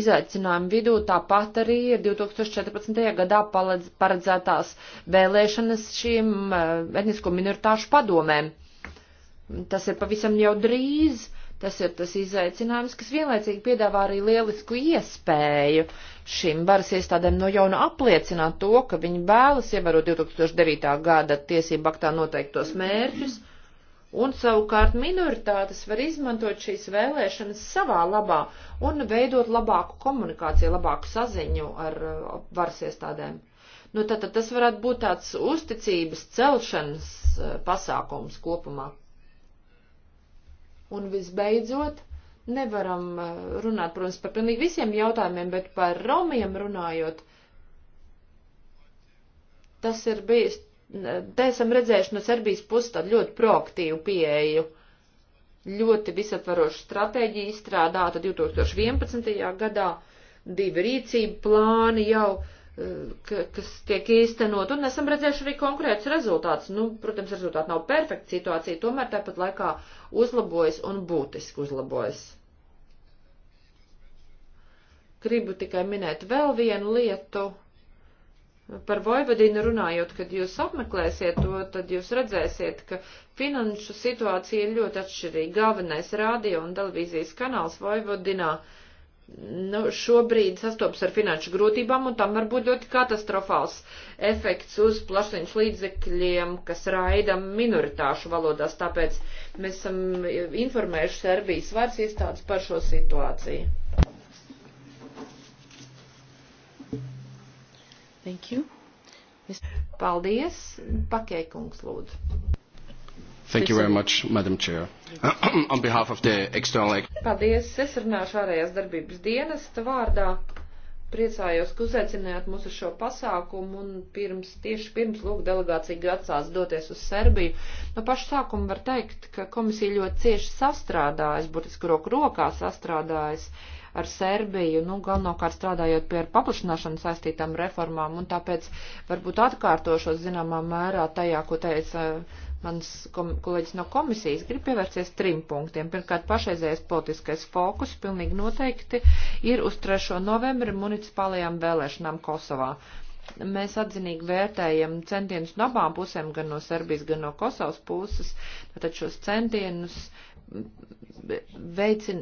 izaicinājumu vidū tāpat arī ir 2014. gadā paredzētās vēlēšanas šīm uh, etnisko minoritāšu padomēm. Tas ir pavisam jau drīz. Tas ir tas izaicinājums, kas vienlaicīgi piedāvā arī lielisku iespēju šīm varas iestādēm no jauna apliecināt to, ka viņi vēlas ievērot 2009. gada tiesību aktā noteiktos mērķus. Mm -hmm un savukārt minoritātes var izmantot šīs vēlēšanas savā labā un veidot labāku komunikāciju, labāku saziņu ar uh, varas iestādēm. Nu, tad, tad tas varētu būt tāds uzticības celšanas uh, pasākums kopumā. Un visbeidzot, nevaram uh, runāt, protams, par pilnīgi visiem jautājumiem, bet par romiem runājot, tas ir bijis te esam redzējuši no Serbijas puses tādu ļoti proaktīvu pieeju, ļoti visaptvarošu stratēģiju izstrādāta 2011. gadā, divi rīcību plāni jau, eh, ka, kas tiek īstenot, un esam redzējuši arī konkrētus rezultātus. Nu, protams, rezultāti nav perfekta situācija, tomēr tāpat laikā uzlabojas un būtiski uzlabojas. Gribu tikai minēt vēl vienu lietu par Vojvodinu runājot, kad jūs apmeklēsiet to, tad jūs redzēsiet, ka finanšu situācija ir ļoti atšķirīga. Galvenais rādio un televīzijas kanāls Vojvodinā nu, šobrīd sastopas ar finanšu grūtībām, un tam var būt ļoti katastrofāls efekts uz plašiņš līdzekļiem, kas raida minoritāšu valodās. Tāpēc mēs esam informējuši Serbijas varas iestādes par šo situāciju. Thank you. Ms. Paldies. Pakeikungs, lūdzu. Thank you very much, Madam Chair. On behalf of the external... Paldies. Es runāšu ārējās darbības dienesta vārdā priecājos, ka uzaicinājāt mūs uz šo pasākumu un pirms, tieši pirms lūk delegācija gracās doties uz Serbiju. No paša sākuma var teikt, ka komisija ļoti cieši sastrādājas, būtiski roku rokā sastrādājas ar Serbiju, nu, galvenokārt strādājot pie ar paplašināšanu saistītām reformām, un tāpēc varbūt atkārtošos zināmā mērā tajā, ko teica eh, mans kolēģis no komisijas grib pievērsties trim punktiem. Pirmkārt, pašreizējais politiskais fokus pilnīgi noteikti ir uz 3. novembra municipālajām vēlēšanām Kosovā. Mēs atzinīgi vērtējam centienus no abām pusēm, gan no Serbijas, gan no Kosovas puses, tātad šos centienus uh, veicin,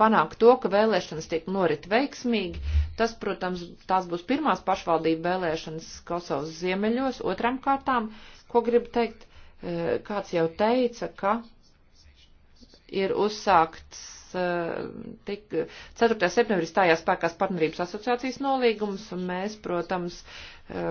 panākt to, ka vēlēšanas tiek norit veiksmīgi. Tas, protams, tās būs pirmās pašvaldību vēlēšanas Kosovas ziemeļos. Otram kārtām, ko gribu teikt, e, kāds jau teica, ka ir uzsākts. E, tik, 4. septembrī stājās spēkās partnerības asociācijas nolīgums, un mēs, protams, e,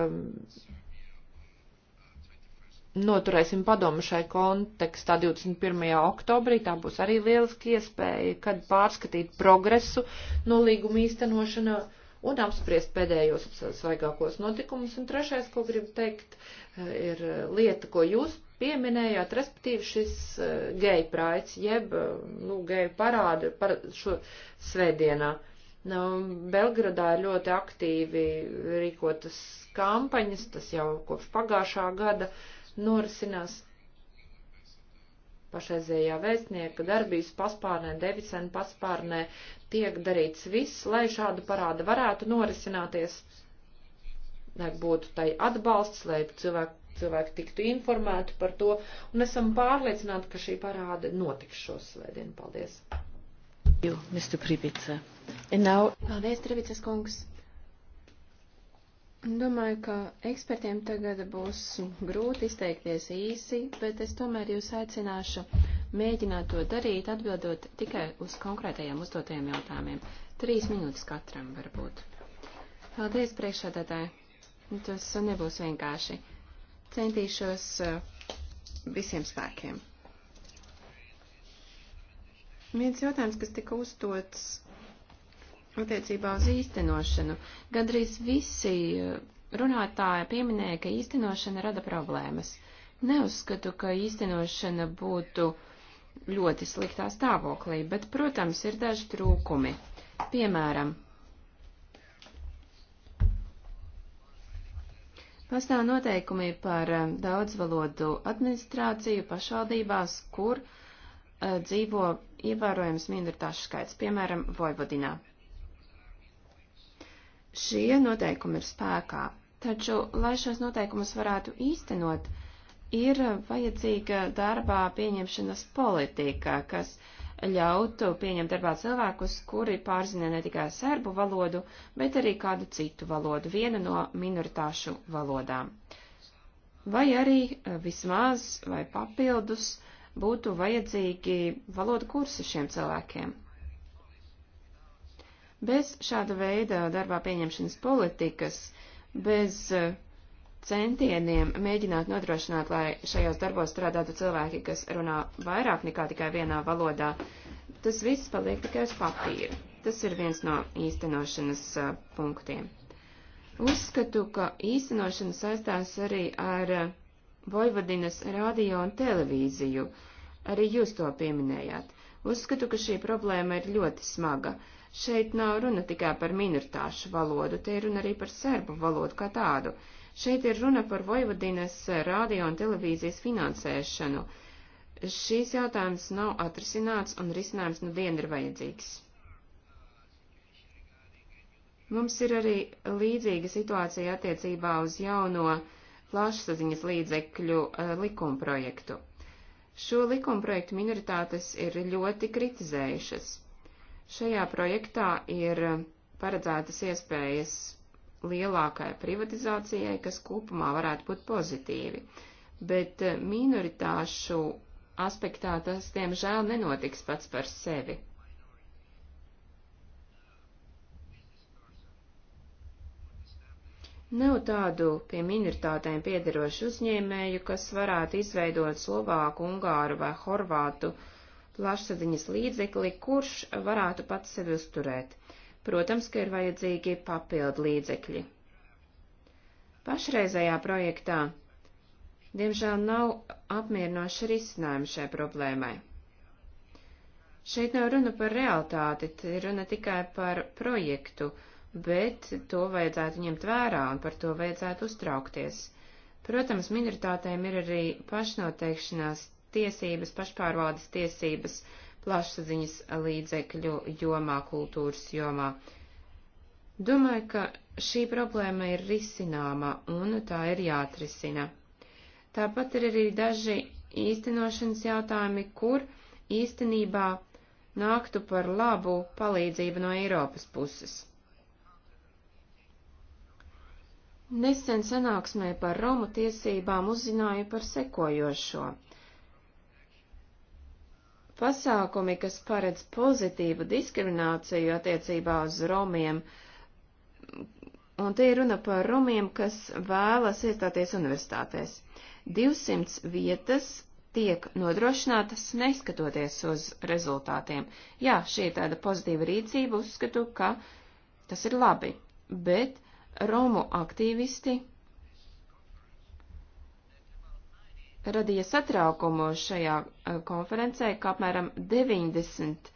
noturēsim padomu šai kontekstā 21. oktobrī. Tā būs arī lieliski iespēja, kad pārskatīt progresu no līguma īstenošanā un apspriest pēdējos svaigākos notikumus. Un trešais, ko gribu teikt, ir lieta, ko jūs pieminējāt, respektīvi šis eh, geju praids, jeb, eh, nu, geju parādu par šo svētdienā. Nu, Belgradā ir ļoti aktīvi rīkotas kampaņas, tas jau kopš pagājušā gada. Uh, norisinās pašreizējā vēstnieka darbības paspārnē, Devisena paspārnē tiek darīts viss, lai šāda parāda varētu norisināties, lai būtu tai atbalsts, lai cilvēki, cilvēki tiktu informēti par to, un esam pārliecināti, ka šī parāda notiks šos svētdien. Paldies! You, Mr. Pribica. And now... Paldies, Pribicas kungs! Domāju, ka ekspertiem tagad būs grūti izteikties īsi, bet es tomēr jūs aicināšu mēģināt to darīt, atbildot tikai uz konkrētajiem uzdotajiem jautājumiem. Trīs minūtes katram varbūt. Paldies priekšādātāji. Tas nebūs vienkārši. Centīšos eh, visiem spēkiem. Viens jautājums, kas tika uzdots attiecībā uz īstenošanu. Gandrīz visi eh, runātāji pieminēja, ka īstenošana rada problēmas. Neuzskatu, ka īstenošana būtu ļoti sliktā stāvoklī, bet, protams, ir daži trūkumi. Piemēram, pastāv noteikumi par eh, daudzvalodu administrāciju pašvaldībās, kur uh, dzīvo ievērojams minoritāšu skaits, piemēram, Vojvodinā. Šie noteikumi ir spēkā, taču, lai šos noteikumus varētu īstenot, ir vajadzīga darbā pieņemšanas politika, kas ļautu pieņemt darbā cilvēkus, kuri pārzina ne tikai serbu valodu, bet arī kādu citu valodu, vienu no minoritāšu valodām. Vai arī eh, vismaz vai papildus būtu vajadzīgi valodu kursi šiem cilvēkiem. Bez šāda veida darbā pieņemšanas politikas, bez eh, centieniem mēģināt nodrošināt, lai šajos darbos strādātu cilvēki, kas runā vairāk nekā tikai vienā valodā, tas viss paliek tikai uz papīra. Tas ir viens no īstenošanas eh, punktiem. Uzskatu, ka īstenošana saistās arī ar eh, Vojvodinas radio un televīziju. Arī jūs to pieminējāt. Uzskatu, ka šī problēma ir ļoti smaga. Uh, Šeit nav runa tikai par minoritāšu valodu, te ir runa arī par serbu valodu kā tādu. Šeit ir runa par Vojvodinas radio un televīzijas finansēšanu. Šīs jautājums nav atrisināts un risinājums nu dien ir vajadzīgs. Mums ir arī līdzīga situācija attiecībā uz jauno plašsaziņas līdzekļu uh, likumprojektu. Šo likumprojektu minoritātes ir ļoti kritizējušas. Šajā projektā ir paredzētas iespējas lielākai privatizācijai, kas kopumā varētu būt pozitīvi, bet eh, minoritāšu aspektā tas, diemžēl, nenotiks pats par sevi. Nav tādu pie minoritātēm piederošu uzņēmēju, kas varētu izveidot Slovāku, Ungāru vai Horvātu uh, plašsaziņas līdzekli, kurš varētu pats sevi uzturēt. Protams, ka ir vajadzīgi papildu līdzekļi. Pašreizējā projektā, diemžēl, nav apmierinoši risinājumi šai problēmai. Šeit nav runa par realitāti, ir runa tikai par projektu, bet to vajadzētu ņemt vērā un par to vajadzētu uztraukties. Protams, minoritātēm ir arī pašnoteikšanās tiesības, pašpārvaldes tiesības plašsaziņas līdzekļu jomā, kultūras jomā. Domāju, ka šī problēma ir risināma un tā ir jāatrisina. Tāpat ir arī daži īstenošanas jautājumi, kur īstenībā nāktu par labu palīdzību no Eiropas puses. Nesen sanāksmē par Romu tiesībām uzzināju par sekojošo. Pasākumi, kas paredz pozitīvu diskrimināciju attiecībā uz romiem, un te ir runa par romiem, kas vēlas iestāties universitātēs. 200 vietas tiek nodrošinātas neskatoties uz rezultātiem. Jā, šī ir tāda pozitīva rīcība, uzskatu, ka tas ir labi, bet Romu aktīvisti radīja satraukumu šajā eh, konferencē, ka apmēram 90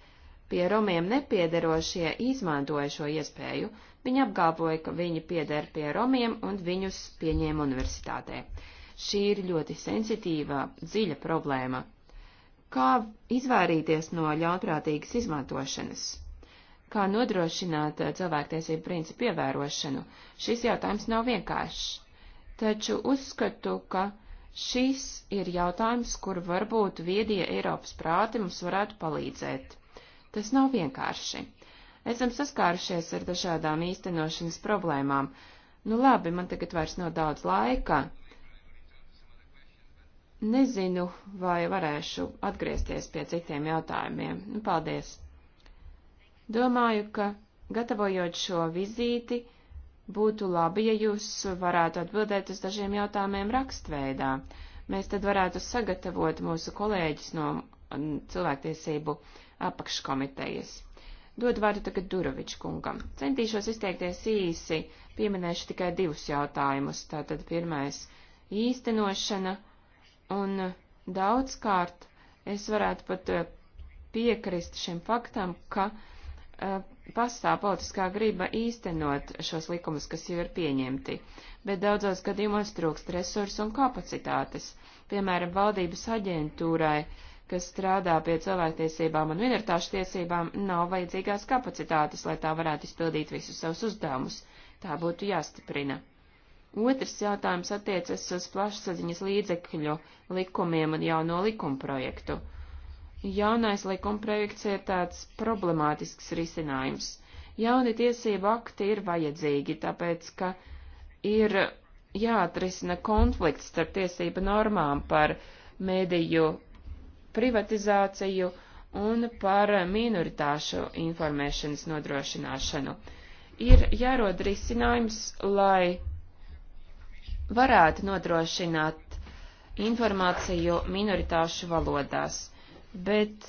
pie romiem nepiederošie izmantoja šo iespēju. Viņi apgalvoja, ka viņi pieder pie romiem un viņus pieņēma universitātē. Šī ir ļoti sensitīva, dziļa problēma. Kā izvairīties no ļaunprātīgas izmantošanas? Kā nodrošināt eh, cilvēktiesību principu ievērošanu? Šis jautājums nav vienkāršs. Taču uzskatu, ka Šis ir jautājums, kur varbūt viedie Eiropas prāti mums varētu palīdzēt. Tas nav vienkārši. Esam saskārušies ar dažādām īstenošanas problēmām. Nu labi, man tagad vairs nav daudz laika. Nezinu, vai varēšu atgriezties pie citiem jautājumiem. Nu, paldies! Domāju, ka gatavojot šo vizīti, būtu labi, ja jūs varētu atbildēt uz dažiem jautājumiem rakstveidā. Mēs tad varētu sagatavot mūsu kolēģis no mm, cilvēktiesību apakškomitejas. Dod vārdu tagad Duroviču kungam. Centīšos izteikties īsi, pieminēšu tikai divus jautājumus. Tātad pirmais - īstenošana, un daudzkārt es varētu pat eh, piekrist šim faktam, ka uh, pastāv politiskā griba īstenot šos likumus, kas jau ir pieņemti, bet daudzos gadījumos trūkst resursu un kapacitātes. Piemēram, valdības aģentūrai, kas strādā pie cilvēktiesībām un minoritāšu tiesībām, nav vajadzīgās kapacitātes, lai tā varētu izpildīt visus savus uzdevumus. Tā būtu jāstiprina. Otrs jautājums attiecas uz plašsaziņas līdzekļu likumiem un jauno likumprojektu. projektu jaunais likumprojekts ir tāds problemātisks risinājums. Jauni tiesību akti ir vajadzīgi, tāpēc, ka ir jāatrisina konflikts starp tiesību normām par mediju privatizāciju un par minoritāšu informēšanas nodrošināšanu. Ir jārod risinājums, lai varētu nodrošināt informāciju minoritāšu valodās bet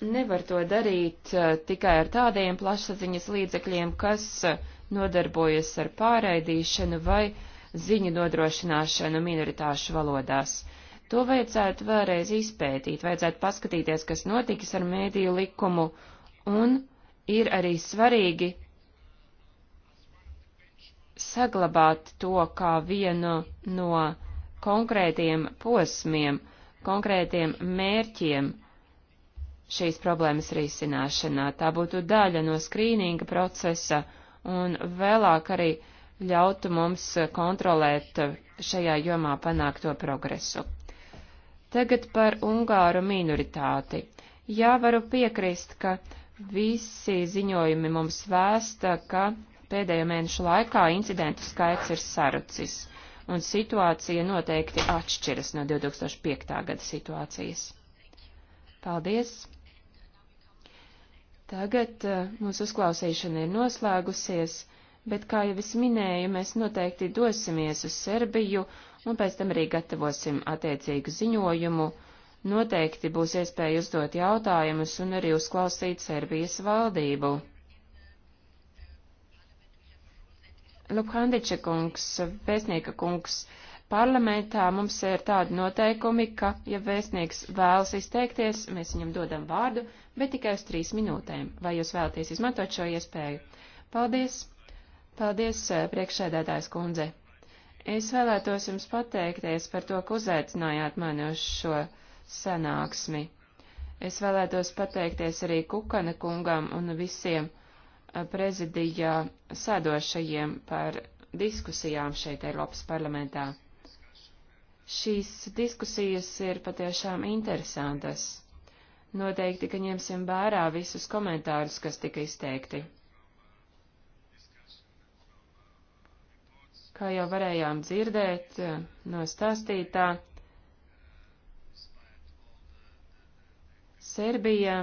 nevar to darīt eh, tikai ar tādiem plašsaziņas līdzekļiem, kas eh, nodarbojas ar pārraidīšanu vai ziņu nodrošināšanu minoritāšu valodās. To vajadzētu vēlreiz izpētīt, vajadzētu paskatīties, kas notiks ar mēdīju likumu, un ir arī svarīgi saglabāt to kā vienu no konkrētiem posmiem, uh, konkrētiem mērķiem šīs problēmas risināšanā. Tā būtu daļa no skrīninga procesa un vēlāk arī ļautu mums kontrolēt šajā jomā panākto progresu. Tagad par Ungāru minoritāti. Jā, varu piekrist, ka visi ziņojumi mums vēsta, ka pēdējo mēnešu laikā incidentu skaits ir sarucis un situācija noteikti atšķiras no 2005. gada situācijas. Paldies! Tagad eh, mūsu uzklausīšana ir noslēgusies, bet, kā jau es minēju, mēs noteikti dosimies uz Serbiju un pēc tam arī gatavosim attiecīgu ziņojumu. Noteikti būs iespēja uzdot jautājumus un arī uzklausīt Serbijas valdību. Lubhandiča kungs, vēstnieka kungs, parlamentā mums ir tādi noteikumi, ka, ja vēstnieks vēlas izteikties, mēs viņam dodam vārdu, bet tikai uz trīs minūtēm. Vai jūs vēlaties izmantot šo iespēju? Paldies! Paldies, eh, priekšsēdētājs kundze! Es vēlētos jums pateikties par to, ka uzaicinājāt mani uz šo sanāksmi. Es vēlētos pateikties arī Kukana kungam un visiem, prezidija sēdošajiem par diskusijām šeit Eiropas parlamentā. Šīs diskusijas ir patiešām interesantas. Noteikti, ka ņemsim vērā visus komentārus, kas tika izteikti. Kā jau varējām dzirdēt eh, no stāstītā, Serbija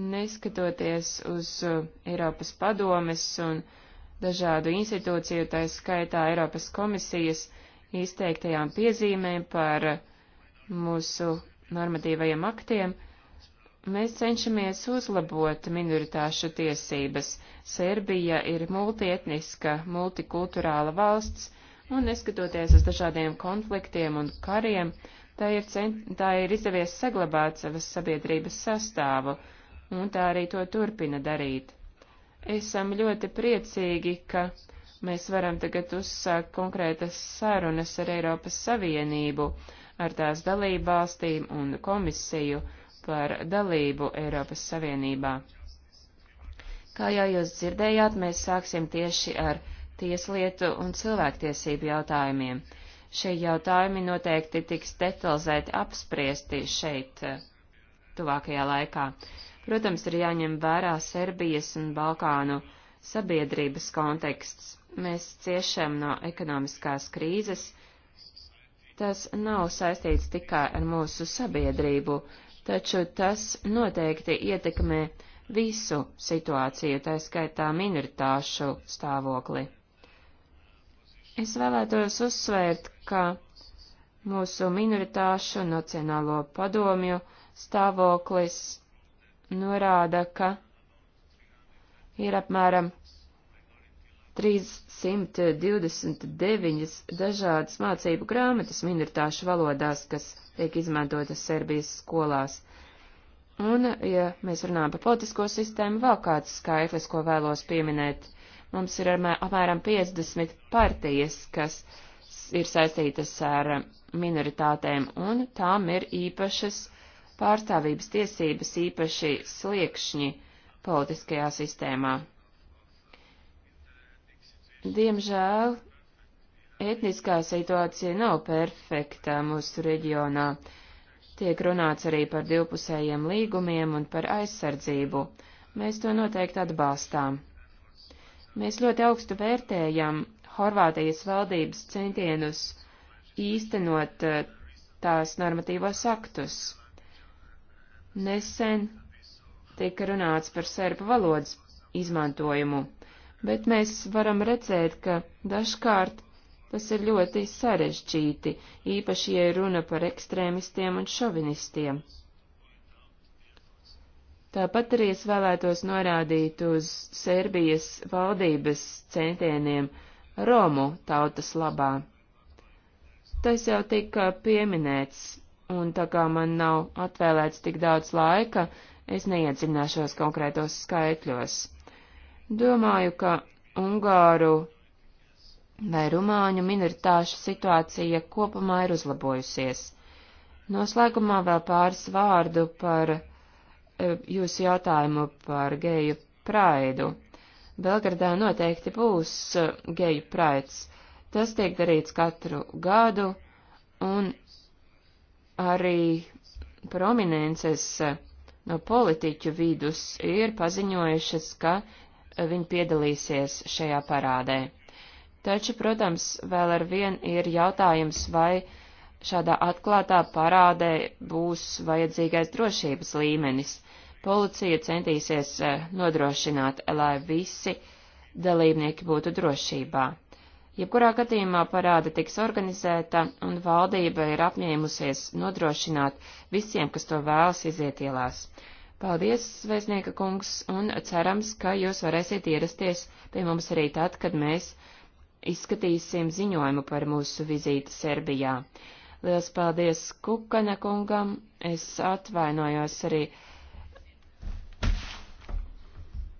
neskatoties uz uh, Eiropas padomes un dažādu institūciju, tā skaitā Eiropas komisijas izteiktajām piezīmēm par uh, mūsu normatīvajiem aktiem, mēs cenšamies uzlabot minoritāšu tiesības. Serbija ir multietniska, multikulturāla valsts, un neskatoties uz dažādiem konfliktiem un kariem, tā ir, cent... tā ir izdevies saglabāt savas sabiedrības sastāvu, un tā arī to turpina darīt. Esam ļoti priecīgi, ka mēs varam tagad uzsākt konkrētas sarunas ar Eiropas Savienību, ar tās dalību valstīm un komisiju par dalību Eiropas Savienībā. Kā jau jūs dzirdējāt, mēs sāksim tieši ar tieslietu un cilvēktiesību jautājumiem. Šie jautājumi noteikti tiks detalizēti apspriesti šeit eh, tuvākajā laikā. Protams, ir jāņem vērā Serbijas un Balkānu sabiedrības konteksts. Mēs ciešam no ekonomiskās krīzes. Tas nav saistīts tikai ar mūsu sabiedrību, taču tas noteikti ietekmē visu situāciju, tā skaitā minoritāšu stāvokli. Es vēlētos uzsvērt, ka mūsu minoritāšu nacionālo padomju stāvoklis norāda, ka ir apmēram 329 dažādas mācību grāmatas minoritāšu valodās, kas tiek izmantotas Serbijas skolās. Un, ja mēs runājam par politisko sistēmu, vēl kāds skaitlis, ko vēlos pieminēt, mums ir apmēram 50 partijas, kas ir saistītas ar minoritātēm, un tām ir īpašas pārstāvības tiesības īpaši sliekšņi politiskajā sistēmā. Diemžēl etniskā situācija nav perfekta mūsu reģionā. Tiek runāts arī par divpusējiem līgumiem un par aizsardzību. Mēs to noteikti atbalstām. Mēs ļoti augstu vērtējam Horvātijas valdības centienus īstenot eh, tās normatīvos aktus. Nesen tika runāts par serbu valodas izmantojumu, bet mēs varam redzēt, ka dažkārt tas ir ļoti sarežģīti, īpaši, ja runa par ekstrēmistiem un šovinistiem. Tāpat arī es vēlētos norādīt uz Serbijas valdības centieniem Romu tautas labā. Tas jau tika pieminēts un tā kā man nav atvēlēts tik daudz laika, es neiedziļināšos konkrētos skaitļos. Domāju, ka Ungāru vai Rumāņu minoritāšu situācija kopumā ir uzlabojusies. Noslēgumā vēl pāris vārdu par e, jūsu jautājumu par geju praidu. Belgradā noteikti būs e, geju praids. Tas tiek darīts katru gadu, un arī prominences eh, no politiķu vidus ir paziņojušas, ka eh, viņi piedalīsies šajā parādē. Taču, protams, vēl ar vien ir jautājums, vai šādā atklātā parādē būs vajadzīgais drošības līmenis. Policija centīsies eh, nodrošināt, lai visi dalībnieki būtu drošībā. Jebkurā gadījumā parāda tiks organizēta, un valdība ir apņēmusies nodrošināt visiem, kas to vēlas iziet ielās. Paldies, vēstnieka kungs, un cerams, ka jūs varēsiet ierasties pie mums arī tad, kad mēs izskatīsim ziņojumu par mūsu vizīti Serbijā. Liels paldies Kukana kungam, es atvainojos arī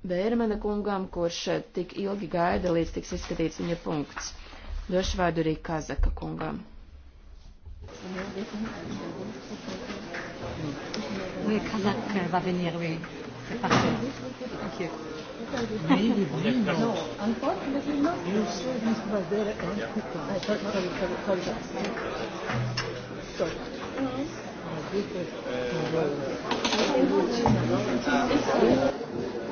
Bērmana kungam, kurš tik ilgi gaida, līdz tiks izskatīts viņa punkts. Došu vārdu arī Kazaka kungam. Oui, Kazak va venir, oui. C'est parfait. Thank you. Oui, il est bon. Non, unfortunately not. Mr. Valdera and Kukan. Sorry, sorry, sorry. Sorry. Sorry. Thank you.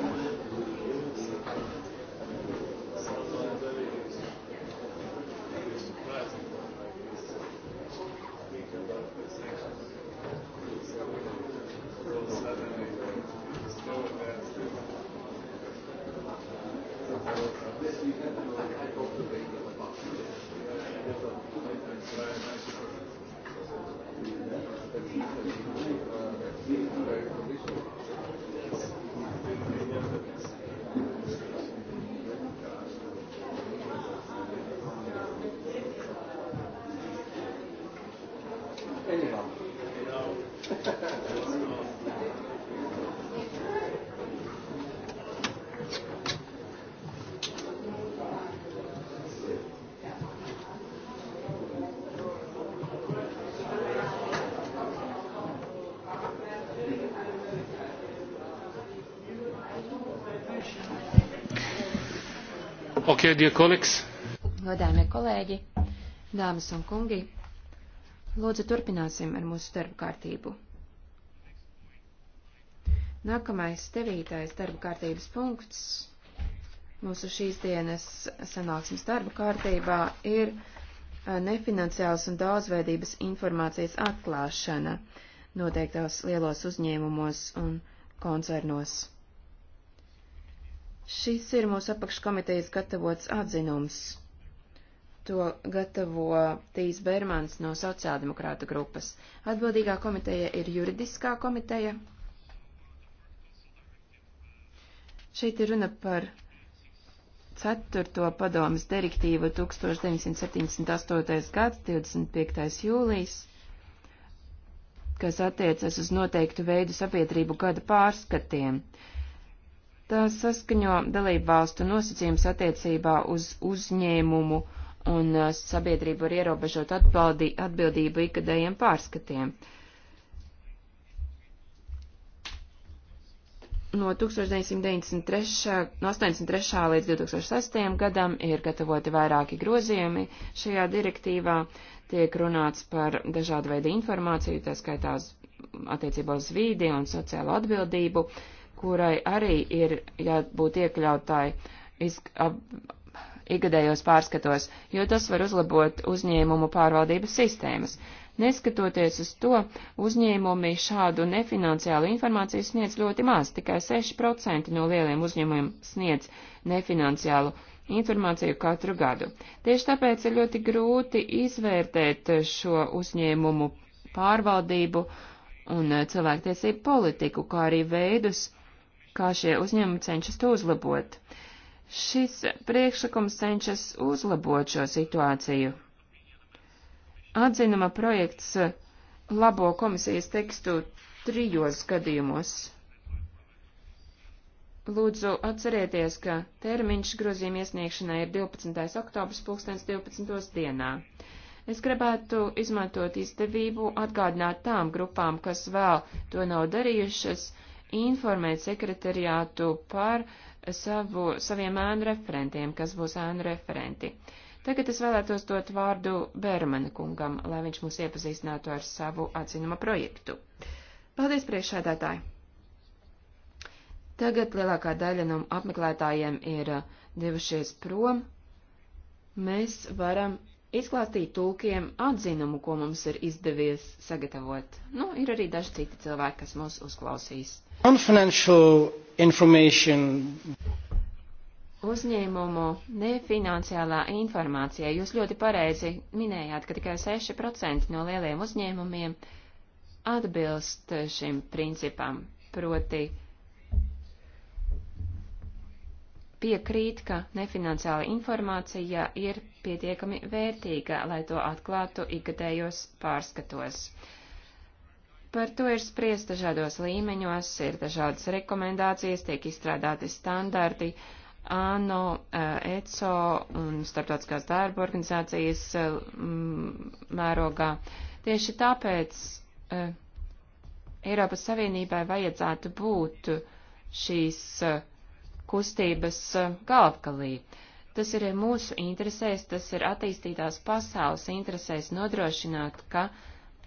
Okay, dear colleagues. Godājumie kolēģi, dāmas un kungi, lūdzu turpināsim ar mūsu darbu kārtību. Nākamais devītais darba kārtības punkts mūsu šīs dienas sanāksmes darba kārtībā ir nefinanciāls un daudzveidības informācijas atklāšana noteiktos lielos uzņēmumos un koncernos. Šis ir mūsu apakškomitejas gatavots atzinums. To gatavo Tīs Bermans no sociāldemokrāta grupas. Atbildīgā komiteja ir juridiskā komiteja. Šeit ir runa par 4. padomas direktīvu 1978. gads 25. jūlijas, kas attiecas uz noteiktu veidu sabiedrību gada pārskatiem. Uh, Tās saskaņo dalību valstu nosacījums attiecībā uz uzņēmumu un uh, sabiedrību var ierobežot atbaldi, atbildību ikadējiem pārskatiem. No 1993. No 83. līdz 2006. gadam ir gatavoti vairāki grozījumi šajā direktīvā. Tiek runāts par dažādu veidu informāciju, tā skaitās attiecībā uz vīdi un sociālo atbildību. Uh, kurai arī ir jābūt iekļautāji izk, ab, igadējos pārskatos, jo tas var uzlabot uzņēmumu pārvaldības sistēmas. Neskatoties uz to, uzņēmumi šādu nefinanciālu informāciju sniedz ļoti maz, tikai 6% no lieliem uzņēmumiem sniedz nefinanciālu informāciju katru gadu. Tieši tāpēc ir ļoti grūti izvērtēt šo uzņēmumu pārvaldību un cilvēktiesību politiku, kā arī veidus, kā šie uzņēmumi cenšas to uzlabot. Šis priekšlikums cenšas uzlabot šo situāciju. Atzinuma projekts labo komisijas tekstu trijos gadījumos. Lūdzu, atcerieties, ka termiņš grozījuma iesniegšanai ir 12. oktobris 2012. dienā. Es gribētu izmantot izdevību atgādināt tām grupām, kas vēl to nav darījušas, informēt sekretariātu par savu, saviem ēnu referentiem, kas būs ēnu referenti. Tagad es vēlētos dot vārdu Bermana kungam, lai viņš mūs iepazīstinātu ar savu atzinuma projektu. Paldies, priekšsēdētāji! Tagad lielākā daļa no apmeklētājiem ir devušies prom. Mēs varam izklāstīt tulkiem atzinumu, ko mums ir izdevies sagatavot. Nu, ir arī daži citi cilvēki, kas mūs uzklausīs. Uzņēmumu nefinanciālā informācija. Jūs ļoti pareizi minējāt, ka tikai 6% no lieliem uzņēmumiem atbilst šim principam, proti piekrīt, ka nefinanciāla informācija ir pietiekami vērtīga, lai to atklātu ikgadējos pārskatos. Par to ir spriest dažādos līmeņos, ir dažādas rekomendācijas, tiek izstrādāti standarti, ANO, eh, ECO un starptautiskās darba organizācijas eh, mērogā. Tieši tāpēc eh, Eiropas Savienībai vajadzētu būt šīs uh, kustības eh, galvkalī. Tas ir mūsu interesēs, tas ir attīstītās pasaules interesēs nodrošināt, ka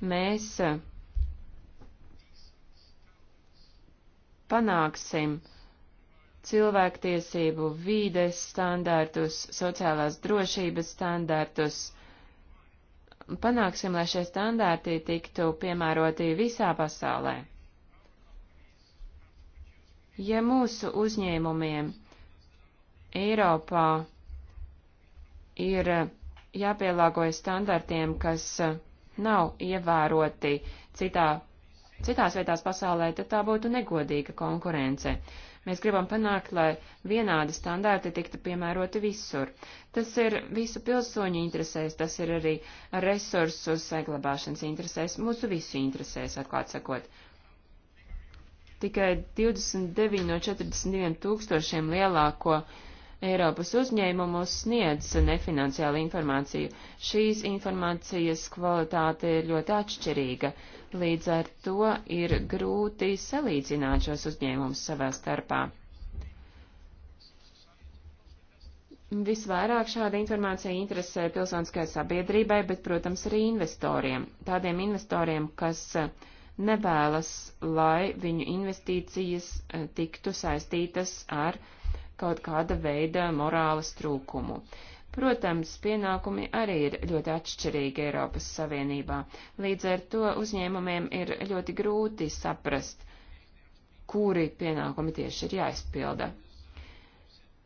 mēs eh, panāksim cilvēktiesību vīdes standārtus, sociālās drošības standārtus. Panāksim, lai šie standārti tiktu piemēroti visā pasaulē. Ja mūsu uzņēmumiem Eiropā ir jāpielāgojas standartiem, kas nav ievēroti citā, citās vietās pasaulē, tad tā būtu negodīga konkurence. Mēs gribam panākt, lai vienādi standarti tiktu piemēroti visur. Tas ir visu pilsoņu interesēs, tas ir arī resursu saglabāšanas interesēs, mūsu visu interesēs, atklāt sakot tikai 29 no 42 tūkstošiem lielāko Eiropas uzņēmumu sniedz nefinanciālu informāciju. Šīs informācijas kvalitāte ir ļoti atšķirīga, līdz ar to ir grūti salīdzināt šos uzņēmumus savā starpā. Visvairāk šāda informācija interesē pilsoniskai sabiedrībai, bet, protams, arī investoriem. Tādiem investoriem, kas uh, nevēlas, lai viņu investīcijas e, tiktu saistītas ar kaut kāda veida morāles trūkumu. Protams, pienākumi arī ir ļoti atšķirīgi Eiropas Savienībā, līdz ar to uzņēmumiem ir ļoti grūti saprast, kuri pienākumi tieši ir jāizpilda.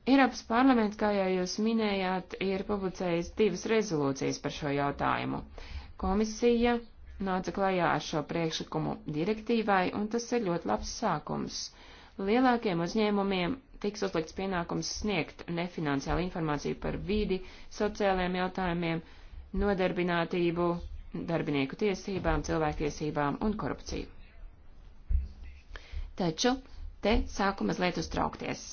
Eiropas parlaments, kā jau jūs minējāt, ir publicējis divas rezolūcijas par šo jautājumu. Komisija nāca klajā ar šo priekšlikumu direktīvai, un tas ir ļoti labs sākums. Lielākiem uzņēmumiem tiks uzlikts pienākums sniegt nefinanciālu informāciju par vidi, sociālajiem jautājumiem, nodarbinātību, darbinieku tiesībām, cilvēktiesībām un korupciju. Taču te sāku mazliet uztraukties.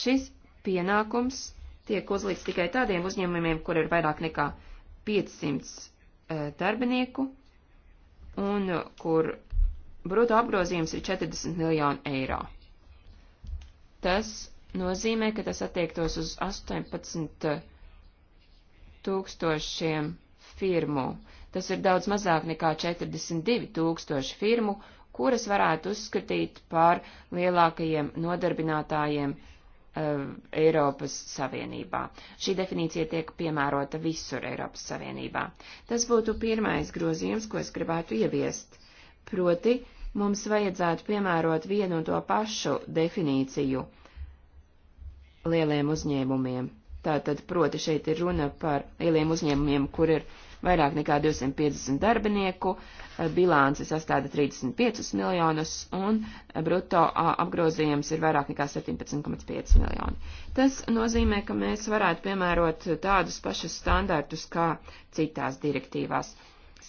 Šis pienākums tiek uzlikts tikai tādiem uzņēmumiem, kur ir vairāk nekā 500 Eh, darbinieku un eh, kur brutto apgrozījums ir 40 miljoni eiro. Tas nozīmē, ka tas attiektos uz 18 tūkstošiem firmu. Tas ir daudz mazāk nekā 42 tūkstoši firmu, kuras varētu uzskatīt par lielākajiem nodarbinātājiem Uh, Eiropas Savienībā. Šī definīcija tiek piemērota visur Eiropas Savienībā. Tas būtu pirmais grozījums, ko es gribētu ieviest. Proti, mums vajadzētu piemērot vienu un to pašu definīciju lieliem uzņēmumiem. Tātad, proti, šeit ir runa par lieliem uzņēmumiem, kur ir vairāk nekā 250 darbinieku, eh, bilance sastāda 35 miljonus un bruto apgrozījums ir vairāk nekā 17,5 miljoni. Tas nozīmē, ka mēs varētu piemērot tādus pašus standartus kā citās direktīvās.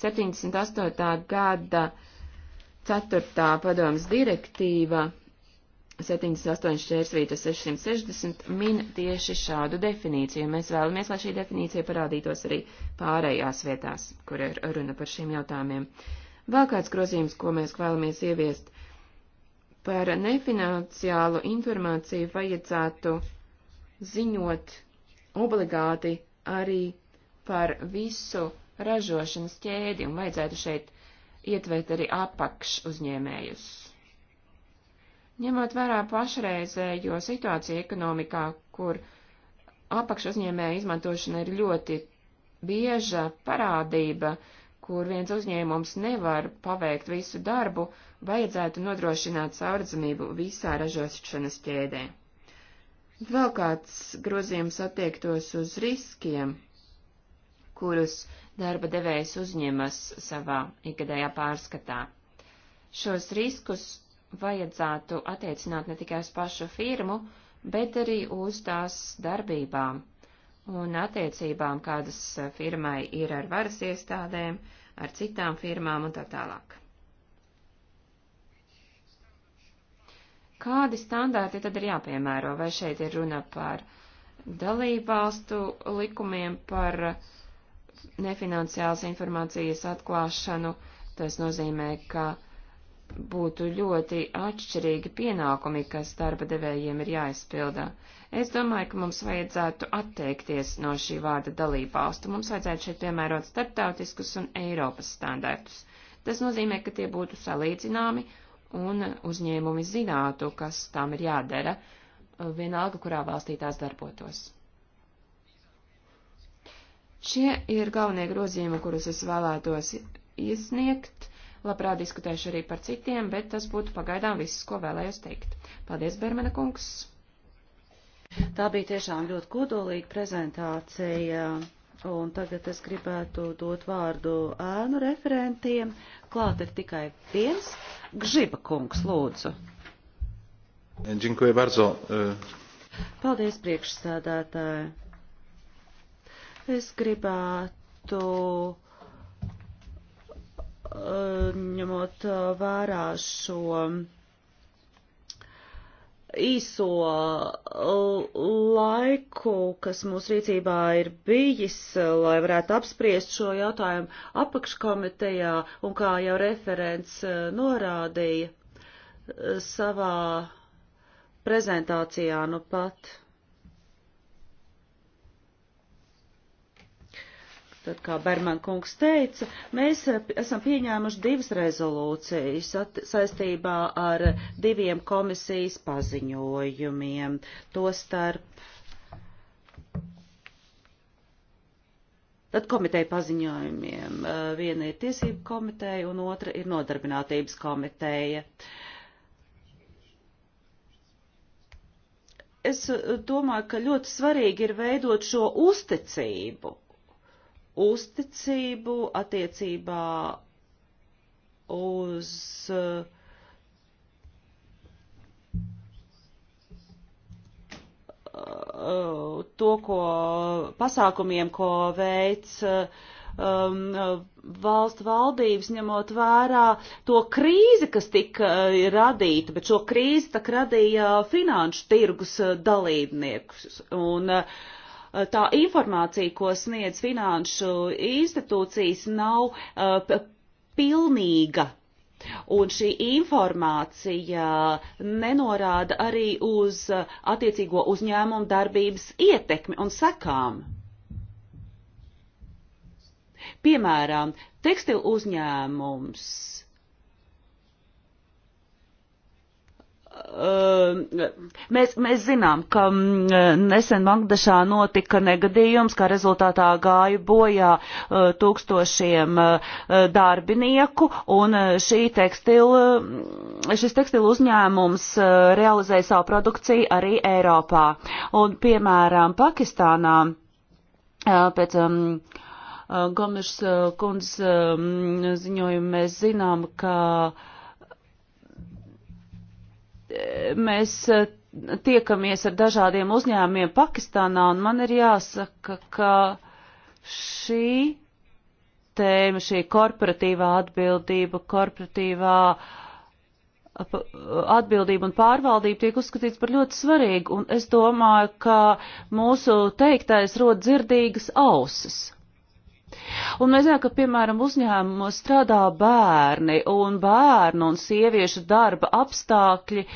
78. gada 4. padomas direktīva 78 šķērsvīta 660 min tieši šādu definīciju. Mēs vēlamies, lai šī definīcija parādītos arī pārējās vietās, kur ir runa par šiem jautājumiem. Vēl kāds grozījums, ko mēs vēlamies ieviest, par nefinanciālu informāciju vajadzētu ziņot obligāti arī par visu ražošanas ķēdi un vajadzētu šeit ietvert arī apakš uzņēmējus Ņemot vērā pašreizējo situāciju ekonomikā, kur apakšuzņēmēja izmantošana ir ļoti bieža parādība, kur viens uzņēmums nevar paveikt visu darbu, vajadzētu nodrošināt caurdzamību visā ražošanas ķēdē. Vēl kāds grozījums attiektos uz riskiem, kurus darba devējs uzņemas savā ikgadējā pārskatā. Šos riskus vajadzētu attiecināt ne tikai uz pašu firmu, bet arī uz tās darbībām un attiecībām, kādas firmai ir ar varas iestādēm, ar citām firmām un tā tālāk. Kādi standārti tad ir jāpiemēro? Vai šeit ir runa par dalībvalstu likumiem, par nefinanciālas informācijas atklāšanu? Tas nozīmē, ka uh, būtu ļoti atšķirīgi pienākumi, kas darba devējiem ir jāizpilda. Es domāju, ka mums vajadzētu atteikties no šī vārda dalībvalstu. Mums vajadzētu šeit piemērot starptautiskus un Eiropas standartus. Tas nozīmē, ka tie būtu salīdzināmi un uzņēmumi zinātu, kas tām ir jādara, vienalga, kurā valstī tās darbotos. Šie ir galvenie grozījumi, kurus es vēlētos iesniegt Labprāt diskutēšu arī par citiem, bet tas būtu pagaidām viss, ko vēlējos teikt. Paldies, Bermena kungs! Tā bija tiešām ļoti kodolīga prezentācija, un tagad es gribētu dot vārdu ēnu referentiem. Klāt ir tikai viens. Gžiba kungs, lūdzu. Džinkuja Barzo. Paldies, priekšsēdētāji. Es gribētu Uh, ņemot uh, vērā šo īso uh, laiku, kas mūsu rīcībā ir bijis, lai varētu apspriest šo jautājumu apakškomitejā, un kā jau referents norādīja savā prezentācijā nu pat. Tad, kā Berman kungs teica, mēs eh, esam pieņēmuši divas rezolūcijas saistībā ar diviem komisijas paziņojumiem. Tostarp Tad komiteja paziņojumiem. Eh, viena ir tiesību komiteja un otra ir nodarbinātības komiteja. Es eh, domāju, ka ļoti svarīgi ir veidot šo uzticību uzticību attiecībā uz uh, to, ko pasākumiem, ko veids um, valstu valdības, ņemot vērā to krīzi, kas tika uh, radīta, bet šo krīzi tak radīja finanšu tirgus uh, dalībniekus. Un, uh, Eh, tā informācija, ko sniedz finanšu institūcijas, nav uh, pilnīga. Un šī informācija nenorāda arī uz eh, attiecīgo uzņēmumu darbības ietekmi un sekām. Piemēram, tekstilu uzņēmums mēs, mēs zinām, ka mm, nesen Magdešā notika negadījums, kā rezultātā gāja bojā tūkstošiem darbinieku, un šī tekstila, šis tekstila uzņēmums realizēja savu produkciju arī Eiropā. Un, piemēram, Pakistānā pēc um, Gomešas kundzes um, ziņojuma mēs zinām, ka uh, mēs eh, tiekamies ar dažādiem uzņēmumiem Pakistānā, un man ir jāsaka, ka šī tēma, šī korporatīvā atbildība, korporatīvā atbildība un pārvaldība tiek uzskatīts par ļoti svarīgu, un es domāju, ka mūsu teiktais rod dzirdīgas ausis. Un mēs zinām, ka, piemēram, uzņēmumos strādā bērni, un bērnu un sieviešu darba apstākļi uh,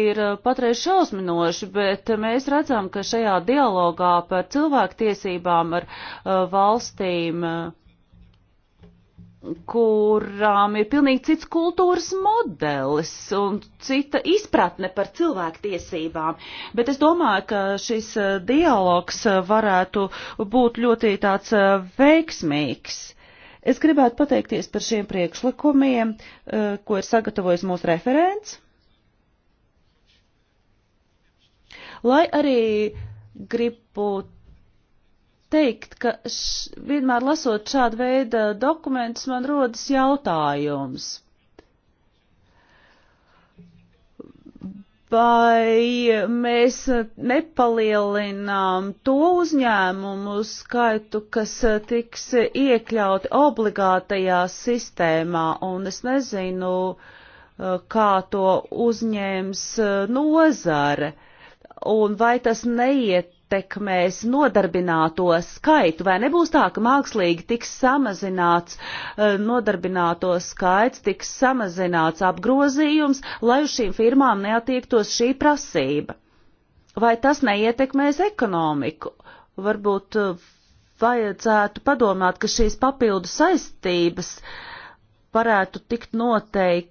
ir patreiz šausminoši, bet mēs redzam, ka šajā dialogā par cilvēktiesībām ar uh, valstīm uh, kurām ir pilnīgi cits kultūras modelis un cita izpratne par cilvēktiesībām. Bet es domāju, ka šis eh, dialogs eh, varētu būt ļoti tāds eh, veiksmīgs. Es gribētu pateikties par šiem priekšlikumiem, ko ir sagatavojis mūsu referents. Lai arī gribu teikt, ka š, vienmēr lasot šādu veidu dokumentus, man rodas jautājums. Vai mēs nepalielinām to uzņēmumu skaitu, kas tiks iekļauti obligātajā sistēmā, un es nezinu, kā to uzņēms nozare, un vai tas neiet ietekmēs nodarbināto skaitu, vai nebūs tā, ka mākslīgi tiks samazināts eh, nodarbināto skaits, tiks samazināts apgrozījums, lai uz šīm firmām neatiektos šī prasība. Vai tas neietekmēs ekonomiku? Varbūt eh, vajadzētu padomāt, ka šīs papildu saistības varētu tikt noteiktas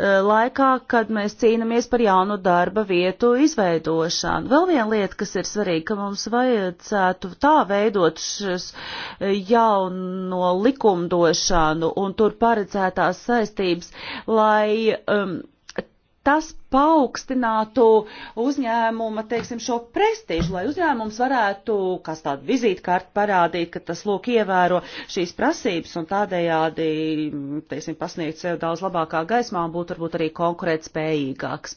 Eh, laikā, kad mēs cīnāmies par jaunu darba vietu izveidošanu. Vēl viena lieta, kas ir svarīga, ka mums vajadzētu tā veidot šis eh, jauno likumdošanu un tur paredzētās saistības, lai um, tas paaugstinātu uzņēmuma, teiksim, šo prestižu, lai uzņēmums varētu, kas tādu vizītkārti parādīt, ka tas, lūk, ievēro šīs prasības un tādējādi, teiksim, pasniegt sev daudz labākā gaismā un būt varbūt arī konkurēt spējīgāks.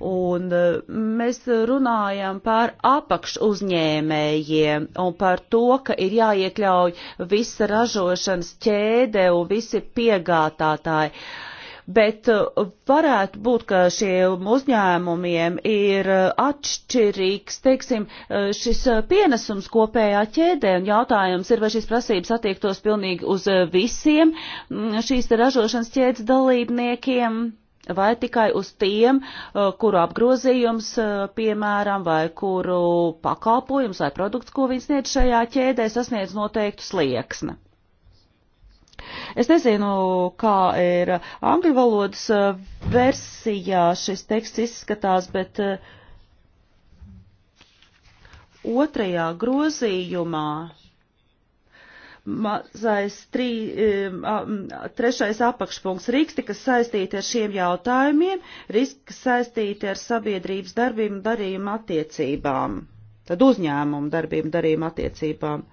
Un eh, mēs runājam par apakšu uzņēmējiem un par to, ka ir jāiekļauj visa ražošanas ķēde un visi piegātātāji. Uh, bet uh, varētu būt, ka šiem uzņēmumiem ir uh, atšķirīgs, teiksim, uh, šis pienesums kopējā ķēdē, un jautājums ir, vai šīs prasības attiektos pilnīgi uz visiem mm, šīs ražošanas ķēdes dalībniekiem. Vai tikai uz tiem, kuru apgrozījums, piemēram, vai kuru pakalpojums vai produkts, ko viņi sniedz šajā ķēdē, sasniedz noteiktu slieksni. Es nezinu, kā ir angļu valodas eh, versijā šis teksts izskatās, bet eh, otrajā grozījumā mazais trī, eh, trešais apakšpunkts rīksti, kas saistīti ar šiem jautājumiem, riski, kas saistīti ar sabiedrības darbību darījumu attiecībām, tad uzņēmumu darbību darījumu attiecībām.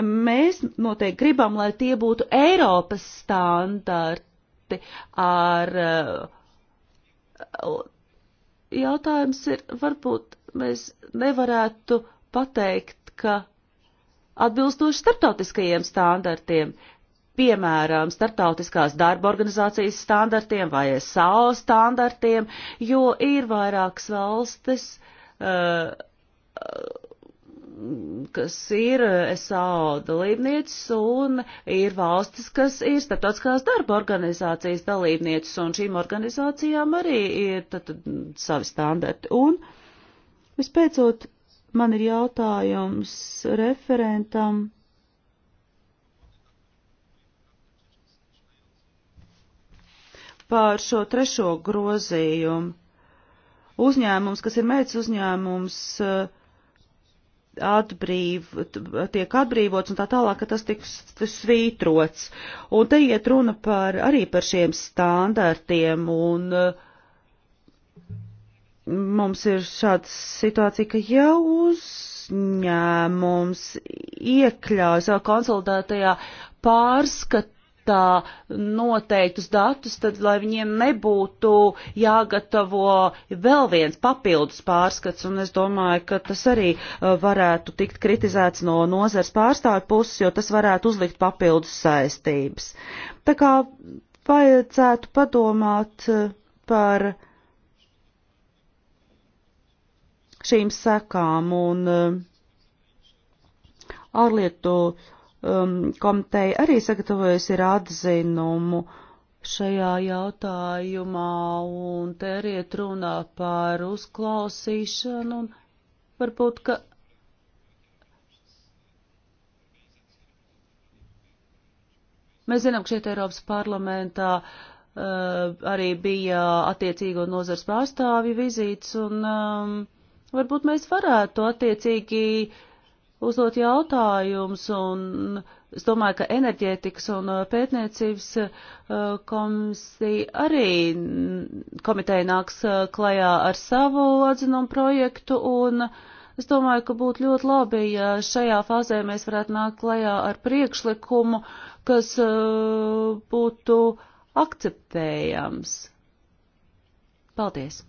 Mēs noteikti gribam, lai tie būtu Eiropas standarti ar. Uh, jautājums ir, varbūt mēs nevarētu pateikt, ka atbilstoši starptautiskajiem standartiem, piemēram, starptautiskās darba organizācijas standartiem vai SAO standartiem, jo ir vairākas valstis, uh, kas ir SAO dalībnieces un ir valstis, kas ir starptautiskās darba organizācijas dalībnieces, un šīm organizācijām arī ir tad, tad, savi standarti. Un vispēcot, man ir jautājums referentam. Par šo trešo grozījumu. Uzņēmums, kas ir meitas uzņēmums, uh, atbrīv, tiek atbrīvots un tā tālāk, ka tas tiks svītrots. Un te iet runa par, arī par šiem standartiem un mums ir šāda situācija, ka jau uzņēmums iekļauj savā konsolidētajā pārskatā tā noteiktus datus, tad lai viņiem nebūtu jāgatavo vēl viens papildus pārskats, un es domāju, ka tas arī uh, varētu tikt kritizēts no nozars pārstāvju puses, jo tas varētu uzlikt papildus saistības. Tā kā vajadzētu padomāt uh, par šīm sekām un uh, ārlietu uh, um, komiteja arī sagatavojusi ir atzinumu šajā jautājumā, un te arī runā par uzklausīšanu, un varbūt, ka. Mēs zinām, ka šeit Eiropas parlamentā uh, arī bija attiecīgo nozars pārstāvju vizītes, un um, varbūt mēs varētu attiecīgi uh, uzdot jautājumus, un es domāju, ka enerģētikas un uh, pētniecības uh, komisija arī komiteja nāks uh, klajā ar savu atzinumu projektu, un es domāju, ka būtu ļoti labi, ja šajā fāzē mēs varētu nākt klajā ar priekšlikumu, kas būtu akceptējams. Paldies!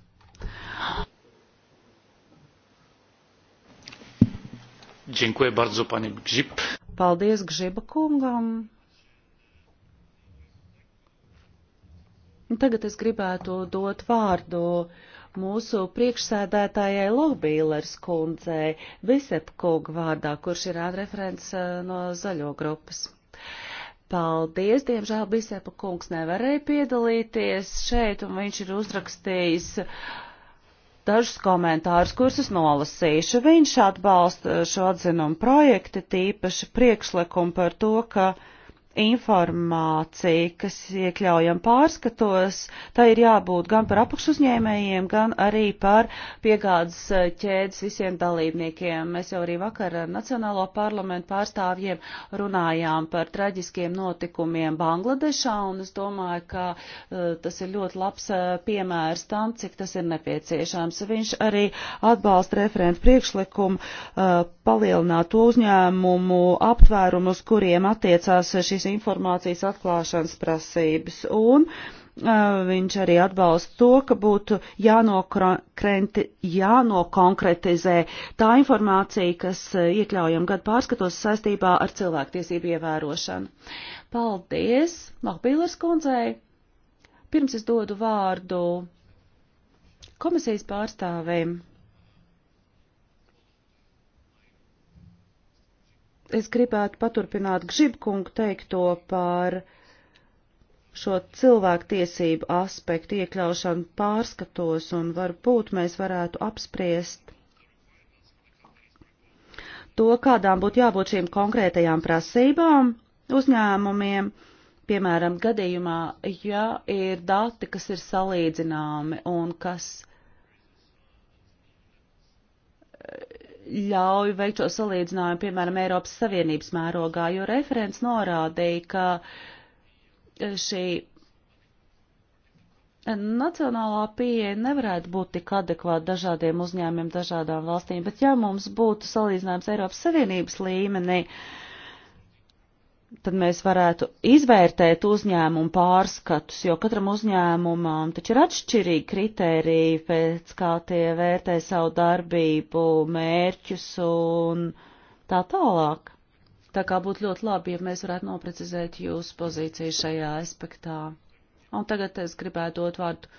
Dziękuję bardzo, panie Gžip. Paldies Gžiba kungam. Nu, tagad es gribētu dot vārdu mūsu priekšsēdētājai Lohbīlers kundzei Visepkogu vārdā, kurš ir ārreferents eh, no zaļo grupas. Paldies! Diemžēl Bisepa kungs nevarēja piedalīties šeit, un viņš ir uzrakstījis uh, dažus komentārus, kurus es nolasīšu. Viņš atbalsta šo atzinumu projekti, tīpaši priekšlikumu par to, ka uh, informācija, kas iekļaujam pārskatos, tai ir jābūt gan par apakšuzņēmējiem, gan arī par piegādes eh, ķēdes visiem dalībniekiem. Mēs jau arī vakar ar Nacionālo parlamentu pārstāvjiem runājām par traģiskiem notikumiem Bangladešā, un es domāju, ka uh, tas ir ļoti labs uh, piemērs tam, cik tas ir nepieciešams. Viņš arī atbalsta referentu priekšlikumu uh, palielināt uzņēmumu aptvērumu, uz kuriem attiecās šis šīs informācijas atklāšanas prasības. Un uh, viņš arī atbalsta to, ka būtu jānokrenti, jānokonkretizē tā informācija, kas uh, iekļaujam gadu pārskatos saistībā ar cilvēktiesību ievērošanu. Paldies, Mahbīlers kundzei! Pirms es dodu vārdu komisijas pārstāvēm. es gribētu paturpināt Gžibkungu teikto par šo cilvēktiesību aspektu iekļaušanu pārskatos, un varbūt mēs varētu apspriest to, kādām būtu jābūt šīm konkrētajām prasībām uzņēmumiem, piemēram, gadījumā, ja ir dati, kas ir salīdzināmi un kas ļauj veikt šo salīdzinājumu, piemēram, Eiropas Savienības mērogā, jo referents norādīja, ka šī nacionālā pieeja nevarētu būt tik adekvāta dažādiem uzņēmumiem, dažādām valstīm, bet ja mums būtu salīdzinājums Eiropas Savienības līmenī, uh, tad mēs varētu izvērtēt uzņēmumu pārskatus, jo katram uzņēmumam taču ir atšķirīgi kritēriji, pēc kā tie vērtē savu darbību, mērķus un tā tālāk. Tā kā būtu ļoti labi, ja mēs varētu noprecizēt jūsu pozīciju šajā aspektā. Un tagad es gribētu dot vārdu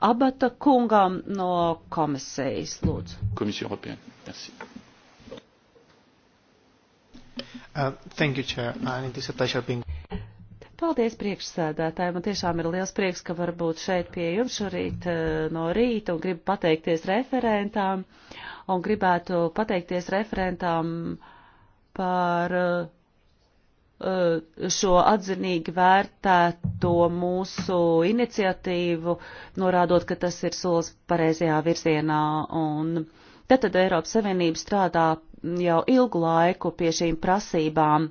Abata kungam no komisijas, lūdzu. Komisija Eiropā, merci. Uh, thank you, Chair. And uh, it is a pleasure being. Paldies priekšsēdētājiem. Man tiešām ir liels prieks, ka var būt šeit pie jums šorīt uh, no rīta un gribu pateikties referentām un gribētu pateikties referentām par uh, šo atzinīgi vērtēto mūsu iniciatīvu, norādot, ka tas ir solis pareizajā virzienā. Un tad, tad Eiropas Savienība strādā jau ilgu laiku pie šīm prasībām.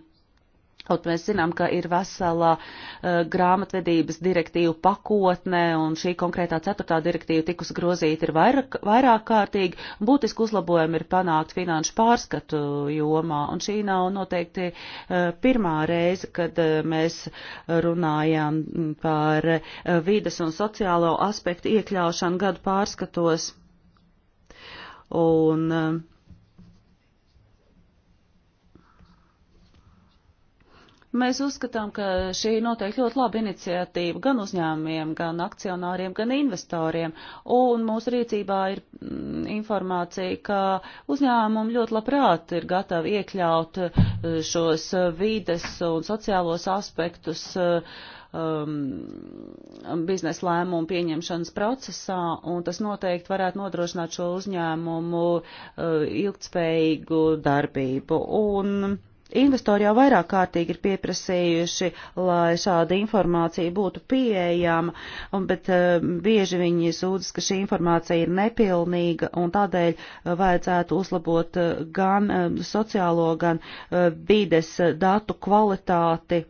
Kaut mēs zinām, ka ir vesela uh, grāmatvedības direktīva pakotne, un šī konkrētā ceturtā direktīva tikus grozīta ir vairāk, vairāk kārtīgi. Būtiski uzlabojumi ir panākt finanšu pārskatu jomā, un šī nav noteikti uh, pirmā reize, kad uh, mēs runājam mm, par uh, vides un sociālo aspektu iekļaušanu gadu pārskatos. Un, uh, Mēs uzskatām, ka šī noteikti ļoti laba iniciatīva gan uzņēmumiem, gan akcionāriem, gan investoriem. Un mūsu rīcībā ir mm, informācija, ka uzņēmumi ļoti labprāt ir gatavi iekļaut e, šos vides un sociālos aspektus e, um, biznesa lēmumu pieņemšanas procesā, un tas noteikti varētu nodrošināt šo uzņēmumu uh, ilgtspējīgu darbību. Un Investori jau vairāk kārtīgi ir pieprasījuši, lai šāda informācija būtu pieejama, bet eh, bieži viņi sūdzas, ka šī informācija ir nepilnīga un tādēļ eh, vajadzētu uzlabot eh, gan sociālo, gan vides datu kvalitāti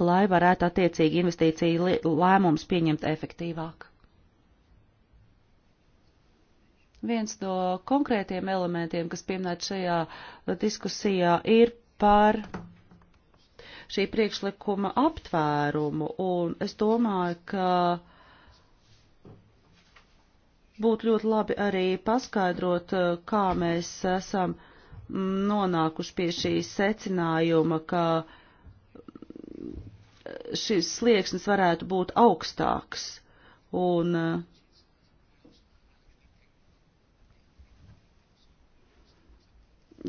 lai varētu attiecīgi investīciju lēmums pieņemt efektīvāk. Viens no konkrētiem elementiem, kas pieminēt šajā diskusijā, ir par šī priekšlikuma aptvērumu, un es domāju, ka būtu ļoti labi arī paskaidrot, kā mēs esam nonākuši pie šī secinājuma, ka šis slieksnis varētu būt augstāks. Un uh,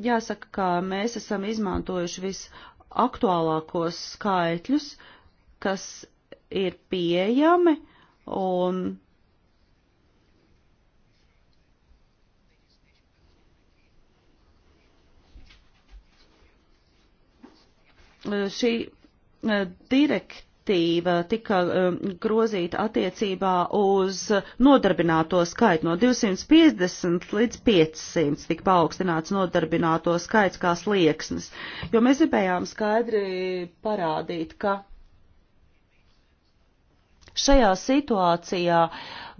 jāsaka, ka mēs esam izmantojuši visaktuālākos skaitļus, kas ir pieejami un šī eh, direktīva direktīva tika um, grozīta attiecībā uz nodarbināto skaitu no 250 līdz 500, tika paaugstināts nodarbināto skaits kā slieksnis, jo mēs gribējām skaidri parādīt, ka Šajā situācijā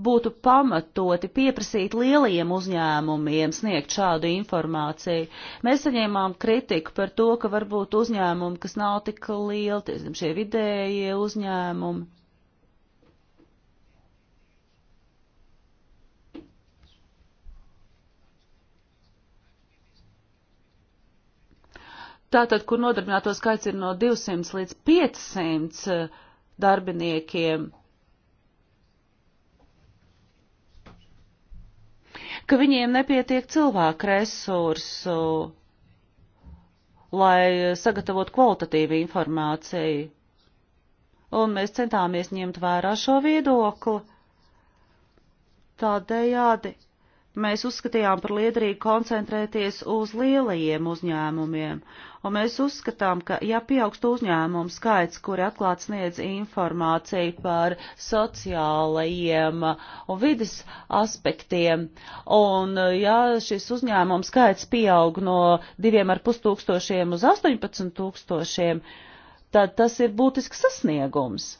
būtu pamatoti pieprasīt lieliem uzņēmumiem sniegt šādu informāciju. Mēs saņēmām kritiku par to, ka varbūt uzņēmumi, kas nav tik lieli, šie vidējie uzņēmumi, tātad, kur nodarbināto skaits ir no 200 līdz 500 darbiniekiem, ka viņiem nepietiek cilvēku resursu, lai sagatavot kvalitatīvu informāciju. Un mēs centāmies ņemt vērā šo viedokli. Tādējādi mēs uzskatījām par liederīgu koncentrēties uz lielajiem uzņēmumiem, un mēs uzskatām, ka ja pieaugstu uzņēmumu skaits, kuri atklāt sniedz informāciju par sociālajiem un vidas aspektiem, un ja šis uzņēmumu skaits pieaug no diviem ar pustūkstošiem uz 18 tūkstošiem, tad tas ir būtisks sasniegums.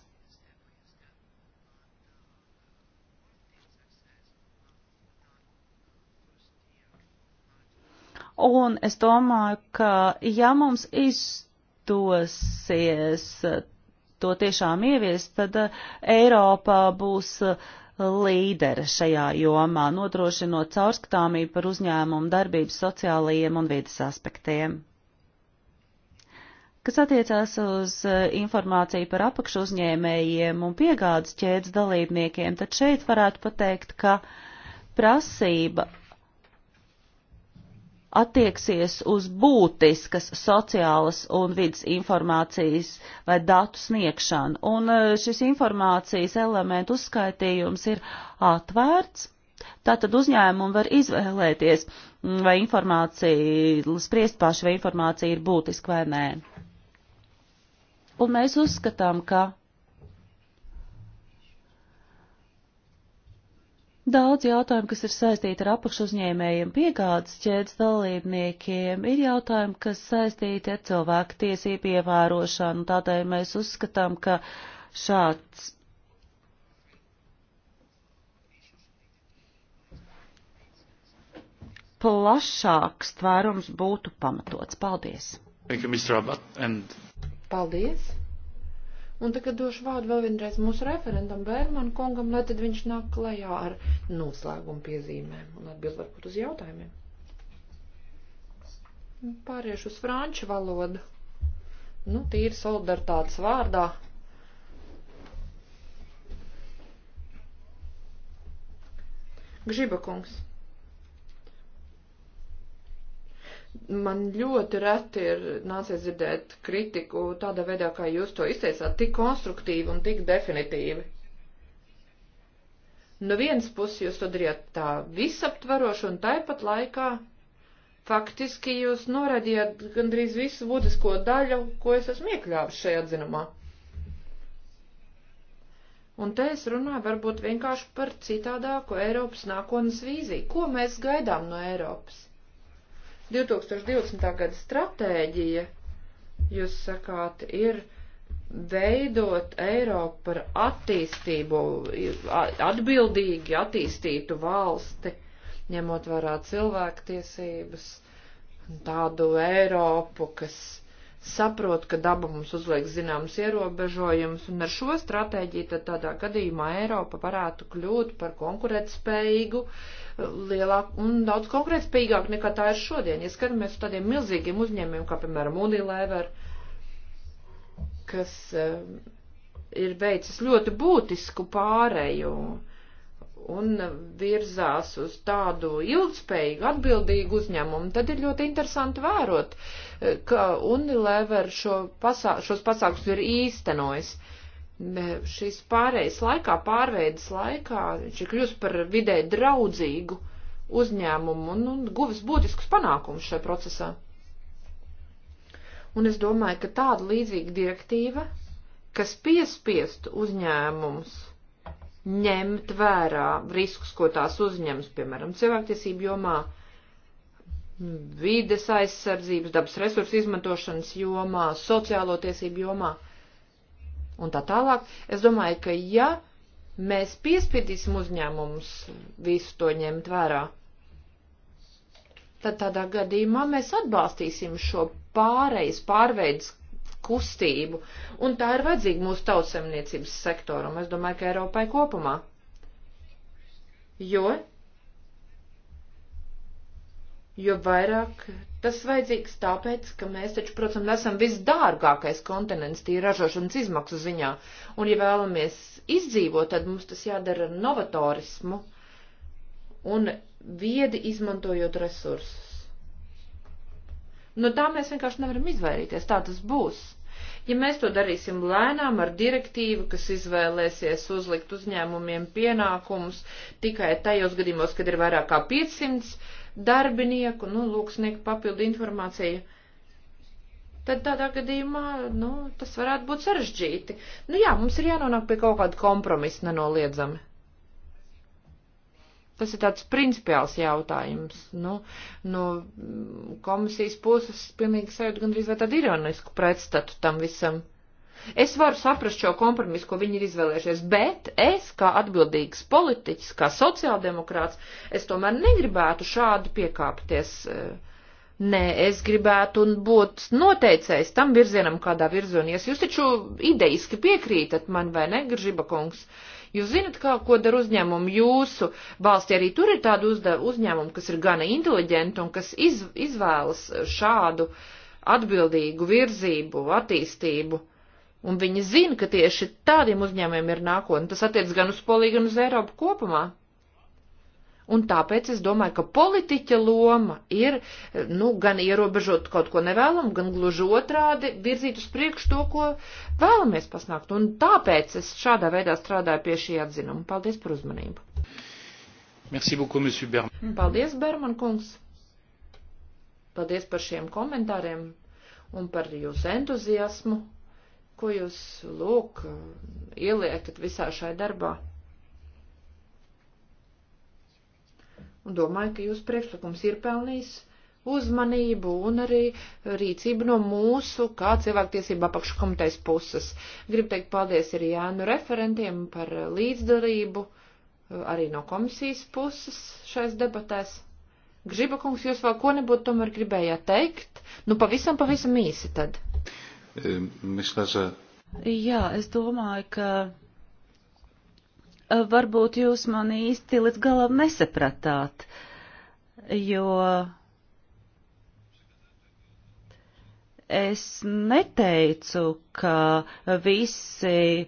Un es domāju, ka ja mums izdosies to tiešām ieviest, tad eh, Eiropā būs eh, līdere šajā jomā, nodrošinot caurskatāmību par uzņēmumu darbības sociālajiem un vidas aspektiem. Kas attiecās uz eh, informāciju par apakšu uzņēmējiem un piegādes ķēdes dalībniekiem, tad šeit varētu pateikt, ka prasība attieksies uz būtiskas sociālas un vidas informācijas vai datu sniegšanu. Un eh, šis informācijas elementu uzskaitījums ir atvērts. Tātad uzņēmumi var izvēlēties, mm, vai informācija, spriest paši, vai informācija ir būtiska vai nē. Un mēs uzskatām, ka Daudz jautājumu, kas ir saistīti ar apakšuzņēmējiem, piegādes ķēdes dalībniekiem, ir jautājumi, kas saistīti ar cilvēku tiesību ievērošanu. Tādēļ mēs uzskatām, ka šāds plašāks tvērums būtu pamatots. Paldies! Thank you, Mr. Abbott, and... Paldies! Un tagad došu vārdu vēl vienreiz mūsu referentam Bērman kungam, lai tad viņš nāk klajā ar noslēgumu piezīmēm un atbild varbūt uz jautājumiem. Pāriešu uz franču valodu. Nu, tīri solidaritātes vārdā. Gžiba kungs. man ļoti reti ir nācies dzirdēt kritiku tādā veidā, kā jūs to izteicāt, tik konstruktīvi un tik definitīvi. No nu vienas puses jūs to darījāt tā visaptvaroši un taipat laikā faktiski jūs noradījāt gandrīz visu būtisko daļu, ko es esmu iekļāvis šajā dzinumā. Un te es runāju varbūt vienkārši par citādāko Eiropas nākotnes vīziju. Ko mēs gaidām no Eiropas? 2020. gada stratēģija, jūs sakāt, ir veidot Eiropu par attīstību, atbildīgi attīstītu valsti, ņemot vērā cilvēktiesības, tādu Eiropu, kas saprot, ka daba mums uzliek zināmas ierobežojumus, un ar šo stratēģiju tad tādā gadījumā Eiropa varētu kļūt par konkurētspējīgu, eh, lielāku un daudz konkurētspējīgāku nekā tā ir šodien. Ja skatāmies uz tādiem milzīgiem uzņēmumiem, kā piemēram Unilever, kas uh, ir veicis ļoti būtisku pārēju. Uh, un virzās uz tādu ilgspējīgu, atbildīgu uzņēmumu, tad ir ļoti interesanti vērot, eh, ka Unilever šo pasā, šos pasākums ir īstenojis. Šīs pārējas laikā, pārveidas laikā, viņš ir kļūst par vidē draudzīgu uzņēmumu un, un guvis būtiskus panākumus šajā procesā. Un es domāju, ka tāda līdzīga direktīva, kas piespiestu uzņēmumus ņemt vērā riskus, ko tās uzņems, piemēram, cilvēktiesību jomā, vides aizsardzības, dabas resursu izmantošanas jomā, sociālo tiesību jomā un tā tālāk. Es domāju, ka ja mēs piespiedīsim uzņēmumus visu to ņemt vērā, tad tādā gadījumā mēs atbalstīsim šo pārejas pārveidas kustību, un tā ir vajadzīga mūsu tautsemniecības sektoram, es domāju, ka Eiropai kopumā. Jo, jo vairāk tas vajadzīgs tāpēc, ka mēs taču, protams, esam visdārgākais kontinents tī ražošanas izmaksu ziņā, un ja vēlamies izdzīvot, tad mums tas jādara ar novatorismu un viedi izmantojot resursus. No tā mēs vienkārši nevaram izvairīties, tā tas būs. Ja mēs to darīsim lēnām ar direktīvu, kas izvēlēsies uzlikt uzņēmumiem pienākumus tikai tajos gadījumos, kad ir vairāk kā 500 darbinieku, nu, lūk, sniegt papildu informāciju tad tādā gadījumā, nu, tas varētu būt sarežģīti. Nu jā, mums ir jānonāk pie kaut kāda kompromisa nenoliedzami. Tas ir tāds principiāls jautājums. Nu, no komisijas puses pilnīgi sajūt gandrīz vai tādu ironisku pretstatu tam visam. Es varu saprast šo kompromisu, ko viņi ir izvēlējušies, bet es, kā atbildīgs politiķis, kā sociāldemokrāts, es tomēr negribētu šādi piekāpties. Nē, es gribētu būt noteicējis tam virzienam, kādā virzienā. Jūs taču ideiski piekrītat man, vai ne, Gržība kungs? Uh, Jūs zinat, kā, ko dara uzņēmumi jūsu valstī. Arī tur ir tādi uzņēmumi, kas ir gana inteliģenti un kas iz, izvēlas šādu atbildīgu virzību, attīstību. Un viņi zina, ka tieši tādiem uzņēmumiem ir nākotne. Tas attiec gan uz Poliju, gan uz Eiropu kopumā. Un tāpēc es domāju, ka politiķa loma ir, nu, gan ierobežot kaut ko nevēlam, gan gluži otrādi virzīt uz priekšu to, ko vēlamies pasniegt. Un tāpēc es šādā veidā strādāju pie šī atzinuma. Paldies par uzmanību. Merci beaucoup, monsieur Berman. Paldies, Berman kungs. Paldies par šiem komentāriem un par jūsu entuziasmu, ko jūs, lūk, ieliekat visā šai darbā. un domāju, ka jūsu priekšlikums ir pelnījis uzmanību un arī rīcību no mūsu, kā cilvēktiesība apakškomitejas puses. Gribu teikt paldies arī Jānu referentiem par līdzdarību, arī no komisijas puses šais debatēs. Gžiba kungs, jūs vēl ko nebūtu tomēr gribējāt teikt? Nu, pavisam, pavisam īsi tad. Myślę, ehm, że... Jā, es domāju, ka varbūt jūs mani īsti līdz galam nesapratāt, jo es neteicu, ka visi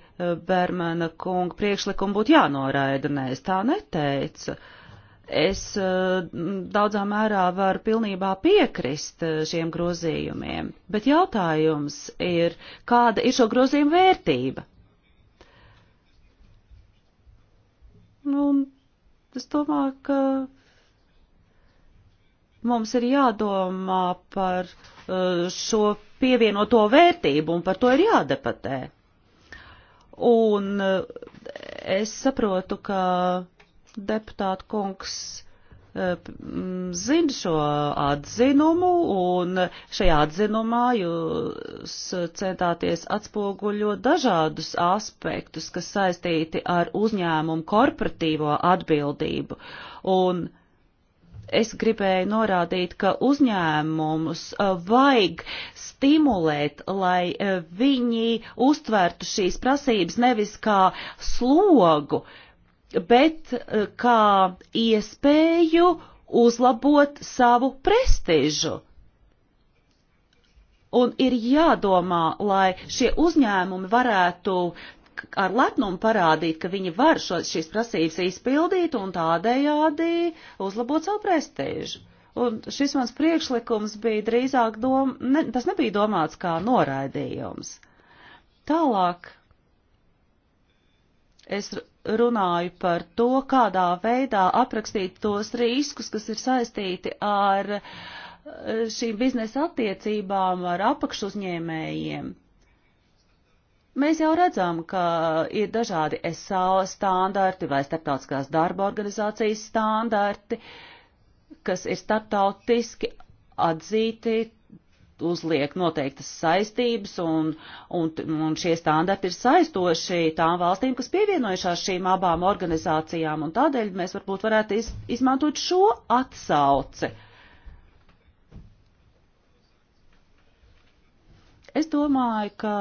Bermana kunga priekšlikumi būtu jānoraida. Nē, es tā neteicu. Es daudzā mērā varu pilnībā piekrist šiem grozījumiem, bet jautājums ir, kāda ir šo grozījumu vērtība? Un es domāju, ka mums ir jādomā par eh, šo pievienoto vērtību un par to ir jādepatē. Un eh, es saprotu, ka deputāta kungs zina šo atzinumu, un šajā atzinumā jūs centāties atspoguļot dažādus aspektus, kas saistīti ar uzņēmumu korporatīvo atbildību. Un es gribēju norādīt, ka uzņēmumus vajag stimulēt, lai viņi uztvertu šīs prasības nevis kā slogu, uh, bet eh, kā iespēju uzlabot savu prestižu. Un ir jādomā, lai šie uzņēmumi varētu ar lepnumu parādīt, ka viņi var šo, šīs prasības izpildīt un tādējādi uzlabot savu prestižu. Un šis mans priekšlikums bija drīzāk dom, ne, tas nebija domāts kā noraidījums. Tālāk es runāju par to, kādā veidā aprakstīt tos riskus, kas ir saistīti ar eh, šīm biznesa attiecībām ar apakšuzņēmējiem. Mēs jau redzam, ka ir dažādi SAO standarti vai starptautiskās darba organizācijas standarti, kas ir starptautiski atzīti uzliek noteiktas saistības, un, un, un šie standarti ir saistoši tām valstīm, kas pievienojušās šīm abām organizācijām, un tādēļ mēs varbūt varētu iz, izmantot šo atsauci. Es domāju, ka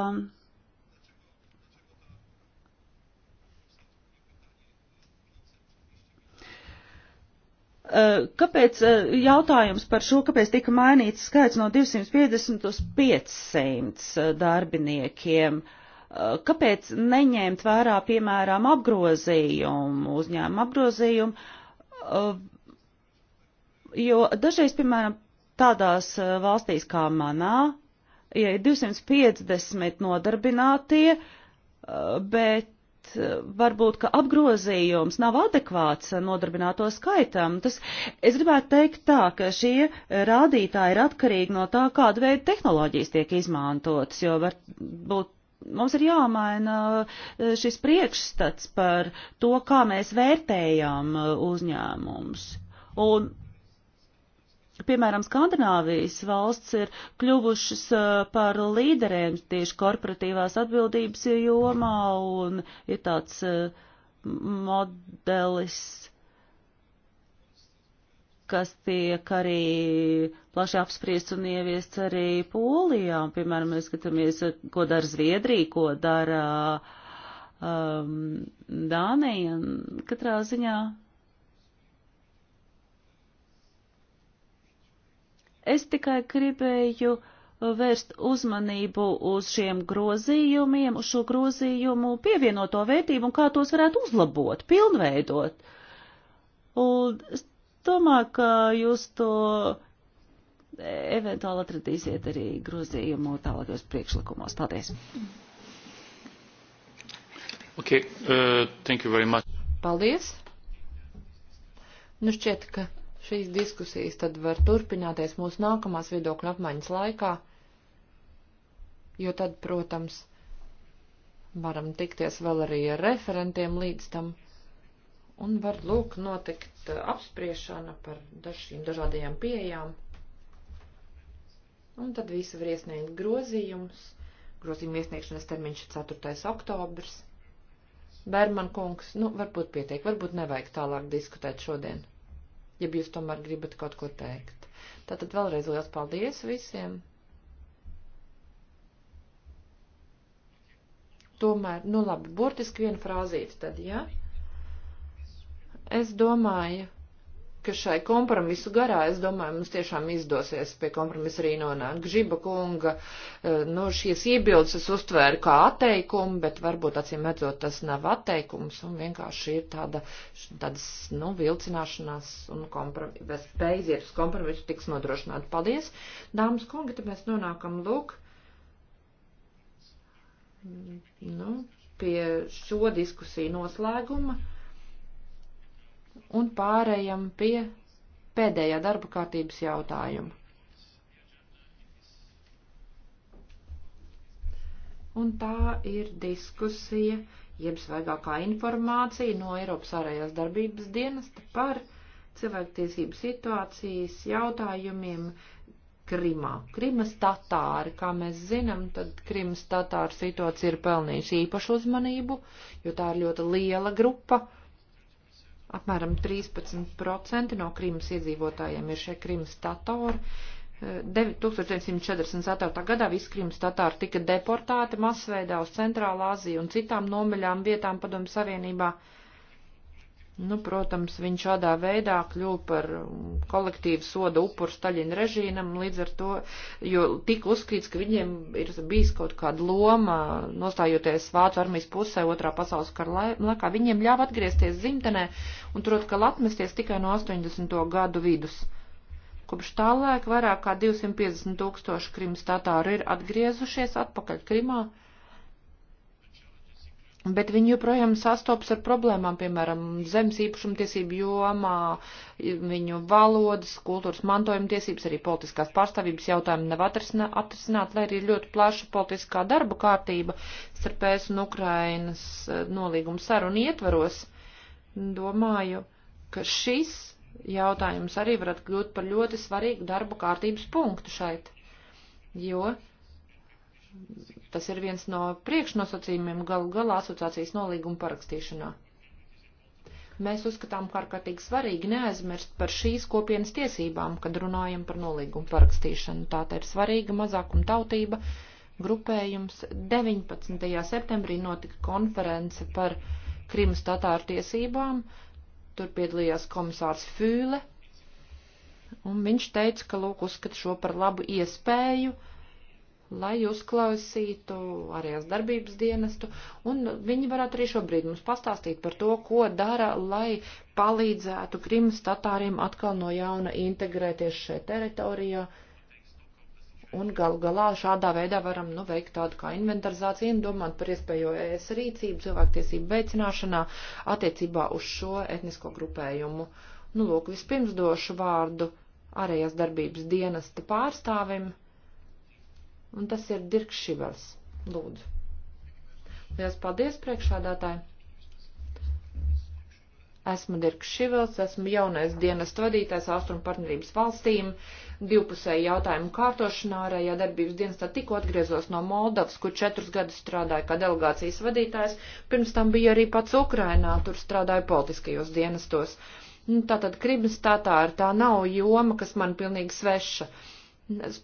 Eh, kāpēc eh, jautājums par šo, kāpēc tika mainīts skaits no 250 uz 500 eh, darbiniekiem? Kāpēc neņemt vērā, piemēram, apgrozījumu, uzņēmumu apgrozījumu? Jo dažreiz, piemēram, tādās valstīs kā manā, ja ir 250 nodarbinātie, bet bet eh, varbūt, ka apgrozījums nav adekvāts nodarbināto skaitam. Tas, es gribētu teikt tā, ka šie rādītāji ir atkarīgi no tā, kāda veida tehnoloģijas tiek izmantotas, jo var būt mums ir jāmaina eh, šis priekšstats par to, kā mēs vērtējam eh, uzņēmumus. Un Piemēram, Skandināvijas valsts ir kļuvušas par līderēm tieši korporatīvās atbildības jomā un ir tāds modelis, kas tiek arī plaši apspriests un ieviests arī Polijā. Piemēram, mēs skatāmies, ko dara Zviedrija, ko dara um, Dānija. Katrā ziņā Es tikai gribēju vērst uzmanību uz šiem grozījumiem, uz šo grozījumu pievienoto vērtību un kā tos varētu uzlabot, pilnveidot. Un es domāju, ka jūs to eventuāli atradīsiet arī grozījumu tālākajos priekšlikumos. Paldies! Okay, uh, thank you very much. Paldies! Nu šķiet, ka Šīs diskusijas tad var turpināties mūsu nākamās viedokļu apmaiņas laikā, jo tad, protams, varam tikties vēl arī ar referentiem līdz tam, un var lūk notikt uh, apspriešana par dažiem dažādajām pieejām. Un tad visi var iesniegt grozījumus. Grozījuma iesniegšanas termiņš ir 4. oktobrs. Berman kungs, nu, varbūt pietiek, varbūt nevajag tālāk diskutēt šodien ja jūs tomēr gribat kaut ko teikt. Tātad vēlreiz liels paldies visiem. Tomēr, nu labi, burtiski viena frāzīte tad, jā. Ja? Es domāju, ka šai kompromisu garā, es domāju, mums tiešām izdosies pie kompromisa arī nonākt. Gžiba kunga, e, nu, šīs iebildes es uztvēru kā atteikumu, bet varbūt acīm redzot, tas nav atteikums un vienkārši ir tāda, tādas, nu, vilcināšanās un kompromis, beizietas kompromisu tiks nodrošināta. Paldies, dāmas kungi, tad mēs nonākam, lūk, nu, pie šo diskusiju noslēguma un pārējam pie pēdējā darba kārtības jautājuma. Un tā ir diskusija, jeb svaigākā informācija no Eiropas ārējās darbības dienesta par cilvēktiesību situācijas jautājumiem Krimā. Krimas tatāri, kā mēs zinām, tad Krimas tatāru situācija ir pelnījusi īpašu uzmanību, jo tā ir ļoti liela grupa Apmēram 13% no Krīmas iedzīvotājiem ir šie Krīmas tatori. 1944. Eh, gadā visi Krīmas tatāri tika deportāti masveidā uz Centrālā Aziju un citām nomaļām vietām padomu savienībā. Uh, Nu, protams, viņš šādā veidā kļuva par kolektīvu soda upuru Staļina režīmam, līdz ar to, jo tika uzskatīts, ka viņiem ir bijis kaut kāda loma, nostājoties Vācu armijas pusē otrā pasaules kara laikā, viņiem ļāva atgriezties dzimtenē un turot, ka atmesties tikai no 80. gadu vidus. Kopš tā laika vairāk kā 250 tūkstoši krims tatāru ir atgriezušies atpakaļ Krimā. Bet viņi joprojām sastopas ar problēmām, piemēram, zemes īpašumtiesību jomā, viņu valodas, kultūras mantojuma tiesības, arī politiskās pārstāvības jautājumi nav atrisināt, lai arī ļoti plaša politiskā darba kārtība starp ES un Ukrainas eh, nolīguma sarunu ietvaros. Domāju, ka šis jautājums arī varat kļūt par ļoti svarīgu darba kārtības punktu šeit, jo Tas ir viens no priekšnosacījumiem galu galā asociācijas nolīguma parakstīšanā. Mēs uzskatām, ka ārkārtīgi svarīgi neaizmirst par šīs kopienas tiesībām, kad runājam par nolīgumu parakstīšanu. Tā ir svarīga mazākuma tautība grupējums. 19. septembrī notika konference par Krimas tatāru tiesībām. Tur piedalījās komisārs Fūle, un viņš teica, ka lūk uzskata šo par labu iespēju uh, lai uzklausītu ārējās darbības dienestu, un viņi varētu arī šobrīd mums pastāstīt par to, ko dara, lai palīdzētu Krimas tatāriem atkal no jauna integrēties šajā teritorijā, un gal galā šādā veidā varam, nu, veikt tādu kā inventarizāciju un domāt par iespējo ES rīcību, cilvēktiesību veicināšanā attiecībā uz šo etnisko grupējumu. Nu, lūk, vispirms došu vārdu ārējās darbības dienesta pārstāvim un tas ir Dirks Šivers. Lūdzu. Lielas paldies, priekšādātāji! Esmu Dirks Šivels, esmu jaunais dienas vadītājs Austrum partnerības valstīm, divpusēju jautājumu kārtošanā ārējā darbības dienestā tikko atgriezos no Moldavas, kur četrus gadus strādāju kā delegācijas vadītājs, pirms tam biju arī pats Ukrainā, tur strādāju politiskajos dienestos. Nu, tātad Krimas tātā ir tā nav joma, kas man pilnīgi sveša. Uh,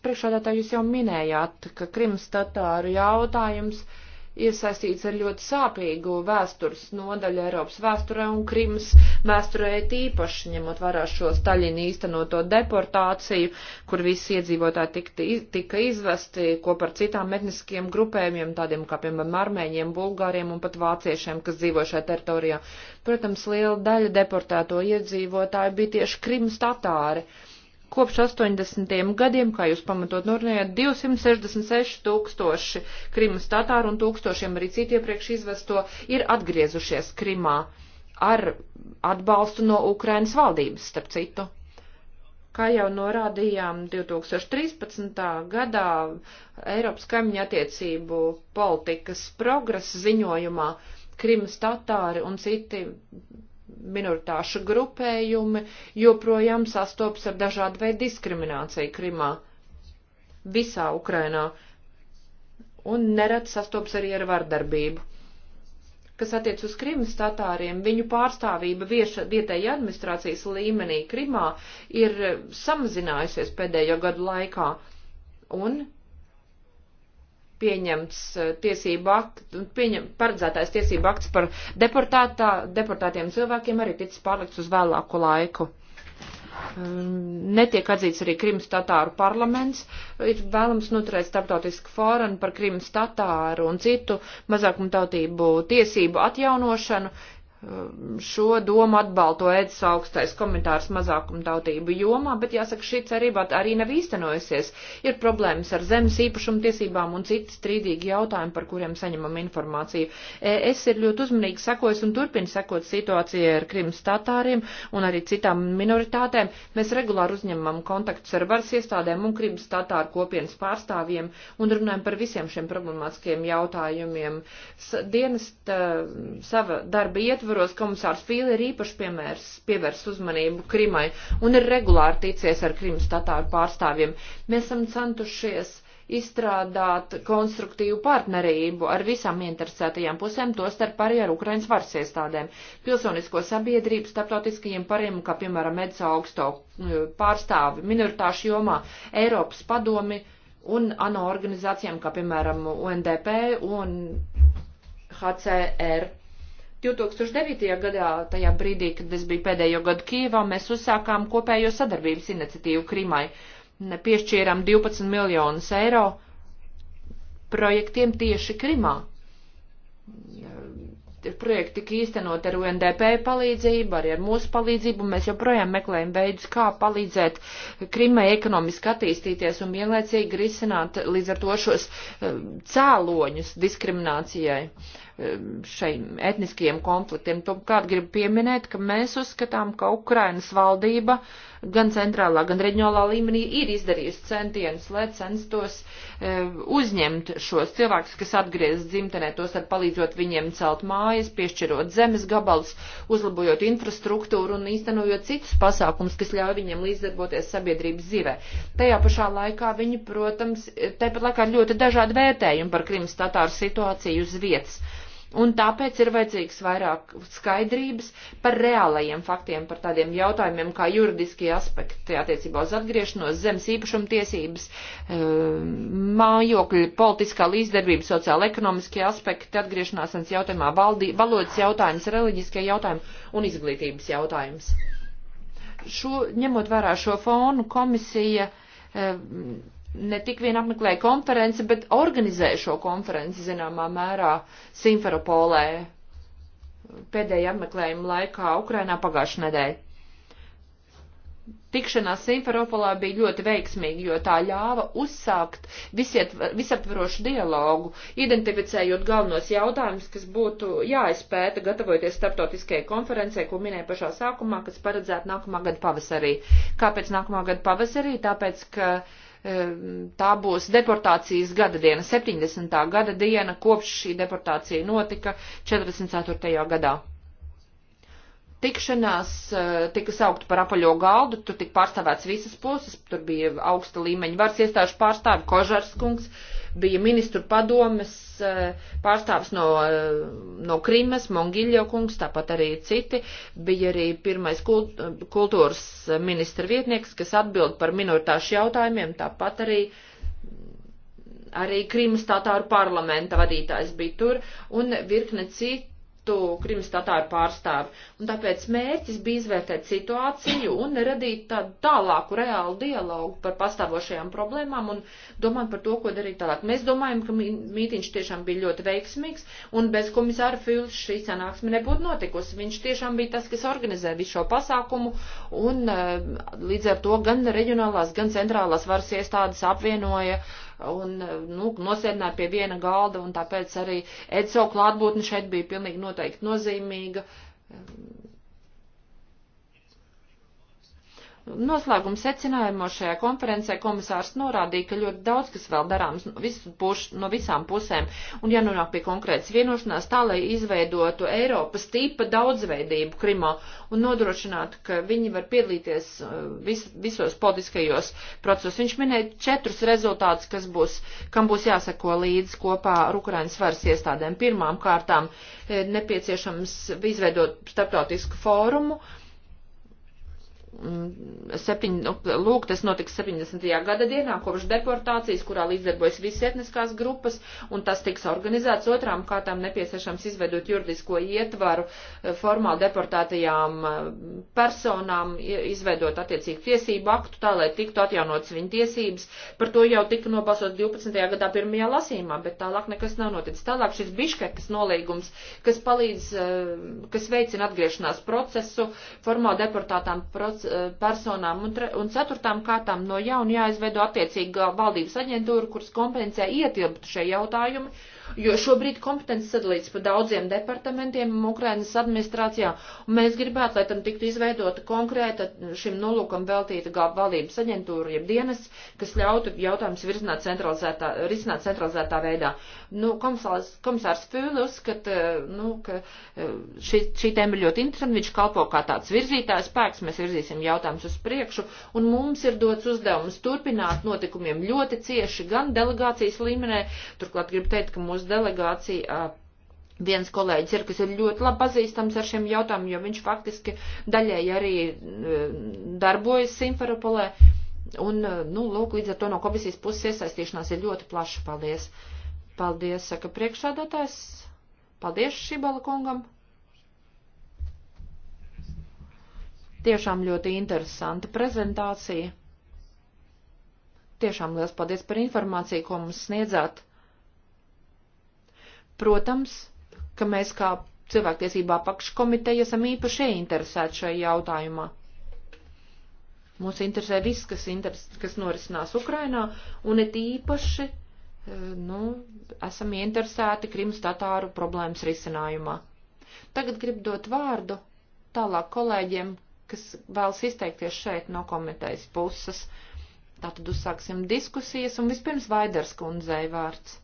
Priekšādātā jūs jau minējāt, ka Krimas tatāru jautājums iesaistīts ar ļoti sāpīgu vēstures nodaļu Eiropas vēsturē un Krimas vēsturē tīpaši, ņemot vērā šo Staļina īstenoto deportāciju, kur visi iedzīvotāji tika, tika izvesti kopā ar citām etniskiem grupējumiem, tādiem kā, piemēram, armēņiem, bulgāriem un pat vāciešiem, kas dzīvo šajā teritorijā. Protams, liela daļa deportēto iedzīvotāju bija tieši Krimas tatāri. Uh, Kopš 80. gadiem, kā jūs pamatot norunājāt, 266 tūkstoši Krimas tatāru un tūkstošiem arī citu iepriekš izvesto ir atgriezušies Krimā ar atbalstu no Ukrainas valdības, starp citu. Kā jau norādījām, 2013. gadā Eiropas kaimiņa attiecību politikas progresa ziņojumā Krimas tatāri un citi minoritāšu grupējumi joprojām sastops ar dažādu veidu diskrimināciju Krimā, visā Ukrainā, un nerad sastops arī ar vardarbību. Kas attiec uz Krimas tatāriem, viņu pārstāvība vieša, vietēja administrācijas līmenī Krimā ir samazinājusies pēdējo gadu laikā, un pieņemts eh, tiesību akts, pieņem, paredzētais tiesību akts par deportātā, deportātiem cilvēkiem arī ticis pārlikts uz vēlāku laiku. Um, netiek atzīts arī Krimas Tatāru parlaments, ir vēlams noturēt starptautisku fóranu par Krimas Tatāru un citu mazākumtautību tiesību atjaunošanu, šo domu atbalto Edis augstais komentārs mazākumtautību jomā, bet jāsaka, šī cerība arī nav īstenojusies. Ir problēmas ar zemes īpašumtiesībām un citi strīdīgi jautājumi, par kuriem saņemam informāciju. Es ir ļoti uzmanīgi sakojis un turpinu sekot situācijai ar Krimas tatāriem un arī citām minoritātēm. Mēs regulāri uzņemam kontaktus ar varas iestādēm un Krimas tatāru kopienas pārstāvjiem un runājam par visiem šiem problemātiskiem jautājumiem. Dienas tā, sava darba ietvaru ietvaros komisārs Fīle ir īpaši piemērs, pievērs uzmanību Krimai un ir regulāri ticies ar Krimas tatāru pārstāvjiem. Mēs esam centušies izstrādāt konstruktīvu partnerību ar visām interesētajām pusēm, tostarp arī ar Ukrainas varas iestādēm, pilsonisko sabiedrību, starptautiskajiem pariem, kā piemēram EDSA augsto pārstāvi minoritāšu jomā, Eiropas padomi un ANO organizācijām, kā piemēram UNDP un HCR 2009. gadā, tajā brīdī, kad es biju pēdējo gadu Kīvā, mēs uzsākām kopējo sadarbības iniciatīvu Krimai. Piešķīrām 12 miljonus eiro projektiem tieši Krimā projekti tika īstenot ar UNDP palīdzību, arī ar mūsu palīdzību. Mēs joprojām meklējam veidus, kā palīdzēt Krimai ekonomiski attīstīties un vienlaicīgi risināt līdz ar to šos eh, cēloņus diskriminācijai. Um, šiem etniskiem konfliktiem. Tomkārt gribu pieminēt, ka mēs uzskatām, ka Ukrainas valdība gan centrālā, gan reģionālā līmenī ir izdarījusi centienus, lai censtos um, uzņemt šos cilvēkus, kas atgriezas dzimtenē, tos ar palīdzot viņiem celt mājas, piešķirot zemes gabalus, uzlabojot infrastruktūru un īstenojot citus pasākums, kas ļauj viņiem līdzdarboties sabiedrības dzīvē. Tajā pašā laikā viņi, protams, tepat laikā ļoti dažādi vērtējumi par Krimas tatāru situāciju uz vietas. Un tāpēc ir vajadzīgs vairāk skaidrības par reālajiem faktiem, par tādiem jautājumiem kā juridiskie aspekti attiecībā uz atgriešanos, zemes īpašuma tiesības, ehm, mājokļa, politiskā līdzdarbība, sociāla ekonomiskie aspekti, atgriešanās un jautājumā valdī, valodas jautājums, reliģiskie jautājumi un izglītības jautājums. Šo, ņemot vērā šo fonu, komisija ehm, ne tik vien apmeklēja konferenci, bet organizēja šo konferenci zināmā mērā Simferopolē pēdējā apmeklējuma laikā Ukrainā pagājušajā nedēļā. Tikšanās Simferopolā bija ļoti veiksmīga, jo tā ļāva uzsākt visiet, visaptvarošu dialogu, identificējot galvenos jautājumus, kas būtu jāizpēta, gatavoties starptautiskajai konferencē, ko minēja pašā sākumā, kas paredzēta nākamā gada pavasarī. Kāpēc nākamā gada pavasarī? Tāpēc, ka uh, tā būs deportācijas gada diena, 70. gada diena, kopš šī deportācija notika 44. gadā. Tikšanās e, tika saukta par apaļo galdu, tur tika pārstāvēts visas puses, tur bija augsta līmeņa varas iestāžu pārstāvi, Kožars kungs, bija ministru padomes eh, pārstāvs no, eh, no Krimas, Mongiļo kungs, tāpat arī citi, bija arī pirmais kult, kultūras ministra vietnieks, kas atbild par minoritāšu jautājumiem, tāpat arī arī Krimas tātāru parlamenta vadītājs bija tur, un virkne citu tautu Krimas tatāru pārstāvi. Un tāpēc mērķis bija izvērtēt situāciju un radīt tādu tālāku reālu dialogu par pastāvošajām problēmām un domāt par to, ko darīt tālāk. Mēs domājam, ka mītiņš tiešām bija ļoti veiksmīgs un bez komisāra Fils šī sanāksme nebūtu notikusi. Viņš tiešām bija tas, kas organizē visu šo pasākumu un eh, līdz ar to gan reģionālās, gan centrālās varas iestādes apvienoja uh, un nu, nosēdināt pie viena galda, un tāpēc arī ECO klātbūtne šeit bija pilnīgi noteikti nozīmīga. Um, Noslēguma secinājumos šajā konferencē komisārs norādīja, ka ļoti daudz kas vēl darāms visu puš, no visām pusēm un jānonāk pie konkrētas vienošanās tā, lai izveidotu Eiropas tipa daudzveidību Krimā un nodrošinātu, ka viņi var piedalīties uh, vis, visos politiskajos procesos. Viņš minēja četrus rezultātus, kas būs, kam būs jāseko līdz kopā ar Ukrainas varas iestādēm. Pirmām kārtām eh, nepieciešams izveidot starptautisku fórumu Mm, septiņ, nu, lūk, tas notiks 70. gada dienā kopš deportācijas, kurā līdzdarbojas visas etniskās grupas, un tas tiks organizēts otrām kārtām nepieciešams izveidot juridisko ietvaru eh, formāli deportētajām eh, personām, izveidot attiecīgu tiesību aktu, tā lai tiktu atjaunotas viņa tiesības. Par to jau tika nobalsots 12. gadā pirmajā lasīmā, bet tālāk nekas nav noticis. Tālāk šis Biškekas nolīgums, kas palīdz, eh, kas veicina atgriešanās procesu, formāli deportētām procesu Eh, personām un, tre, un ceturtām kārtām no jauna jāizveido attiecīga valdības aģentūra, kuras kompetencijā ietilptu šie jautājumi, jo šobrīd kompetences sadalīts pa daudziem departamentiem Ukrainas administrācijā, un mēs gribētu, lai tam tiktu izveidota konkrēta šim nolūkam veltīta valdības aģentūra, jeb dienas, kas ļautu jautājumus virzināt centralizētā, risināt centralizētā veidā. Uh, Nu, komisārs, komisārs Fūle uzskata, nu, ka e, šī, šī tēma ir ļoti interesanta, viņš kalpo kā tāds virzītājs spēks, mēs virzīsim jautājumus uz priekšu, un mums ir dots uzdevums turpināt notikumiem ļoti cieši gan delegācijas līmenē, turklāt gribu teikt, ka mūsu delegācija e, viens kolēģis ir, kas ir ļoti labi pazīstams ar šiem jautājumiem, jo viņš faktiski daļai arī e, darbojas Simferopolē. Un, nu, lūk, līdz ar to no komisijas puses iesaistīšanās ir ļoti plaša. Paldies! Paldies, saka priekšādātājs. Paldies Šibala kungam. Tiešām ļoti interesanta prezentācija. Tiešām liels paldies par informāciju, ko mums sniedzāt. Protams, ka mēs kā cilvēktiesībā pakškomiteja esam īpaši ieinteresēti šajā jautājumā. Mūs interesē viss, kas, interes, kas norisinās Ukrainā, un it īpaši Eh, nu, esam ieinteresēti Krimas tatāru problēmas risinājumā. Tagad gribu dot vārdu tālāk kolēģiem, kas vēlas izteikties šeit no komitejas puses. Tātad uzsāksim diskusijas, un vispirms Vaiders kundzei vārds.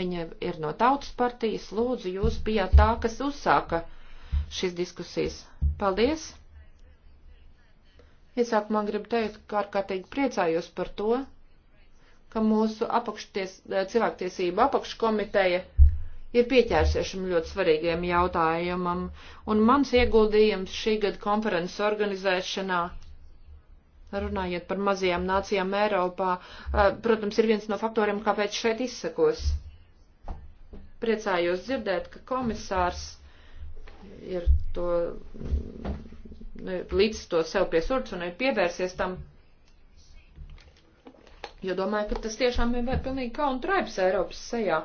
Viņa ir no tautas partijas, lūdzu, jūs bijāt tā, kas uzsāka šīs diskusijas. Paldies! Iesākumā gribu teikt, kā ārkārtīgi priecājos par to, ka mūsu apakšties, eh, cilvēktiesība apakškomiteja ir pieķērsies šim ļoti svarīgiem jautājumam, un mans ieguldījums šī gada konferences organizēšanā, runājot par mazajām nācijām Eiropā, eh, protams, ir viens no faktoriem, kāpēc šeit izsakos. Priecājos dzirdēt, ka komisārs ir to mm, līdz to sev pie sirds un ir pievērsies tam Jo domāju, ka tas tiešām ir pilnīgi kauns traips Eiropas sejā,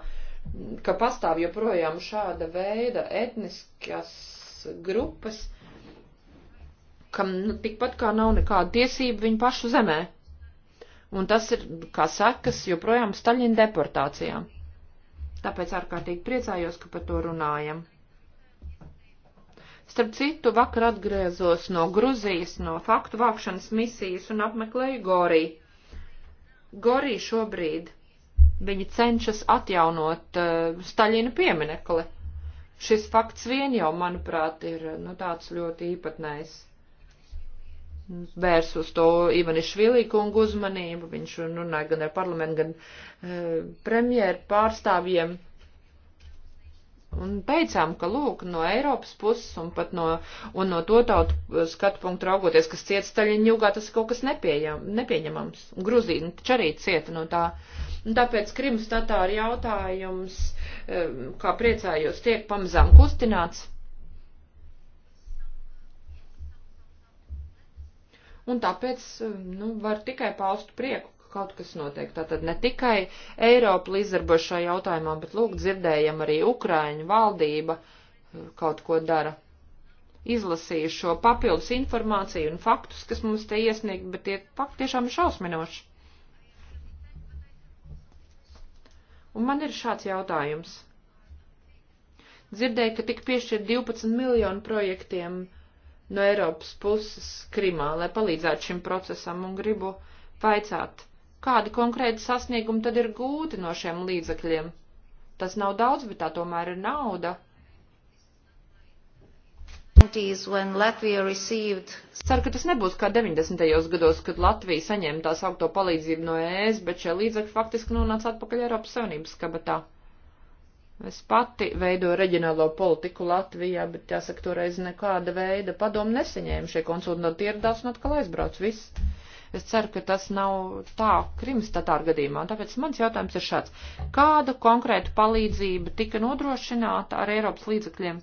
ka pastāv joprojām šāda veida etniskas grupas, kam nu, tikpat kā nav nekāda tiesība viņu pašu zemē. Un tas ir, kā sekas, joprojām Staļina deportācijām. Tāpēc ārkārtīgi priecājos, ka par to runājam. Starp citu, vakar atgriezos no Gruzijas, no faktu vākšanas misijas un apmeklēju Goriju Gorī šobrīd viņi cenšas atjaunot uh, Staļina pieminekli. Šis fakts vien jau, manuprāt, ir nu, tāds ļoti īpatnējs. Vērs uz to Ivanišvili kungu uzmanību, viņš runāja gan ar parlamentu, gan uh, premjeru pārstāvjiem. Uh, Un teicām, ka lūk, no Eiropas puses un pat no, un no to tautu eh, skatu punktu raugoties, kas cieta Staļina jūgā, tas ir kaut kas nepieņem, nepieņemams. Gruzīna taču arī cieta no tā. Un tāpēc Krimas tatāri jautājums, eh, kā priecājos, tiek pamazām kustināts. Un tāpēc, eh, nu, var tikai paust prieku, kaut kas notiek. Tātad ne tikai Eiropa līdzdarbo šajā jautājumā, bet lūk, dzirdējam arī Ukraiņu valdība eh, kaut ko dara. Izlasīju šo papildus informāciju un faktus, kas mums te iesniegt, bet tie fakti tiešām ir šausminoši. Un man ir šāds jautājums. Dzirdēju, ka tika piešķirt 12 miljonu projektiem no Eiropas puses Krimā, lai palīdzētu šim procesam un gribu vaicāt, kādi konkrēti sasniegumi tad ir gūti no šiem līdzekļiem. Tas nav daudz, bet tā tomēr ir nauda. Ceru, ka tas nebūs kā 90. gados, kad Latvija saņēma tā saukto palīdzību no ES, bet šie līdzekļi faktiski nonāca atpakaļ Eiropas Savienības kabatā. Es pati veidoju reģionālo politiku Latvijā, bet jāsaka, toreiz nekāda veida padomu nesaņēma šie konsultanti ieradās un atkal aizbrauc viss. Es ceru, ka tas nav tā Krimas tatāru gadījumā. Tāpēc mans jautājums ir šāds. Kāda konkrēta palīdzība tika nodrošināta ar Eiropas līdzekļiem?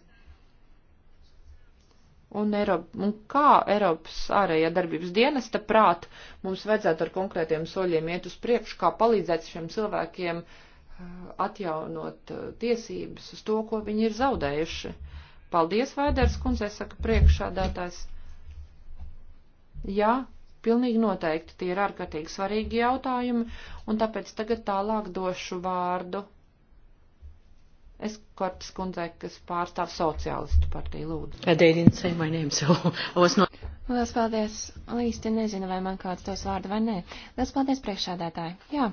Un, Eiropa, un kā Eiropas ārējā darbības dienesta prāt mums vajadzētu ar konkrētiem soļiem iet uz priekšu, kā palīdzēt šiem cilvēkiem uh, atjaunot uh, tiesības uz to, ko viņi ir zaudējuši. Paldies, Vaiders kundze, saka priekšādātājs. Jā, Pilnīgi noteikti tie ir ārkārtīgi svarīgi jautājumi, un tāpēc tagad tālāk došu vārdu Es Kortes kundzei, kas pārstāv sociālistu partiju, lūdzu. Lielas paldies. Īsti nezinu, vai man kāds tos vārdu vai nē. Lielas paldies priekšādētāji. Jā.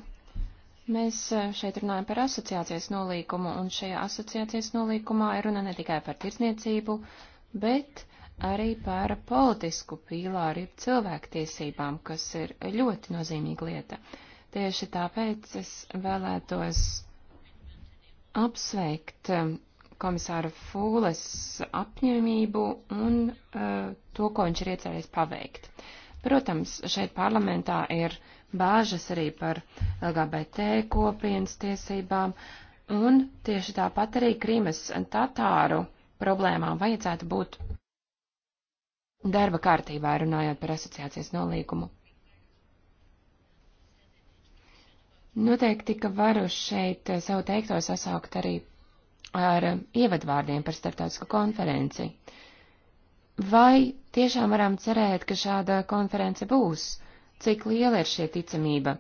Mēs e, šeit runājam par asociācijas nolīkumu, un šajā asociācijas nolīkumā ir runa ne tikai par tirsniecību, bet arī par politisku pīlāru, jeb cilvēktiesībām, kas ir ļoti nozīmīga lieta. Tieši tāpēc es vēlētos apsveikt um, komisāra Fūles apņēmību un uh, to, ko viņš ir iecerējis paveikt. Protams, šeit parlamentā ir bāžas arī par LGBT kopienas tiesībām, un tieši tāpat arī Krīmas tatāru problēmām vajadzētu būt darba kārtībā runājot par asociācijas nolīgumu. Noteikti, ka varu šeit eh, savu teikto sasaukt arī ar eh, ievadvārdiem par starptautisku konferenci. Vai tiešām varam cerēt, ka šāda konference būs? Cik liela ir šī ticamība?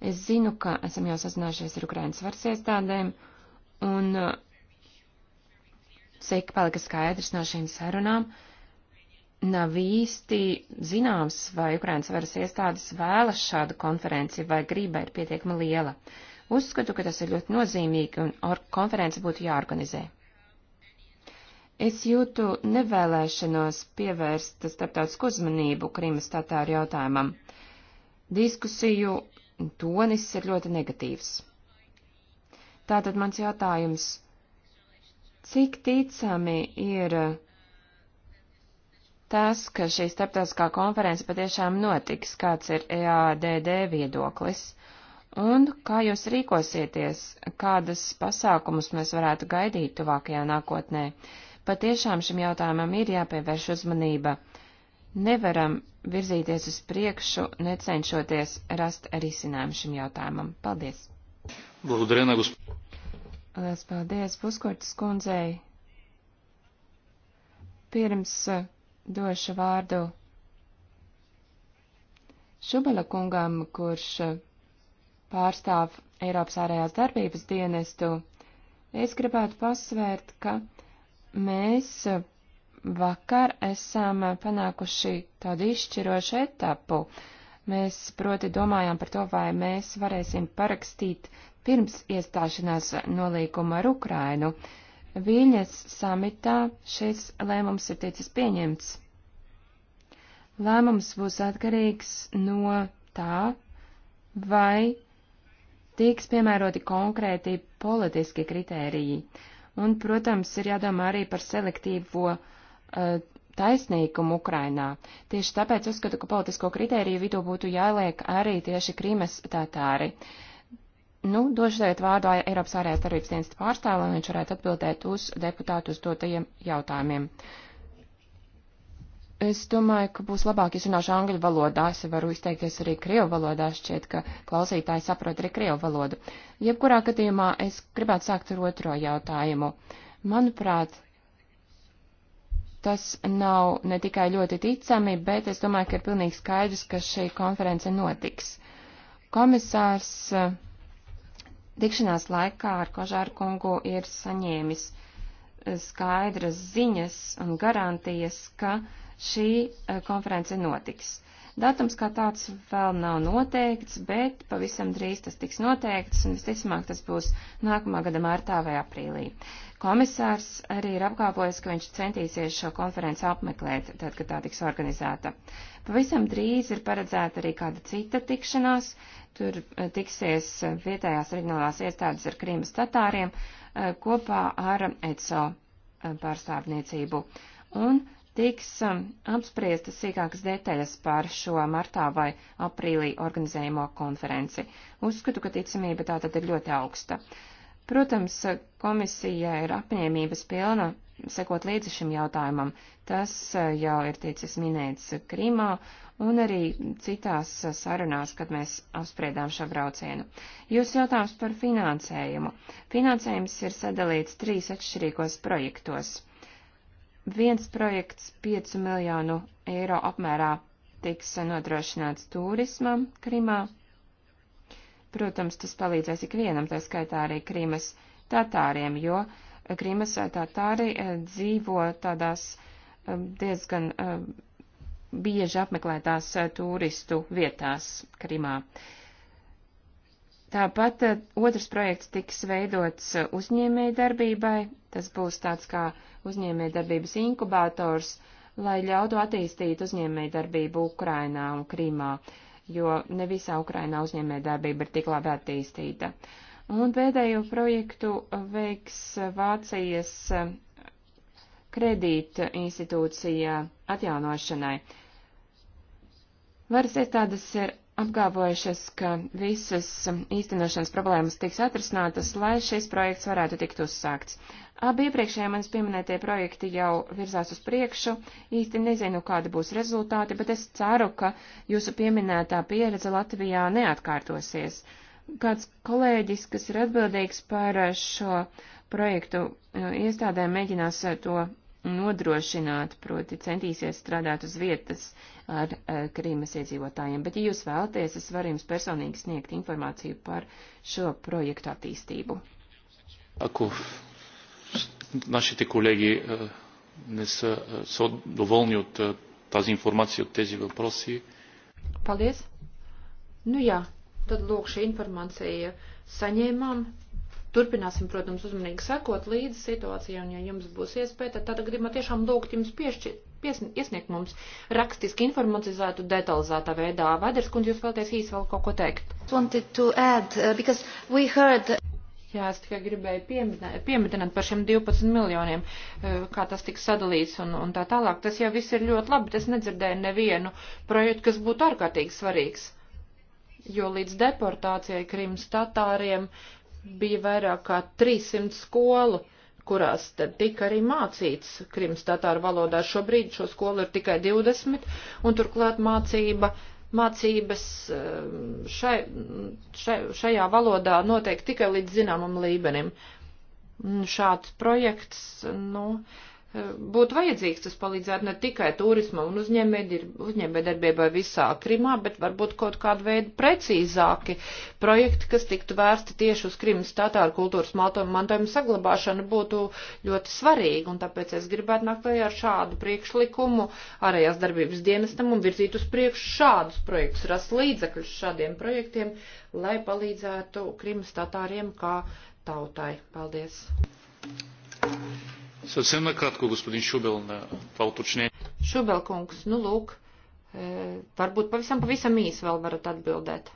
Es zinu, ka esam jau sazinājušies ar Ukrainas varas iestādēm, un eh, cik palika skaidrs no šīm sarunām, uh, nav īsti zināms, vai Ukrainas varas iestādes vēlas šādu konferenci, vai grība ir pietiekami liela. Uzskatu, ka tas ir ļoti nozīmīgi un konference būtu jāorganizē. Es jūtu nevēlēšanos pievērst starptautisku uzmanību Krīmas tatāru jautājumam. Diskusiju tonis ir ļoti negatīvs. Tātad mans jautājums, cik ticami ir tas, ka šī starptautiskā konference patiešām notiks, kāds ir EADD viedoklis, un kā jūs rīkosieties, kādas pasākumus mēs varētu gaidīt tuvākajā nākotnē. Patiešām šim jautājumam ir jāpievērš uzmanība. Nevaram virzīties uz priekšu, necenšoties rast risinājumu šim jautājumam. Paldies! Благодаря на господин. Lielas paldies, Puskortas kundzei. Pirms uh, došu vārdu Šubala kungam, kurš pārstāv Eiropas ārējās darbības dienestu. Es gribētu pasvērt, ka mēs vakar esam panākuši tādu izšķirošu etapu. Mēs, proti, domājām par to, vai mēs varēsim parakstīt pirms iestāšanās nolīkumu ar Ukrainu. Uh, Viļņas samitā šis lēmums ir ticis pieņemts. Lēmums būs atkarīgs no tā, vai tiks piemēroti konkrēti politiskie kritēriji. Un, protams, ir jādomā arī par selektīvo uh, taisnīgumu Ukrainā. Tieši tāpēc uzskatu, ka politisko kritēriju vidū būtu jāliek arī tieši Krīmes tātāri. Uh, Nu, došu tagad vārdu Eiropas ārējās darbības dienas pārstāvu, lai viņš varētu atbildēt uz deputātu uzdotajiem jautājumiem. Es domāju, ka būs labāk, ja runāšu angļu valodā. Es varu izteikties arī krievu valodā, šķiet, ka klausītāji saprot arī krievu valodu. Jebkurā gadījumā es gribētu sākt ar otro jautājumu. Manuprāt, tas nav ne tikai ļoti ticami, bet es domāju, ka ir pilnīgi skaidrs, ka šī konference notiks. Komisārs uh, tikšanās laikā ar Kožāru kungu ir saņēmis eh, skaidras ziņas un garantijas, ka šī eh, konference notiks. Datums kā tāds vēl nav noteikts, bet pavisam drīz tas tiks noteikts, un visticamāk tas būs nākamā gada martā vai aprīlī. Komisārs arī ir apgalvojis, ka viņš centīsies šo konferenci apmeklēt, tad, kad tā tiks organizēta. Pavisam drīz ir paredzēta arī kāda cita tikšanās. Tur eh, tiksies eh, vietējās reģionālās iestādes ar Krīmas tatāriem eh, kopā ar ECO pārstāvniecību. Un tiks apspriestas sīkākas detaļas par šo martā vai aprīlī organizējamo konferenci. Uzskatu, ka ticamība tā tad ir ļoti augsta. Protams, komisija ir apņēmības pilna sekot līdzi šim jautājumam. Tas eh, jau ir ticis minēts Krīmā un arī citās sarunās, kad mēs apspriedām šo braucienu. Jūs jautājums par finansējumu. Finansējums ir sadalīts trīs atšķirīgos projektos. Viens projekts 5 miljonu eiro apmērā tiks nodrošināts turismam Krimā. Protams, tas palīdzēs ikvienam, tā skaitā arī Krīmas tatāriem, jo Krīmas tatāri eh, dzīvo tādās eh, diezgan eh, bieži apmeklētās turistu vietās Krimā. Tāpat otrs projekts tiks veidots uzņēmēja darbībai, tas būs tāds kā uzņēmēja darbības inkubators, lai ļautu attīstīt uzņēmēja darbību Ukrainā un Krimā. Uh, jo ne visā Ukrainā uzņēmē darbība ir tik labi attīstīta. Un pēdējo projektu veiks Vācijas kredīta institūcija atjaunošanai. Varas iestādes ir apgalvojušas, ka visas īstenošanas problēmas tiks atrisinātas, lai šis projekts varētu tikt uzsākts. Abi iepriekšējie manis pieminētie projekti jau virzās uz priekšu, īsti nezinu, kādi būs rezultāti, bet es ceru, ka jūsu pieminētā pieredze Latvijā neatkārtosies. Kāds kolēģis, kas ir atbildīgs par šo projektu, uh, iestādēm mēģinās uh, to nodrošināt, proti centīsies strādāt uz vietas ar, ar eh, Krīmas iedzīvotājiem. Bet, ja jūs vēlaties, es varu jums personīgi sniegt informāciju par šo projektu attīstību. Ako нашите колеги не са, са доволни от тази информация, от тези въпроси. Paldies. Nu jā, tad lūk šī informācija saņēmām. Turpināsim, protams, uzmanīgi sekot līdzi situācijai, un ja jums būs iespēja, tad tad gribam tiešām lūgt jums piešķi, pies, iesniegt mums rakstiski informatizētu, detalizētā veidā. Vēders, kundze, jūs vēlaties īsi vēl kaut ko teikt? Add, uh, heard... Jā, es tikai gribēju pieminēt par šiem 12 miljoniem, uh, kā tas tiks sadalīts un, un tā tālāk. Tas jau viss ir ļoti labi, tas nedzirdēju nevienu projektu, kas būtu ārkārtīgi svarīgs jo līdz deportācijai Krimas tatāriem bija vairāk kā 300 skolu, kurās tad tika arī mācīts krims tatāru valodā. Šobrīd šo skolu ir tikai 20, un turklāt mācība, mācības um, šai, šai, šajā valodā notiek tikai līdz zināmam līmenim. Šāds projekts, nu, no, būtu vajadzīgs. Tas palīdzētu ne tikai turismam un uzņēmējdarbībai visā Krimā, bet varbūt kaut kādu veidu precīzāki projekti, kas tiktu vērsti tieši uz Krimas tātāru kultūras mantojuma saglabāšanu, būtu ļoti svarīgi. Un tāpēc es gribētu nākt klajā ar šādu priekšlikumu ārējās darbības dienestam un virzīt uz priekšu šādus projektus, rast līdzekļus šādiem projektiem, lai palīdzētu Krimas tātāriem kā tautai. Paldies! Thank you. Совсем накратко, господин Шубел, на това уточнение. Шубел, kungs, nu lūk, varbūt pavisam, pavisam īsi vēl varat atbildēt.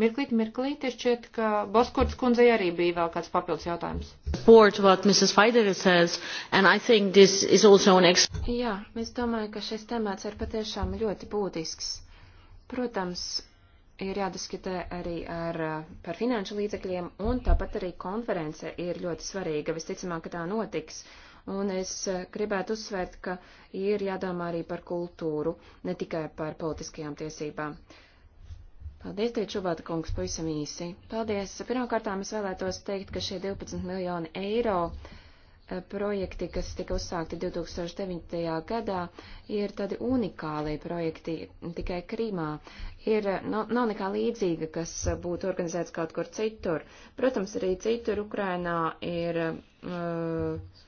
Mirklīt, mirklīt, es šķiet, ka Boskurts kundzei arī bija vēl kāds papildus jautājums. Support what Mrs. Feiderer says, and I think this is also an ex... Jā, es domāju, ka šis temats ir patiešām ļoti būtisks. Protams, ir jādiskutē arī ar, par finanšu līdzekļiem, un tāpat arī konference ir ļoti svarīga, visticamāk, ka tā notiks. Un es eh, gribētu uzsvērt, ka ir jādomā arī par kultūru, ne tikai par politiskajām tiesībām. Paldies, tie Čubata kungs, pavisam īsi. Paldies. Pirmkārtām es vēlētos teikt, ka šie 12 miljoni eiro uh, projekti, kas tika uzsākti 2009. gadā, ir tādi unikāli projekti tikai Krīmā. Ir, no, nu, nav nekā līdzīga, kas būtu organizēts kaut kur citur. Protams, arī citur Ukrainā ir uh,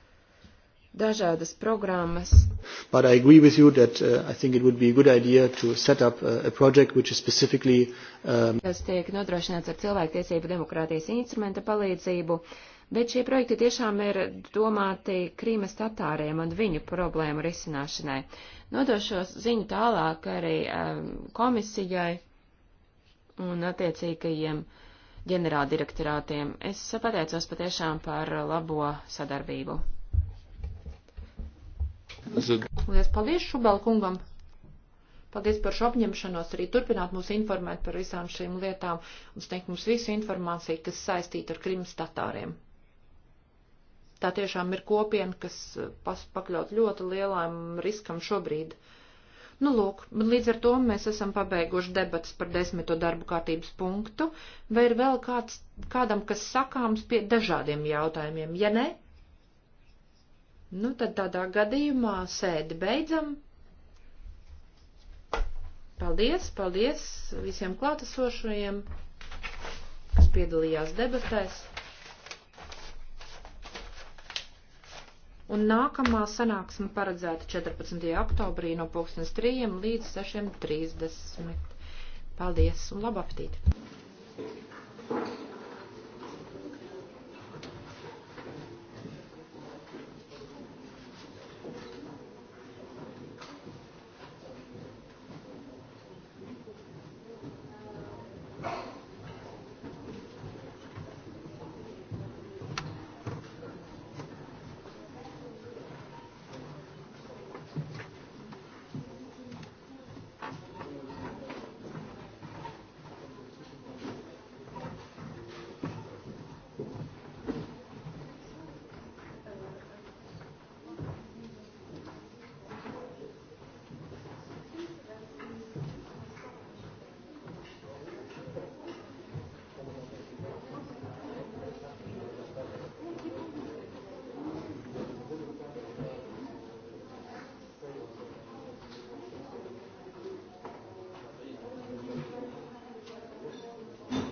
dažādas programmas. But I agree with you that uh, I think it would be a good idea to set up a, uh, a project which is specifically. Um, kas tiek nodrošināts ar cilvēktiesību demokrātijas instrumenta palīdzību. Uh, bet šie projekti tiešām ir domāti Krīmas tatāriem un viņu problēmu risināšanai. Nodošos ziņu tālāk arī um, komisijai un attiecīgajiem ģenerāldirektorātiem. Es pateicos patiešām par labo sadarbību. Lielas paldies Šubelkungam! Paldies par šo apņemšanos arī turpināt mūs informēt par visām šīm lietām un sniegt mums visu informāciju, kas saistīta ar Krimas tatāriem. Tā tiešām ir kopiena, kas eh, pakļaut ļoti lielām riskam šobrīd. Nu, lūk, līdz ar to mēs esam pabeiguši debats par desmito darbu kārtības punktu, vai ir vēl kāds, kādam, kas sakāms pie dažādiem jautājumiem, ja ne? Nu, tad tādā gadījumā sēdi beidzam. Paldies, paldies visiem klātesošajiem, kas piedalījās debatēs. un nākamā sanāksme paredzēta 14. oktobrī no 2003 līdz 6.30. Paldies un labu aptīti!